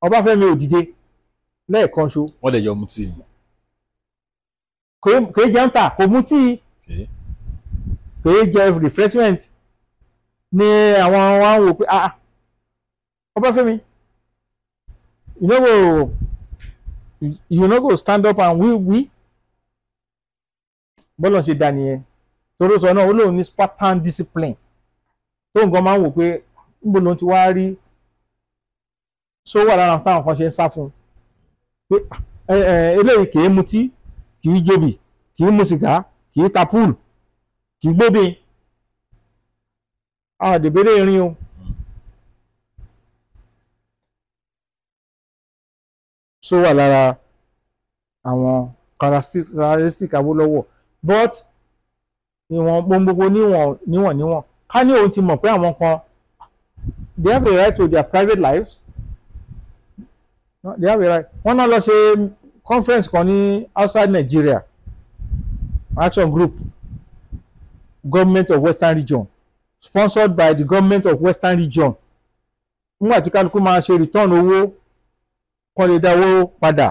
Ọbáfẹ́mi ò dìde lẹ́ẹ̀kan ṣo. wọ́n lè yọ ọmú tí. kò jẹun ta kò mú tí kò jẹ refreshment ni àwọn wa ń wò pé ah, ah Ọbáfẹ́mi you no go you no go stand up and wí wí bọ́lá ṣe dá nìyẹn torí sọ náà ó lóun ní Spartan discipline tó nǹkan máa ń wò pé níbo ló ti wá rí sówó àlára táwọn kan ṣe ń sá fún un pé ah, eléyìí kì í mutí kì í jobi kì í mu sìgá kì í ta pool kì í gbóbi àdèbèrè irin o. so wà lára àwọn characteristic Awólọ́wọ̀ but ìwọ̀n gbogbo níwọ̀n níwọ̀n níwọ̀n ká ní òun ti mọ̀ pé àwọn kan they have a right to their private lives they have a right wọ́n náà lọ ṣe conference kan ní outside Nigeria action group government of Western Region sponsored by the government of Western Region nígbà tí kálukú máa ṣe return owó kọ́ lè dá owó padà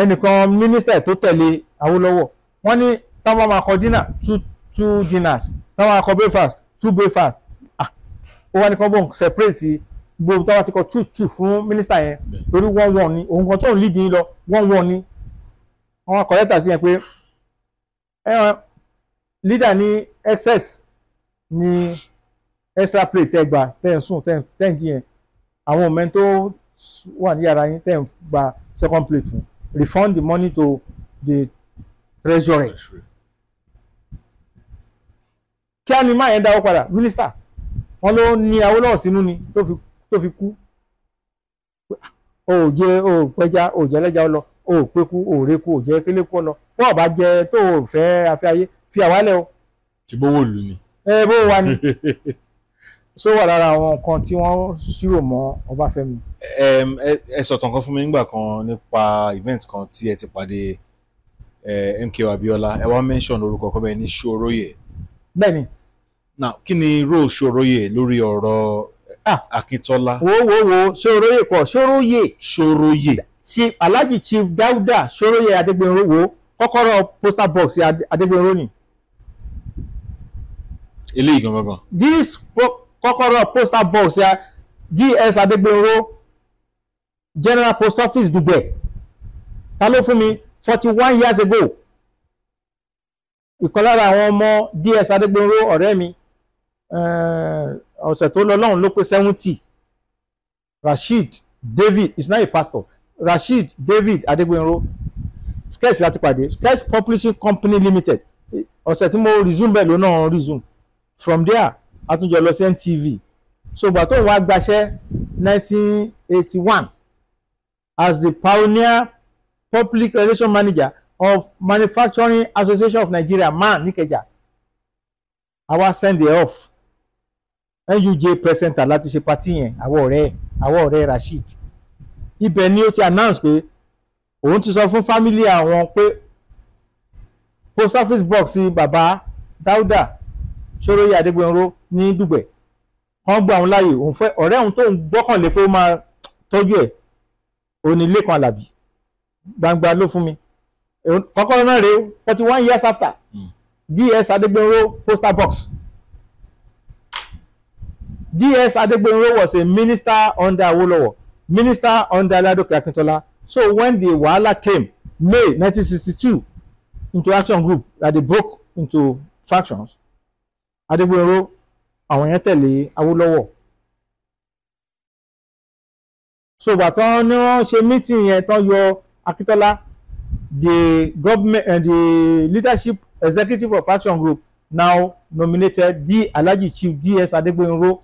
ẹnìkan mínísítà tó tẹ̀lé Awólọ́wọ̀ wọ́n ní táwọn máa kọ dinner two two dinners táwọn máa kọ breakfast two breakfast ah ó wá ní kán bọ̀ separate gbogbo tó bá ti kọ two two fún mínísítà yẹn lórí one one ni òun kan tó ń lead lọ one one ni wọ́n kọ lẹ́tà sí yẹn pé leader ní excess ní extra plate tẹ́ gbà tẹ́ ń sùn tẹ́ ń jí yẹn àwọn ọmọ tó wà ní yàrá yín tẹ́ ń gba second plate fún refund the money to the treasury kí á ní máa yẹn dáwọ́ padà mínísítà wọn ló ní Awólọ́wọ̀ sínú ni tó fi tó fi kú o ò jẹ o ò pẹja o ò jẹ ẹlẹ́ja ọlọ o ò péku o ò réku o ò jẹ kéléku ọlọ wọn ò bá jẹ tó o fẹ́ afẹ́ ayé fi àwálẹ̀ o. ti bówó lù ni. ẹ bó wa ni so wà lára àwọn nǹkan tí wọ́n ṣírò mọ́ Ọbáfẹ́mi. ẹ sọ̀tàn kan fún mi nígbà kan nípa event kan tí ẹ ti pàdé MKO Abiola ẹ wá mention orúkọ kan bẹ́ẹ̀ ní Ṣòróyè. bẹ́ẹ̀ni. now kí ni role Ṣòróyè lórí ọ̀rọ̀ Ah. akíntọ́lá. wo wo wo sóróyè kọ sóróyè. sóróyè. chief alhaji chief dauda sóróyè adégbénró wo kọ́kọ́rọ́ postal box adégbénró ni. eléyìí gan gan. this kọ́kọ́rọ́ postal box ya ds adégbénró general post office dùgbẹ̀ ta ló fún mi forty one years ago ìkan lára àwọn ọmọ ds adégbénró ọ̀rẹ́ mi. Uh, ọ̀sẹ̀ tó lọ lọ́hùn ló pé seventy Rasheed David is now a pastor Rasheed David Adegbenro sketch láti pàdé sketch publishing company limited ọ̀sẹ̀ tí mo resume bẹ́ẹ̀ ló náà resume from there a tún jọ lọ sí NTV so gbà tó wá gbaṣẹ́ nineteen eighty one as the pioneer public relations manager of manufacturing association of nigeria man nikeja awa send there off NUJ press center láti ṣe pati yẹn àwọn ọ̀rẹ́ àwọn ọ̀rẹ́ Rasheed ibẹ̀ ni ó ti announce pé òun ti sọ fún family àwọn pé post office box bàbá Dáúdà Sóróyè Adégbénró ní Dùgbẹ̀ wọ́n gba òun láàyè òun fẹ́ ọ̀rẹ́ òun tó ń gbọ́kànlé pé ó máa tọ́jú ẹ̀ òun ilé kan Àlàbí gbangba ló fún mi kọ́kọ́rọ́ náà rèé forty one years after hmm. DS Adégbénró postal box. Mm. DS Adegbenro was a minister under Awolowo, minister under Ladoke Akintola. So when the wahala came, May 1962, into action group that they broke into factions, Adegbenro, àwọn yẹn tẹ̀lé Awolowo. So bàtà ni wọ́n ṣe meeting yẹn tán yọ Akintola, the government and uh, eh, the leadership executive of action group now nominated D Alhaji Chief DS Adegbenro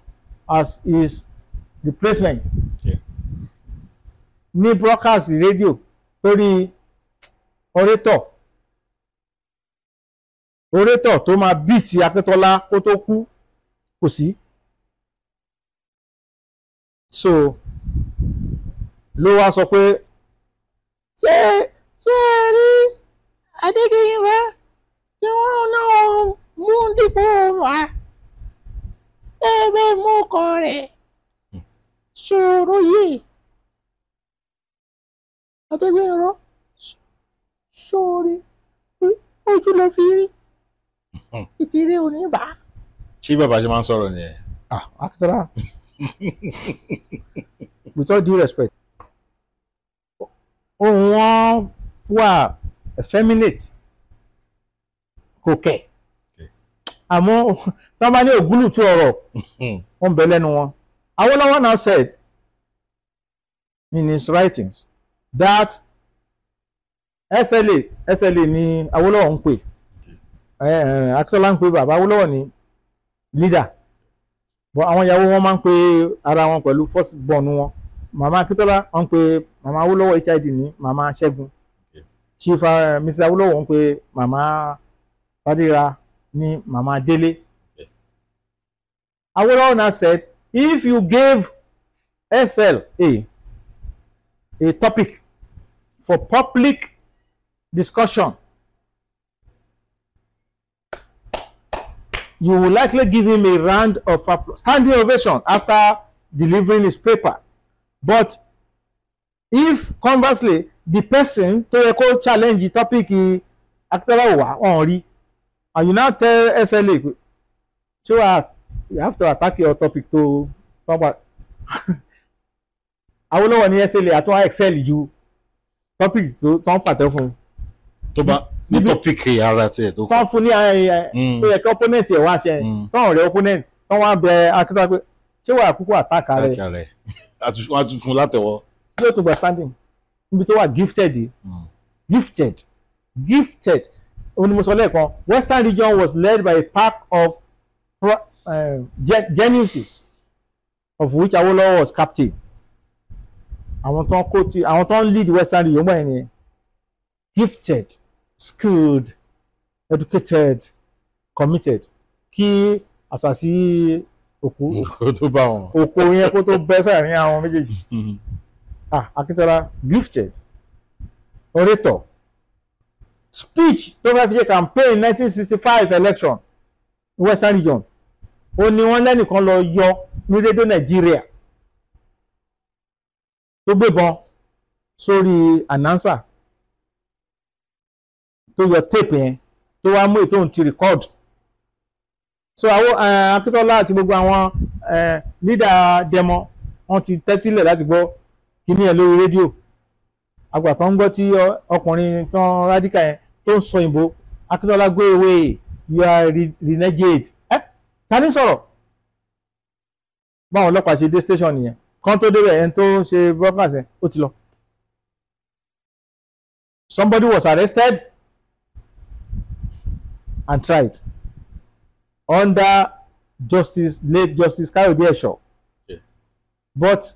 as his replacement yeah. broadcast radio lórí orator orator tó máa bíìtì Akíntọ́lá kó tó kú kò sí so ló wá sọ pé ṣé ṣé ẹ rí Adékèyí wá tí wọ́n náà mú dípò wá ewé mú kọ rẹ̀ ṣòro yìí àtẹgbẹ́rọ sórí ojú ló fi rí ìtìrí oníbà. ṣé bàbá ṣe máa ń sọ̀rọ̀ nìyẹn. ah akitara with all due respect ohun wọn wà effeminate kò kẹ̀ àmọ́ tó bá ní ògúlù tí ọ̀rọ̀ hmm. ó ń bẹ lẹ́nu wọn Awolowo now said in his writings that SLA SLA ni Awolowo ń pè hmm. eh, eh, Akitola ń pè bàbá Awolowo ni leader but àwọn ìyàwó wọn máa ń pè ara wọn pẹ̀lú first born wọn Mama Akitola ń pè Mama Awolowo HID ní Mama Ṣẹ́gun chief eh, Mrs Awolowo ń pè màmá Fadira ni Mama Dele. Yeah. Awolowo said, if you give SL a, a topic for public discussion, you will likely give him a round of applause, standing ovation after delivering his paper. But if conversely, the person tó yẹ kó challenge the topic akitọ́láwò wá, wọ́n rí and you now tell SLA so you have to attack your topic to talk about Awolowo ní SLA àti wọn excel ju topic tó tán pàtẹ fún un. tó bá ní topic ara tiẹ̀ tó kọ. tán fún ní hmm. tó yẹ kí opponent yẹ wá ṣe hmm. tán rẹ opponent tán wá bẹ akíntola pé ṣé wàá kúkú attack rẹ. wọ́n á tún fún látẹ̀wọ́. yóò tún gba standing níbi tó wà gifted hmm. gifted gifted onímọ̀sọ̀lẹ́kan western region was led by a pack of uh, geniuses of which Awolowo was captain àwọn tó ń kó ti àwọn tó ń lead western region wọ́n yẹn gifted skilled educated committed kí àṣàṣì òkú òkú yẹn kó tó bẹ́ sàárín àwọn méjèèjì ah Akíntọ́lá gifted orator speech tó fẹ́ fi ṣe campaign 1965 election western region ó ní wọ́n lẹ́nìkan lọ yọ ní rédíò nàìjíríà tó gbébọn sórí anansa tó yọ tape yẹn tó wá mú ètò òun ti record so àwọn eh, Akíntọ́lá àti gbogbo àwọn eh, lídà demo wọ́n ti tẹ́tílẹ̀ láti gbọ́ kíní ẹ̀ lórí rédíò àgbà kan ń gbọ́ tí ọkùnrin tán rádíkà yẹn tó ń sọ òyìnbó Akíntọ́lá go away you are renegade ẹ ta ní sọ̀rọ̀ báwọn ọlọ́pàá ṣe dé station nìyẹn kan tó débẹ̀ ẹni tó ń ṣe broadcast yẹn ó ti lọ somebody was arrested and tried under justice late justice Kayode Esho yeah. but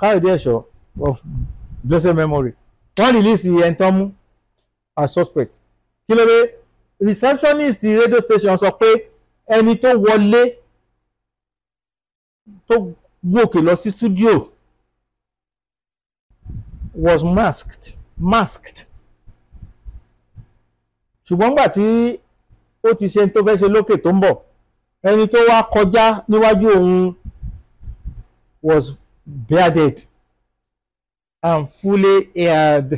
Kayode Esho of blessed memory wọ́n release ẹni tán mú A suspect kí ló dé receptionist radio station sọ pé ẹni tó wọlé tó gòkè lọ sí studio was masked masked ṣùgbọ́n gbà tí ó ti ṣe tó fẹ́ ṣe lókè tó ń bọ̀ ẹni tó wá kọjá níwájú òun was bearded and fully aired.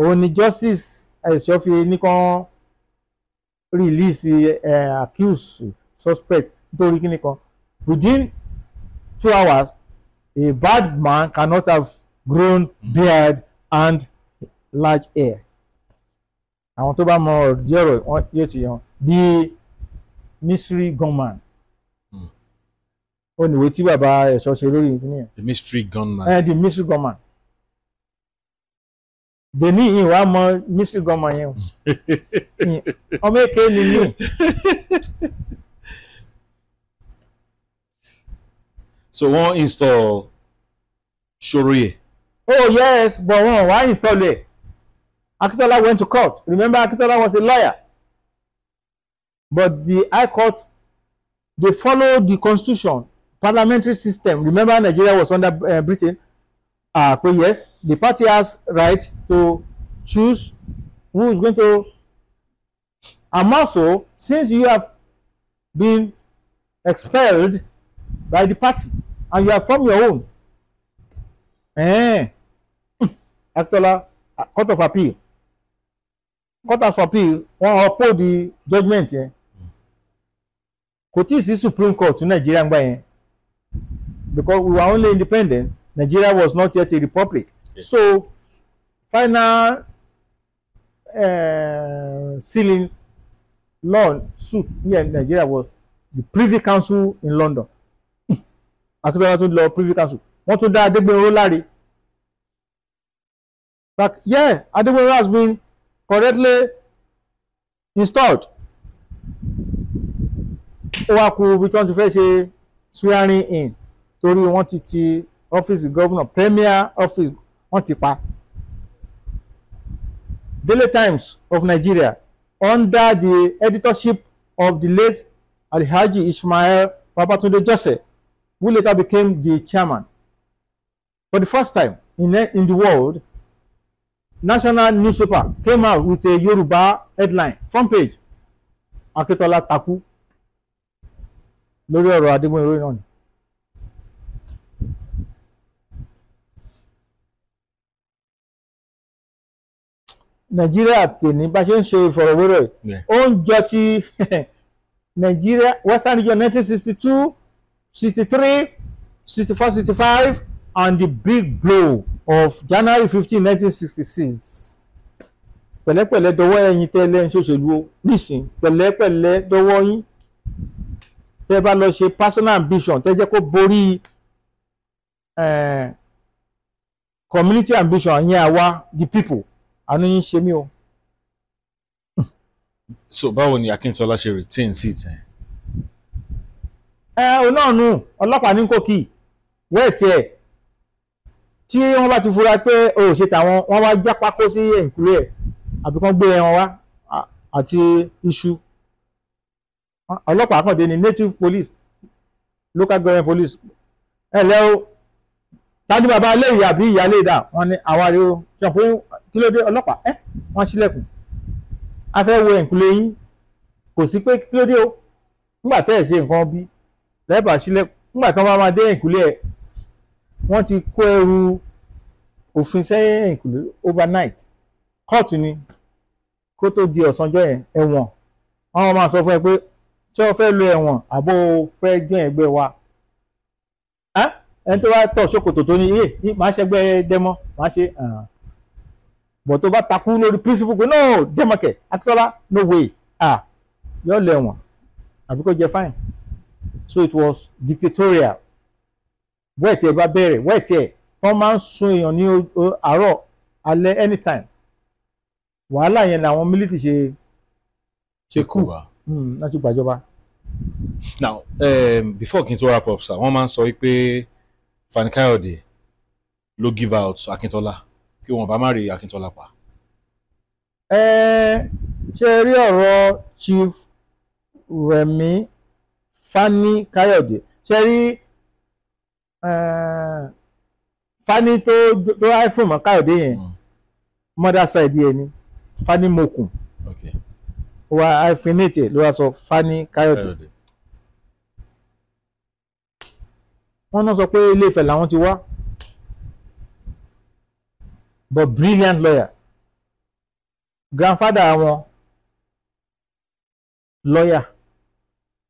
òun ni justice ẹ̀ṣọ́ fi nìkan release uh, accused suspect nítorí kíni kan within two hours a bad man cannot have grown mm. beard and large hair àwọn tó bá mọ ọdí ọ̀rọ̀ wọn yóò ti yan the mystery gunman mm. ó níwèé tí bàbá ẹ̀ṣọ́ ṣe lórí ìpínlẹ̀. the mystery gunman. Uh, the mystery gunman dèmí yìí wàá mọ mísírì gọmọ yẹn ọmọ èké ni mí. so wọ́n install Soroye. oh yes but wọ́n wá install ẹ̀ Akintola went to court remember Akintola was a lawyer but the high court they follow the constitution parliamentary system remember Nigeria was under uh, Britain uh, pé yes the party has right to choose who is going to and also since you have been expelled by the party and you are from your own eh, Akintola ah, court of appeal court of appeal wọ́n uphold the judgment. yẹn kò tí ì sí supreme court ní nàìjíríà yẹn because we were only independent Nigeria was not yet a republic. Yes. So final uh, sealing law suit here in Nigeria was the Privy Council in London. Akíntola tún lọ Privy Council. Wọ́n tún dá Adégbénró láre. But yeah, Adégbénró has been correctly installed. Ó wá kù bí tí wọ́n ti fẹ́ ṣe swearing in torí wọ́n ti ti ọ́fíìsì gọ́vùnà premier office wọ́n ti pa. Daily Times of Nigeria under the editorship of the late Alhaji Ishmael Babatunde Joseph who later became the chairman. For the first time in, in the world, national newspaper came out with a Yoruba headline, front page, Akintola Taku. lori ọ̀rọ̀ Adébóyè náà ni. nàìjíríà tèmi bá ṣe ń ṣe ìfọ̀rọ̀wérọ̀ yìí ó ń jọ ti nàìjíríà western region nineteen sixty two sixty three sixty four sixty five and the big blow of January fifteen nineteen sixty six pẹ̀lẹ́pẹ̀lẹ́ dọwọ́ ẹ̀yin tẹ́lẹ̀ ń ṣòṣèlú nísìn pẹ̀lẹ́pẹ̀lẹ́ dọwọ́ yín tẹ́ bá lọ ṣe personal ambition tẹ́ jẹ́ kó borí eh, community ambition yẹn àwa the people àánú yín ṣe mí o. so báwo ni Akíntọ́lá ṣe retain seat ẹ. ẹ ò náà nù ọlọ́pàá ní kòkì wẹ́ẹ̀tì ẹ̀ tí wọ́n bá ti fura pé o ò ṣe tàwọn wọ́n wá já pákó sí ẹ̀yìnkùlé ẹ̀ àbí kán gbé ẹran wá àti iṣu ọlọ́pàá kan dé ní native police local government police ẹ lẹ́ tàbí bàbá ilé ìyá àbí ìyá ilé ìdá wọn ni àwárí o sọ pé kí ló dé ọlọ́pàá ẹ wọ́n ṣílẹ̀kùn a fẹ́ wo ẹ̀ǹkúlé yín kò sí pé kí ló dé o nígbà tẹ́ ẹ̀ ṣe nǹkan bí lẹ́bàá ṣílẹ̀kùn nígbà tí wọ́n bá máa dé ẹ̀ǹkúlé ẹ̀ wọ́n ti kó ẹrù òfin sẹ́yìn ẹ̀ǹkúlé overnight kóòtù ni kó tó di ọ̀sánjọ́ yẹn ẹ̀wọ̀n wọ́n máa sọ fún ẹ pé ṣé o fẹ́ lo ẹ̀wọ̀n àbó o fẹ́ jẹ́ ẹgbẹ́ wa ẹni tó bá tọ̀ ṣòkòtò tó ní yé máa ṣẹgbẹ́ dẹ́mọ́ máa ṣe ah. bọ̀ tó bá takú lórí principle pé no dẹ́mọ̀kẹ̀ Akíntọ́lá no way ah yóò lẹ̀wọ̀n àbí kó jẹ fine so it was dictatorial wẹ́ẹ̀tì ẹ̀ bá bẹ̀rẹ̀ wẹ́ẹ̀tì ẹ̀ wọ́n máa ń sun èèyàn ní àárọ̀ alẹ́ anytime wàhálà yẹn làwọn mílítì ṣe ṣe kú hmm, láti gbàjọba. now um, before kí n tó wrap up sir wọ́n máa ń sọ wípé. Fani Káyọ̀dé ló give out akintola, kí wọn bá má rí Akíntọ́lá pa. ẹ ṣe rí ọ̀rọ̀ Chief Remi, Fani Káyọ̀dé ṣe rí Fani tó tó iPhone mọ́ Káyọ̀dé yẹn hmm. mother side yẹn ni Fani Mokun ó wá hyphenate ló wá sọ Fani Káyọ̀dé. Káyọ̀dé. wọ́n náà sọ pé Ilé-Ifẹ̀ làwọn ti wá but brilliant lawyer grandfather wọn lawyer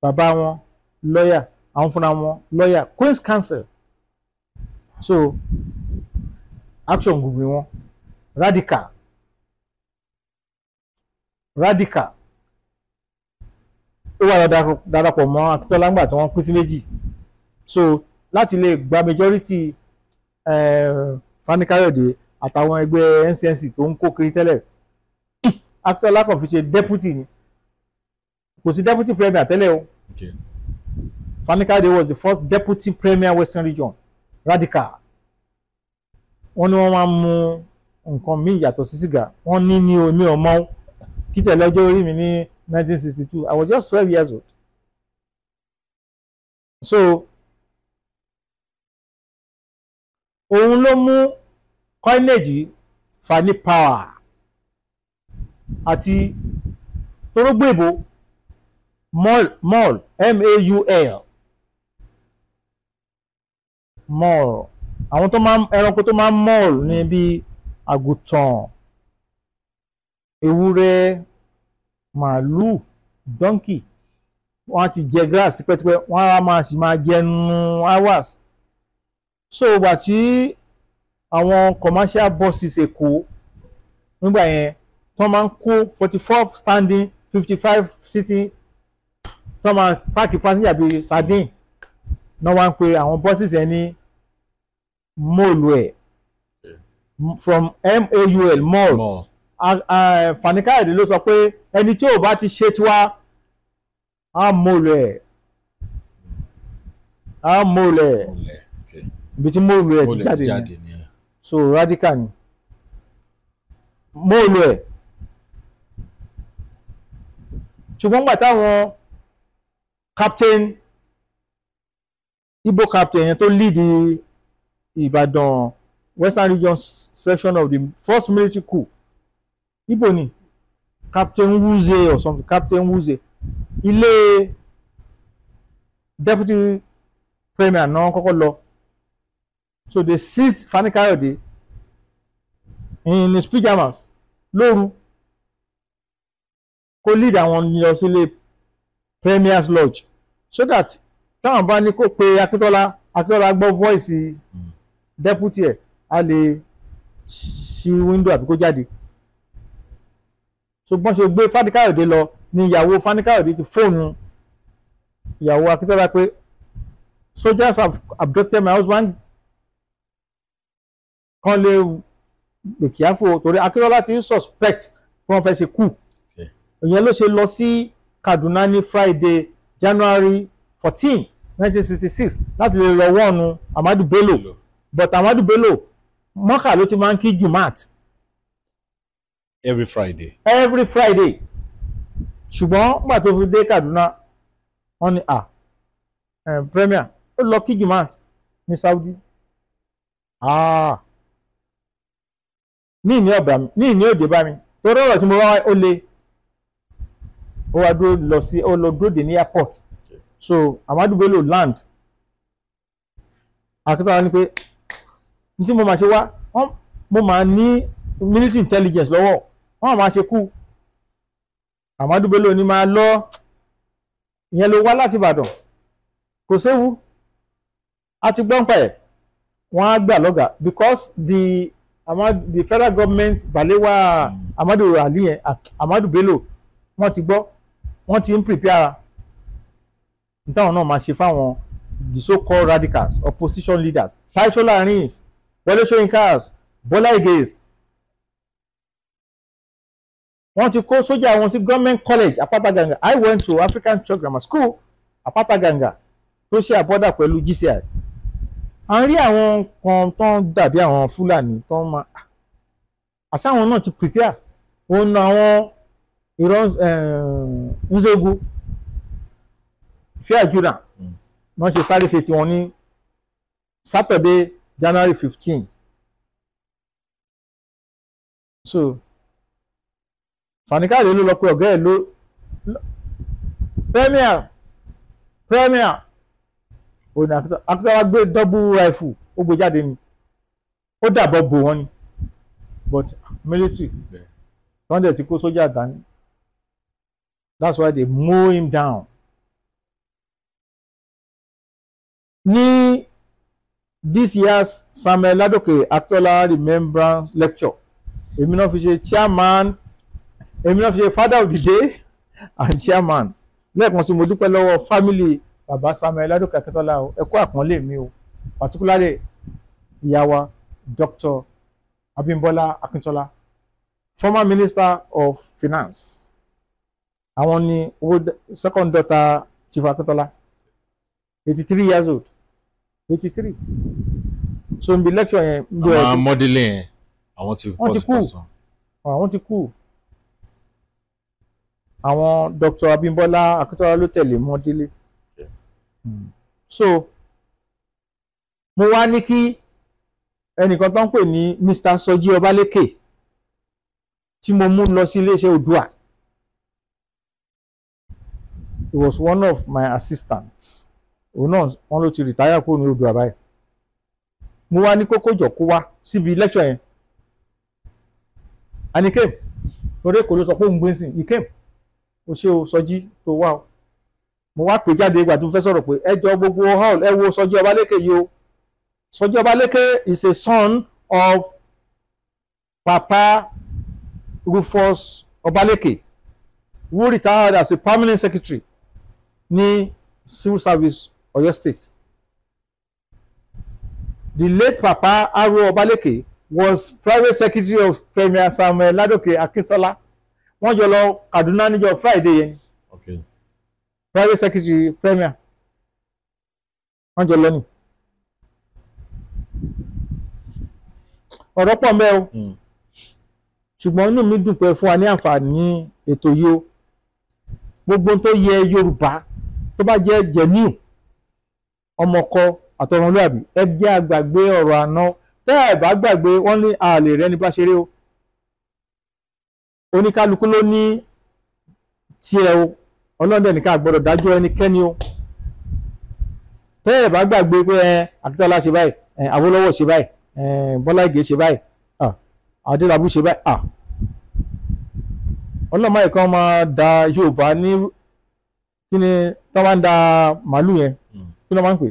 bàbá wọn lawyer àwọn fúnra wọn lawyer Queen's Counsel so action gbogbo wọn radical radical ó wà lọ darapọ̀ mọ́ Akíntọ́lá ńgbà tí wọ́n pín sí méjì so láti lè gba majority eh, Fani Káyọ̀dé àtàwọn ẹgbẹ́ NCNC tó ń kó kiri tẹ́lẹ̀ Akintola Lákàn fi ṣe deputy ni kò sí deputy premier tẹ́lẹ̀ o Fani Káyọ̀dé was the first deputy premier Western Region Radical wọ́n ní wọ́n máa ń mu nǹkan míì yàtọ̀ sí sìgá wọ́n ní ní omi ọmọ kítẹ̀ lọ́jọ́ orí mi ní 1962 I was just twelve years old so òun ló mú coinage fani power àti torógbèbó mall mall m-a-u-l mall àwọn tó máa ẹranko tó máa ń mall ní bíi àgùntàn ewúrẹ́ màálù dọ́ńkì wọ́n ti jẹ grass tipẹ́tipẹ́ wọ́n á máa sì máa jẹnu hours so ìgbà tí àwọn commercial buses Èkó nígbà yẹn tí máa ń kó forty four standing fifty five sitting tí wọ́n máa páàkì passenger bíi sardine náà wá ń pe àwọn buses yẹn ní mall ẹ̀ from maul mall Fani-Káyọ̀dé ló sọ pé ẹni tí ò bá ti ṣe tiwa á mall ẹ̀ á mall ẹ̀ ibi tí móòlù ẹ̀ ti jáde nìyẹn so radical ni móòlù ẹ̀ ṣùgbọ́n gbà táwọn captain Igbo captain yẹn tó lead Ìbàdàn Western Region section of the first military coup Igbo ni captain Wuse or something captain Wuse ilé deputy premier náà kọ́kọ́ lọ so they seized Fani Kayode in his pyjamas lóru kó lead àwọn lọ sílé Premier's Lodge so that táwọn bá ní kó pe Akíntọ́lá Akíntọ́lá gbọ́ voice deputy ẹ̀ a lè ṣí window àbí kó jáde ṣùgbọ́n ṣe gbé Fani Kayode lọ ni ìyàwó Fani Kayode ti fóònù ìyàwó Akíntọ́lá pé soldiers have abducted my husband kan lè gbèkíáfò torí Akínọlá ti ń suspect pé wọ́n fẹ́ ṣe kú ìyẹn ló ṣe lọ sí Kaduna ni Friday January fourteen nineteen sixty six láti lè lọ wọ́ọ̀nù Amadu Bello but Amadu Bello mọ́kà ló ti máa ń kí Jumat. every Friday. every Friday ṣùgbọ́n gbà tó fi dé Kaduna wọ́n ní à eh, premier ó lọ kí Jumat ní Saudi. Ah ní ìní ọ̀bà mi ní ìní òde bá mi torí ọ̀rọ̀ tí mo wá ó le ó wá dúró lọ sí ó lọ dúró dè ní airport so amadu Bello land akíntola ni pé n tí mo máa ṣe wá mo máa ní military intelligence lọ́wọ́ wọ́n máa ṣe kú Ahmadu Bello ni máa lọ ìyẹn ló wá láti Ìbàdàn kò séwu a ti gbọ́n pa ẹ̀ wọ́n á gbà lọ́gàá because the the federal government Balewa hmm. Amadu Ali yẹn eh, ah, Amadu Bello wọ́n ti gbọ́ wọ́n ti ń prepare nítawọn náà máa ṣe fáwọn the so called radicals opposition leaders Taiwo Lannis Wọlé Ṣóyínká Bọ́lá Ìgè wọ́n ti kó sójà wọn sí government college Apata Ganga I went to African Church Grammar School Apata Ganga tó ṣe àbọ́dà pẹ̀lú GCI a rí àwọn kan tó ń dàbí àwọn fúlàní tó ń ma ah, àṣàwọn náà ti prepare òun na àwọn ìrọ̀ eh, nzegun fair jura hmm. wọ́n ṣe sáré ṣe tiwọn ní Saturday January fifteen so fanikade ló lọ pé ọ̀gá ẹ̀ ló premier premier ó ní akíntola gbé double rifle ó gbé jáde ni ó dàbọ̀ bò wọ́n ni but military wọ́n dẹ̀ ti kó sójà dání that's why they mow him down. ní this year's Samuel Ladoke Akitola remembrance lecture èmi náà fi ṣe chairman èmi náà fi ṣe father of the day and chairman lẹ́ẹ̀kan sí mo dúpẹ́ lọ́wọ́ family bàbá Samuel Ládòkè Akíntọ́lá o ẹ kú àpọ́nlé mi o particularly ìyá wa Dr. Abímbọ́lá Akíntọ́lá former minister of finance àwọn ni owó second daughter Chief akintola eighty three years old eighty three so n bi lecture yẹn. àwọn amọ́délé yẹn àwọn ti pọ̀ sí pẹ̀sán. àwọn ti kú àwọn Dr. Abímbọ́lá Akíntọ́lá ló tẹ̀lé mọ́délé so mo wá ní kí ẹnìkan tó ń pè ní Mr. Sọjí Ọbalékè tí mo mú lọ sí iléeṣẹ́ Oòduà he was one of my assistants òun náà wọn ló ti rìtáyà kúrò ní Oòduà báyìí mo wá ní kókó jọ kó wá síbi lecture yẹn and he came torí èkó ló sọ pé òun gbé sìn he came o ṣe o Sọjí tó wá o mo wá pè jáde ìgbà tí mo fẹ́ sọ̀rọ̀ pé ẹ jọ gbogbo hall ẹ wo Sọjí Ọbaléke yìí o Sọjí Ọbaléke is a son of Papa Rufus Ọbaléke who retired as a permanent secretary ní civil service Ọ̀yọ́ state the late Papa Aro Ọbaléke was private secretary of Premier Samuel Ladoke Akintola wọ́n jọ lọ Kaduna níjọ́ Friday yẹn ni private secretary premier Angeloni. jọ lọ nì. ọ̀rọ̀ pọ̀ mẹ́ o hmm. ṣùgbọ́n inú mi dùn pé fún wa ní àǹfààní ètò yìí o gbogbo tó yẹ Yorùbá tó bá jẹ́ jẹ̀níù ọmọkọ àtọmọlúàbí ẹ jẹ́ àgbàgbé ọ̀rọ̀ àná tẹ́ ẹ bá gbàgbé wọ́n ní ààlè rẹ ní bá ṣeré o oníkálukú ló ní tiẹ̀ o ọlọ́dẹ nìkan àgbọ̀dọ̀ dájọ́ ẹnikẹ́ni o tẹ́ ẹ̀ bá gbàgbé pé ẹ akíntọ́lá ṣe báyìí ẹ Awólọ́wọ̀ ṣe báyìí ẹ Bọ́lá Ìgè ṣe báyìí Adélabú ṣe báyìí à ọlọ́mọ ìkan máa da Yorùbá ní kí ni tó máa ń da màálù yẹn kí ló máa ń pè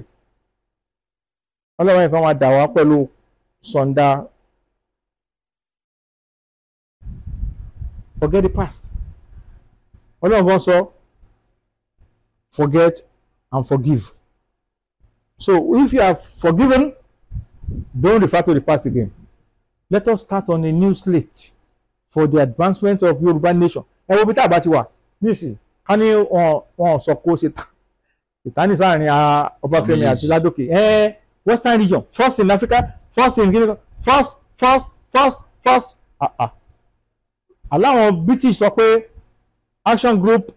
ọlọ́mọ ìkan máa dà wá pẹ̀lú sọ̀ǹda forget the past ọlọ́run kan sọ. So, forget and forgive so if you have forgiven don't refer to the past again let us start on a new slate for the advancement of Yoruba nation ẹ wo bí tá a bá ti wà nísì ká ní wọn sọ kó ṣètánì sáàrin Ọbáfẹ́mi àti Ládòkè western region first in Africa first in Guinea first first first first aláwọn ah, ah. British sọ pé action group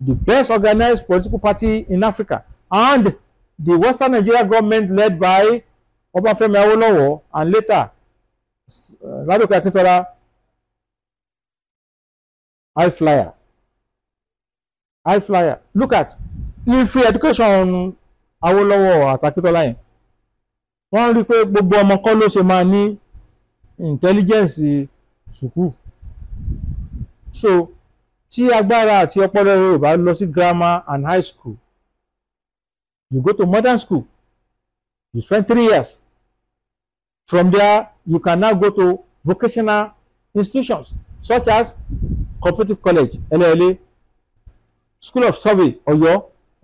the best organized political party in Africa and the Western Nigeria government led by Obafemi Awolowo and later uh, Ladoke Akintola high flyer high flyer look at ní free education Awolowo at Akintola yẹn wọ́n rí i pé gbogbo ọmọ kọ́ ló ṣe máa ní intelligence sùkúù so tí agbára àti ọpọlọ rẹ ò bá lọ sí grammar and high school you go to modern school you spend three years from there you can now go to vocational institutions such as cooperative college elele school of survey Ọ̀yọ́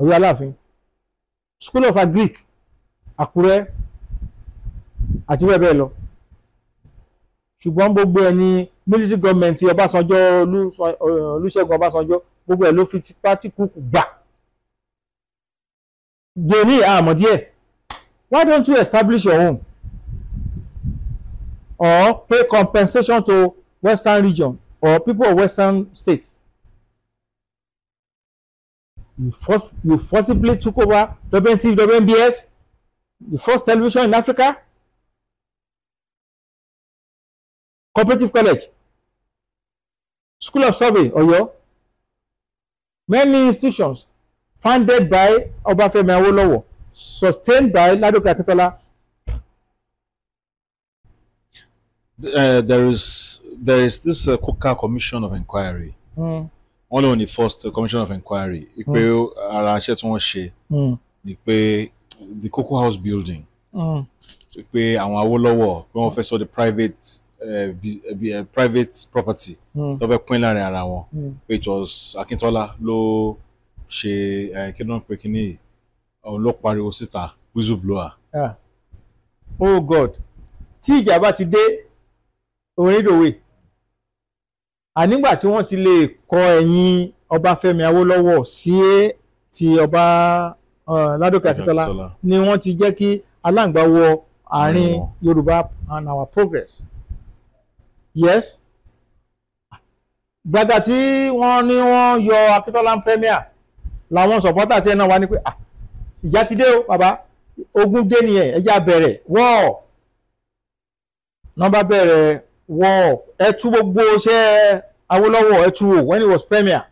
Ọ̀yọ́ Aláàfin school of agric Àkúrẹ́ àti bẹ́ẹ̀ bẹ́ẹ̀ lọ ṣùgbọ́n gbogbo ẹni military government Ọbásanjọ́ Olúṣẹ́gun Ọbásanjọ́ gbogbo ẹ̀ ló fi tipá tí kúkú gbà dé ní àmọ́ díẹ̀ why don't you establish your own or pay compensation to Western region or people of Western state you, force, you forcibly took over WNTV, WNBS, the first television in Africa, cooperative college School of Survey, Oyo. Many institutions founded by Obafemi Awolowo, sustained by Ladoke Akintola. Uh, there is there is this uh, Coca Commission of Inquiry. Mm. Wọ́n lóun ní first Commission of Inquiry. Ipe hmm. ara iṣẹ́ tí wọ́n ṣe hmm. ni pé the Cocoa House building. Ipe hmm. àwọn Awolowo pé wọ́n fẹ́ sọ the private uh, private property hmm. tó fẹ́ pín láàrin ara wọn hmm. which was Akíntọ́lá ló ṣe kí ló ń pè kí ni òun ló pariwo síta whistleblower. Ah. oh god tí ìjà bá ti dé onídòwe ànígbà tí wọ́n ti lè kọ ẹ̀yìn Ọbáfẹ́mi Awolowo. sí ti ọba Ládòkè Akíntọ́lá ni wọ́n ti jẹ́ kí aláǹgbá wọ àárín Yorùbá and our progress yes gbàgbà tí wọ́n ní wọ́n yọ Akíntola premier làwọn supporter tí ẹ náà wá ní pé ah, ìjà ti dé o bàbá ogun dé nìyẹn ẹ já bẹ̀rẹ̀ wọ́ọ̀ nọ́mbà bẹ̀rẹ̀ wọ́ọ̀ ẹ tú gbogbo ṣẹ́ Awólọ́wọ̀ ẹ tú wò when he was premier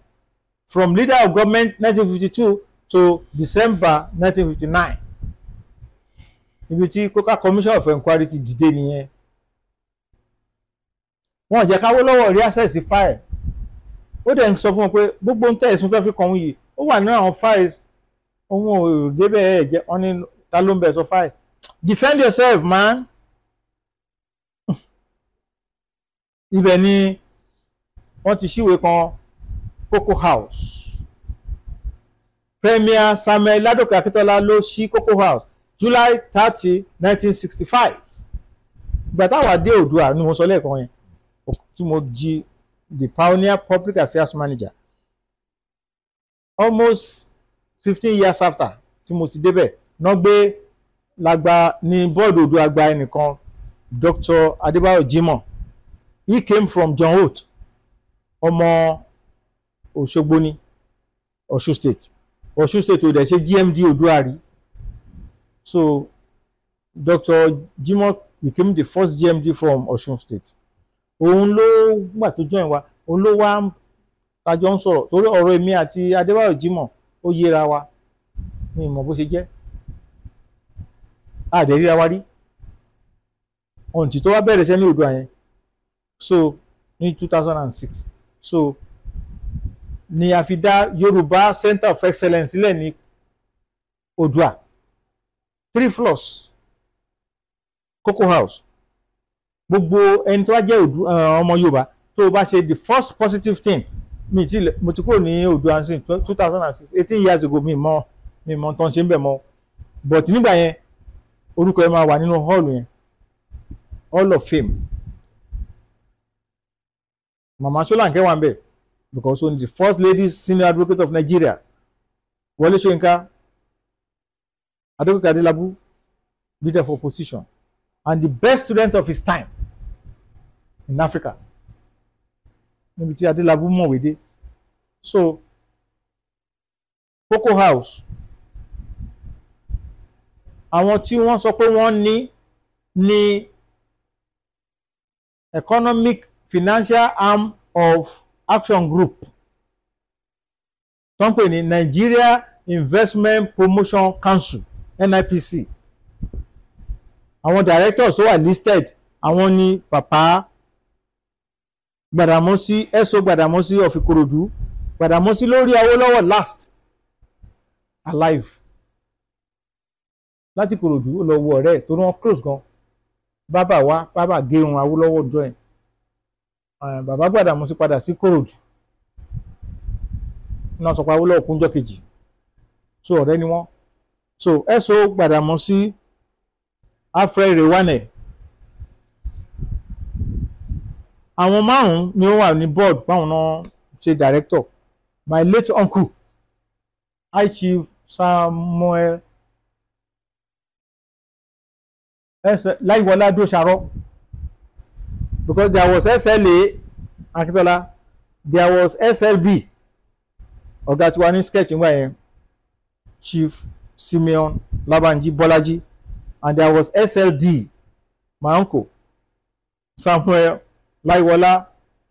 from leader of government 1952 to December 1959 ibi tí Coca Commission of Inquiry ti dìde nìyẹn wọn jẹ́ káwó lọ́wọ́ rí access file ó dẹ̀ ń sọ fún wọn pé gbogbo ń tẹ́ ẹ̀sùn fẹ́ fi kàn wọ́n yìí ó wà nínú àwọn files ohun ò débẹ̀ ẹ̀ jẹ́ wọ́n ní ta ló ń bẹ̀ sọ file defend yourself man ibẹ̀ ni wọ́n ti ṣíwèé kan Cocoa House Premier Samuel Ladoke Akintola ló ṣí Cocoa House July thirty nineteen sixty five ìgbà táwa dé Oòduà ni mo sọ lẹ́ẹ̀kan yẹn Okutumoji, the pioneer public affairs manager. Almost fifteen years after Timothy Debe, ti débẹ̀ ná gbé lagba ní bọ́ọ̀dù odò àgbà ẹnìkan Dr. Adébáyọ̀ Jimoh he came from John Holt Omo, Òṣogbo ni state Ọ̀ṣun state odò ṣe GMD Oduari. so Dr. Jimoh became the first GMD from Ọ̀ṣun state òun ló gbà tó join wa òun ló wá àjọ ń sọ̀rọ̀ torí ọ̀rọ̀ èmi àti Adébáyò Jimoh ó yẹra wa mi mọ̀ bó ṣe jẹ́ àdẹ̀ríra wa rí ọ̀ǹtì tó wá bẹ̀rẹ̀ sẹ́ ní Oòduà so ní two thousand and six so ni a fi dá Yorùbá Center of Excellence sílẹ̀ ní Oòduà three floors Cocoa House gbogbo ẹni tó bá jẹ́ eh, ọmọ Yorùbá tó bá ṣe the first positive thing mi ti mo ti kúrò ní Oòduà sin two thousand and six eighteen years ago mi mọ mi mọ tán ṣe ń bẹ̀ mọ́ but nígbà yẹn orúkọ ẹ máa wà nínú hall yẹn hall of fame mama Ṣólánkẹ́ wà ń bẹ̀ because only the first lady senior advocate of Nigeria Wọlé Ṣóyínká Adékòkè Adélábù leader for opposition and the best student of his time in Africa níbi tí Adélabú mọ̀wé dé so Cocoa House àwọn tí wọ́n sọ pé wọ́n ní ní economic financial arm of Action Group tó ń pè ní Nigeria Investment Promotion Council NIPC àwọn directors tó wà listed àwọn ni papa gbàdámọ́sí ẹ̀sọ́ gbàdámọ́sí of Ìkòròdú gbàdámọ́sí lórí Awólọ́wọ̀ last alive láti Ìkòròdú ó lọ wo ọ̀rẹ́ tó rán close gan bàbá wa bàbá gérun Awólọ́wọ̀ join eh, bàbá gbàdámọ́sí padà sí Ìkòròdú náà sọ pé Awólọ́wọ̀ kúnjọ́ kejì so ọ̀rẹ́ ni wọ́n so ẹ̀sọ́ gbàdámọ́sí afrẹ ìrèwánẹ̀ àwọn márùn-ún ni ó wà ní board báwọn náà ṣe director my late uncle high chief Samuel láìwọlá dòṣàrọ because there was SLA akitola there was SLB ọ̀gá tiwa ní sketch ńgbà yẹn chief Simeon Labanji Bolaji and there was SLD my uncle Samuel Laiwola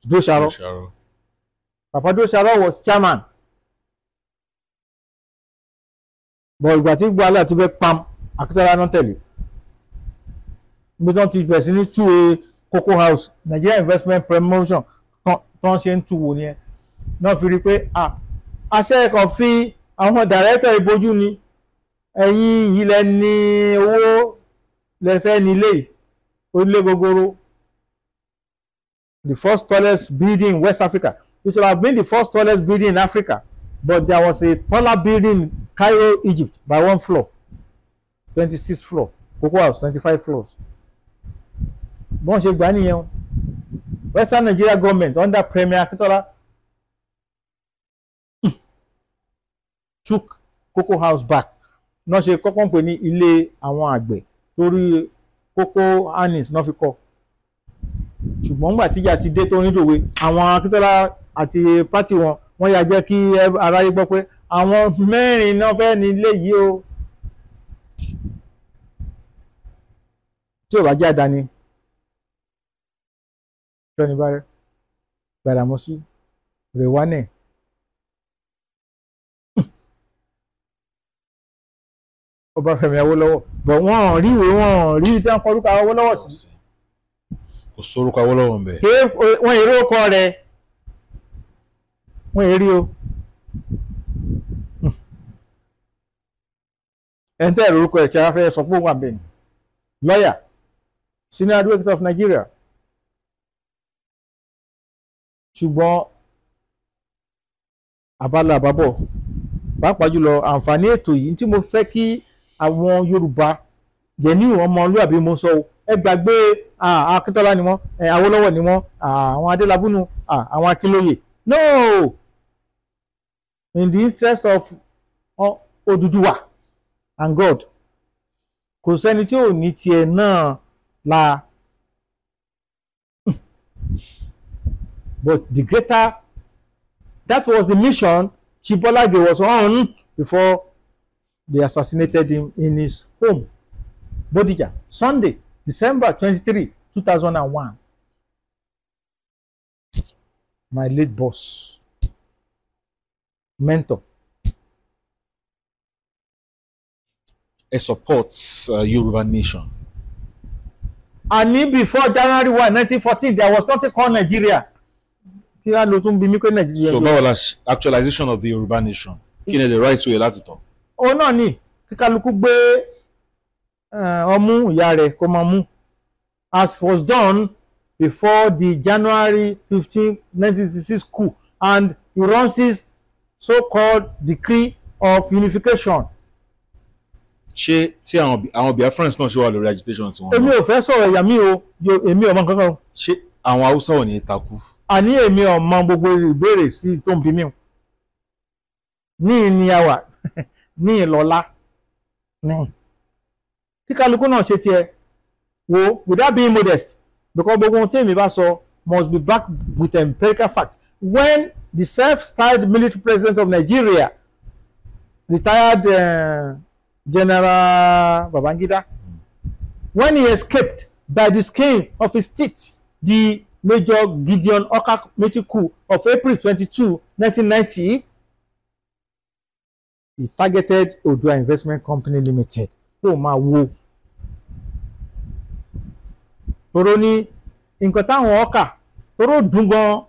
Dosharo Papa Dosharo was chairman but ìgbà tí gbọ́ alẹ́ àti bẹ́ẹ̀ pam akitara náà tẹ̀lé ibi tí wọ́n ti bẹ̀rẹ̀ sí ní two a cocoa house Nigeria investment promotion tí wọ́n ṣe ń tu wò nìyẹn náà fi rí i pé àṣẹ kan fi àwọn dàrẹ́tọ̀ ìbojú ni ẹ̀yin yìí lẹ ní owó lẹ fẹ́ nílé onílé gogoro the first tallest building in West Africa it should have been the first tallest building in Africa but there was a taller building in Cairo, Egypt by one floor twenty-six floor Cocoa House twenty-five floors bọ́n ṣe gbà nìyẹn o Western Nigeria government under Premier Akintola hmm, took Cocoa House back náà ṣe kọ́kọ́ ń pè ní ilé àwọn àgbẹ̀ torí kókó anis náà fi kọ́ ṣùgbọ́n nígbà tíjà ti dé tó ń dòwe àwọn Akíntọ́lá àti pátì wọn wọ́n yà jẹ́ kí aráyé gbọ́ pé àwọn mẹ́rin náà fẹ́ ní ilé yìí o tí ò bá jẹ́ àdáni tọ́ni bá rẹ̀ gbàdàmọ́sí rèwánẹ̀ Ọbáfẹ́mi Awólọ́wọ̀ bọ̀ wọ́n rí ìwé wọ́n rí tí wọ́n kọrúkọ Awólọ́wọ̀ sí. kò sórúkọ Awólọ́wọ̀ ń bẹ. pé wọ́n èrè ọkọ rẹ̀ wọ́n èrè o. ẹ̀ńtẹ́ ìrorúkọ ẹ̀ tí a fẹ́ sọ pé òun àbẹ̀yìn lọ́yà senior advocate of Nigeria ṣùgbọ́n abala àbábọ̀ pàápàá jùlọ àǹfààní ètò yìí tí mo fẹ́ kí àwọn Yorùbá jẹ̀ní ọmọlúwàbí mo sọ ẹ gbàgbé Akíntọ́lá ni wọ́n Awólọ́wọ̀ ni wọ́n àwọn Adélabúnú àwọn Akínlóyè no in the interest of Odùduwà and God kò sẹ́ni tí ò ní tiẹ̀ náà la but the greater that was the mission Chibolage was on before they assassinated him in his home Bodija Sunday December twenty-three two thousand and one my late boss mentor e supports uh, Yoruba nation. Àní before January one nineteen fourteen there was nothing called Nigeria. Kí á lo tún bí mi pé Nigeria. So báwo la actualization of the Yoruba nation? Kí ni the right way láti talk? òun náà ni kíkálukú gbé eh, ọmú ìyá rẹ̀ kó máa mú as was done before the January fifteen nineteen sixty six coup and Iran's so-called decree of unification ṣé tí àwọn àwọn Biafrans náà ṣe wà lórí agitation tí wọ́n. èmi ò fẹ́ sọ̀rọ̀ ẹ̀yà mi o èmi ọmọ kankan o. ṣé àwọn haúsá ò ní takú. àní èmi ọmọ gbogbo ìbéèrè sí tó ń bí mi o ní ìníyàwó ní ìlọ́lá ní kí kálukú náà ṣe tiẹ̀ wo without being modest because gbogbo ohun tí èmi bá sọ must be backed with empirical facts when the self-styled military president of Nigeria retired uh, General Babangida when he escaped by the skin of his teeth the Major Gideon Okakmetiku of April twenty-two, nineteen ninety the targeted Odua Investment Company Limited kó o máa wo toro ní nǹkan táwọn ọkà toro dùn gan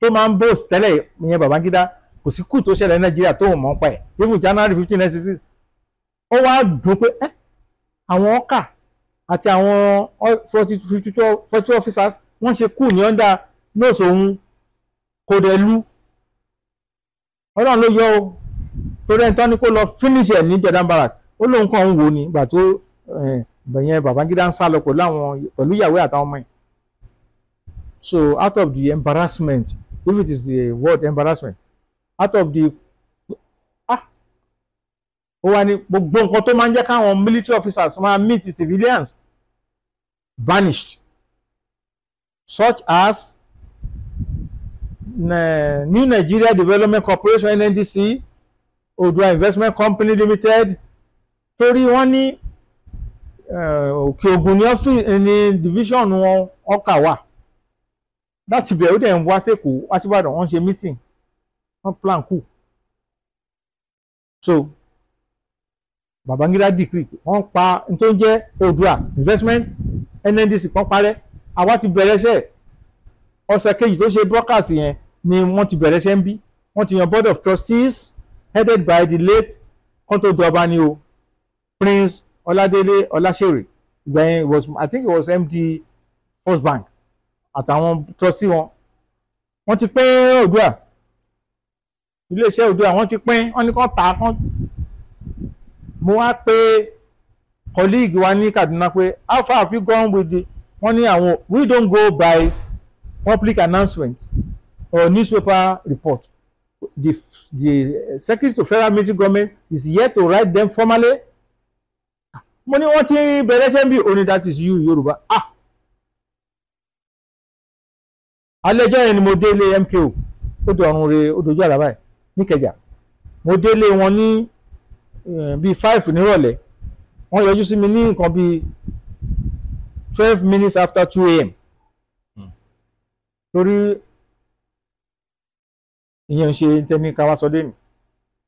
tó máa ń bóòsì tẹ́lẹ̀ ìyẹn Babangida kò sí kù tó ṣẹlẹ̀ Nàìjíríà tó mọ̀ ń pa ẹ̀ even January fifteen ninety six ó wá dùn pé ẹ́ àwọn ọkà àti àwọn forty two officers wọ́n ṣe kù ní under nọ́ọ̀sì òun kò dẹ̀ lu ọlọ́run ló yọ o torí ẹni tó ní kó lọ finish ẹ̀ ní Jordan Barracks ó lóun kàn ń wò ní ìgbà tó eh, bẹ̀yẹn Babangida ń sá lọ pẹ̀lú ìyàwó àtàwọn ọmọ ẹ̀ so out of the embarrassment if it is the word embarrassment out of the ah ó wá ní gbogbo nǹkan tó máa ń jẹ́ káwọn military officers máa meet civilians banished such as eh, New Nigeria Development Corporation NNDC Odua Investment Company Limited torí wọ́n ní eh, Òkè Ògùn ní ọ́fíìsì ní division wọn ọkà wà láti bẹ̀rẹ̀ ó dẹ̀ ń wá sẹ́kù wá síbàdàn wọ́n ṣe meeting wọ́n plan kù so Babangida decree wọ́n pa n tó ń jẹ́ Odua Investment NNDC kan parẹ́ àwa ti bẹ̀rẹ̀ iṣẹ́ ọ̀sẹ̀ kejì tó ṣe broadcast yẹn ni wọ́n ti bẹ̀rẹ̀ iṣẹ́ ń bí wọ́n ti yan board of trustees headed by the late kọ́ńtòjọba ni o Prince Ọládélé Ọláṣèrè ìgbà was I think it was MD First Bank àtàwọn trustee wọn wọ́n ti pín Oòduà iléeṣẹ́ Oòduà wọ́n ti pín wọ́n ní kàn tà á mo wá pé colleague wa ní Kaduna pé how far have you gone with the wọ́n ní àwọn we don't go by public announcement or newspaper report the, the secretary to federal military government is yet to write them formally. mo ní wọ́n ti bẹ̀rẹ̀ ṣẹ́ ń bí oní that is you yorùbá ah alẹ́jọ́ yẹn ni mo dé ilé MKO ó di ọ̀run re ó dojú àlàbà yìí níkẹjà mo dé ilé wọn ní eh, bíi five nírọ̀lẹ́ wọ́n yọjú sí mi ní nǹkan bíi twelve minutes after two a.m. Hmm. torí ìyẹn ń ṣe tẹ́mi ká wá sọ dé mi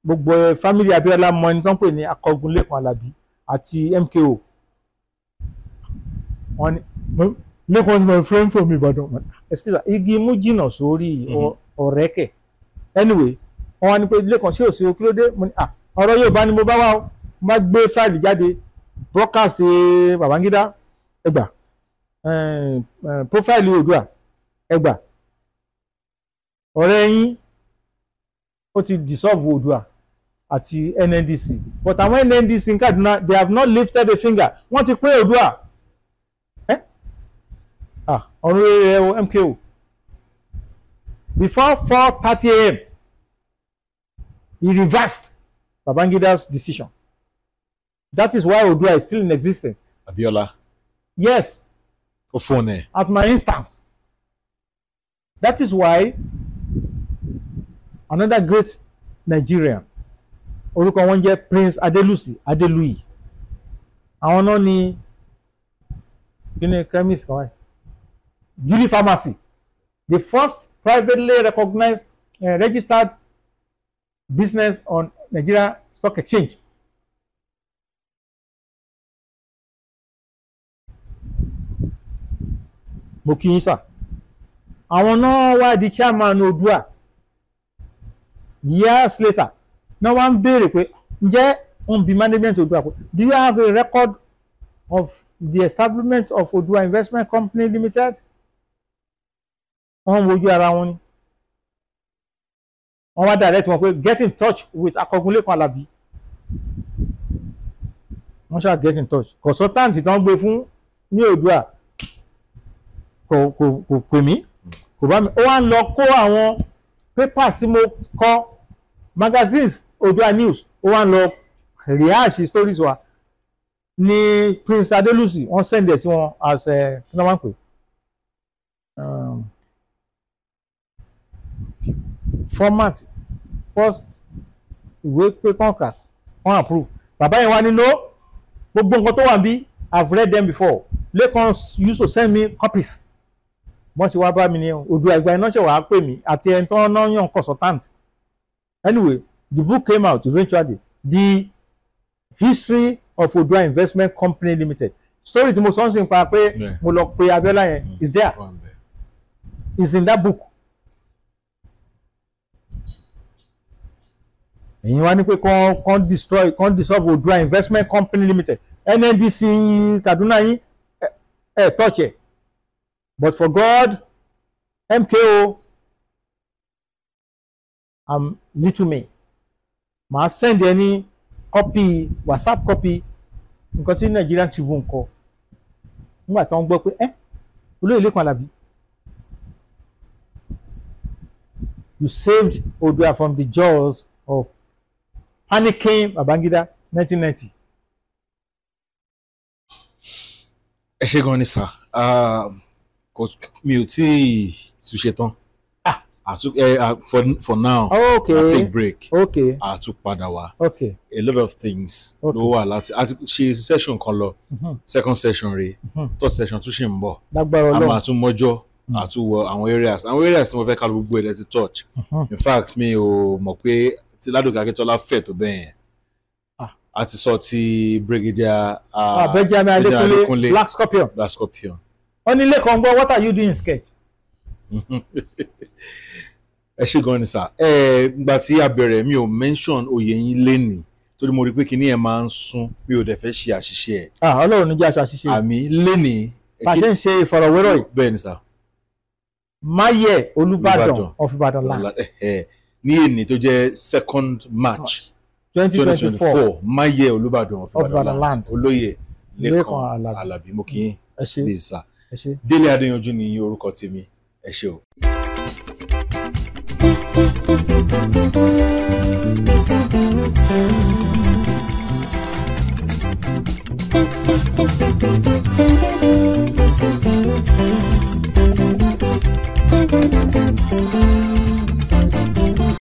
gbogbo fámìlì Abíọ́lá mọ ẹni tó ń pè ní akọgun Lékan Àlàbí àti MKO wọn ni Lékan ti mọ fúrẹ́ǹ fún mi Ìbàdàn excuse me igi mú jìnnà sórí mhm. ọ̀rẹ́kẹ̀ anyway wọn wá ní pé Lékan sí òsì okílódé mo ní ah, ọ̀rọ̀ Yorùbá ni mo bá wá o mo bá gbé fáìlì jáde broadcast eh, Babangida ẹgbà profaili Oòduà ẹgbà ọ̀rẹ́ yín ó ti dissolve Oòduà àti NNDC but àwọn NNDC in Kaduna they have not lifted a finger wọ́n ti pín Oòduà eh? ah ọ̀run rere o MKO before four thirty a.m. he reversed Babangida's decision that is why Oòduà is still in existence. Abiola. yes. Ofone. at my instance that is why another great Nigerian orúkọ wọn jẹ́ Prince Adelusi Adeluyi àwọn náà ni guinea chemist kan wáyé Julie Pharmacy the first privately recognized uh, registered business on Nigeria Stock Exchange. mo kí yín sà àwọn náà wá di chairman Odua years later náà wá ń béèrè pé ǹjẹ́ wọ́n bí management Odua pé do you have a record of the establishment of Odua Investment Company Limited wọ́n wojú ara wọn ni wọ́n wá direct wọn pé get in touch with Akọgunlékan Alábí wọ́n ṣáà get in touch consultant tí wọ́n gbé fún ní Odua kò kò kò pè mí kò bá mi ó wá lọ kó àwọn pépà tí mo kọ magazines Odua News ó wá lọ rehash stories wa ní Prince Adelusi wọ́n send ẹ̀ sí wọn as eh, kí ló máa pè um, format first ìwé pé kọ́ńkà wọ́n approve bàbá yẹn wá ní no gbogbo nǹkan tó wà níbí I've read them before Lekan used to send me copies bọ́n ṣe wá bá mi ni odò àgbà iná ṣe wàá pè mí àti ẹni tó ń ná yàn consultant anyway the book came out eventually the history of Odua Investment Company Limited story tí mo sọ ń sìn pa pé mo lọ pe Abiola yẹn mm-hmm. is there is in that book èyí wá ní pé kan kan destroy kan dissolve Odua Investment Company Limited NNDC Kaduna yín ẹ tọ́ọ̀ṣẹ̀ But for God, MKO, I'm um, little me. Màá send ẹni copy WhatsApp copy nǹkan tí Nigerian Tribune kọ. Nígbà tí wọ́n gbọ́ pé ẹ́ eh, olóyè Lékan Àlàbí. You saved Odua from the jaws of panicking Babangida 1990. Ẹ ṣé gan ni sá mi ò tí ì túnṣe tán ah, eh, ah, for for now oh, okay. i take break okay. i tún padà wá okay. a lot of things ló wà láti a ṣe session kan lọ mm-hmm. second session rẹ̀ mm-hmm. third session tún ṣì ń bọ̀ a máa tún mọ́jọ́ àtúwọ̀ mm. àwọn areas àwọn areas tí mo fẹ́ ká gbogbo ẹ̀ lẹ́tí touch mm-hmm. in fact mi ò mọ̀ pé ti Ládòkè Akíntọ́lá fẹ̀ tó bẹ́ẹ̀ yẹn ah. a ti sọ ti brigadier Benjamin Adékúnlé Black Scorpion Black Scorpion wọ́n ní ilé kan gbọ́ what are you doing sketch. ẹ ṣe gan ni sà ẹ gba tí a bẹ̀rẹ̀ mi ò mention oyè yín lénìí torí mo rí i pé kinní ẹ̀ máa ń sún mi ò dẹ̀ fẹ́ ṣe àṣìṣe ẹ̀. Ah, ọlọ́run ní jẹ́ aṣọ àṣìṣe. àmì lénìí. bá a ṣe ń ṣe ìfọ̀rọ̀wérọ̀ yìí. bẹ́ẹ̀ ni sà. máyẹ̀ olùbàdàn of Ìbàdàn ní èní tó jẹ́ second march twenty twenty four máyẹ̀ olùbàdàn of Ìbàdàn land olóyè Lékan Àlàbí mo kí yín bí sà. Délé Adéyanjú ni orúkọ tèmi ẹ ṣé o. Thank you.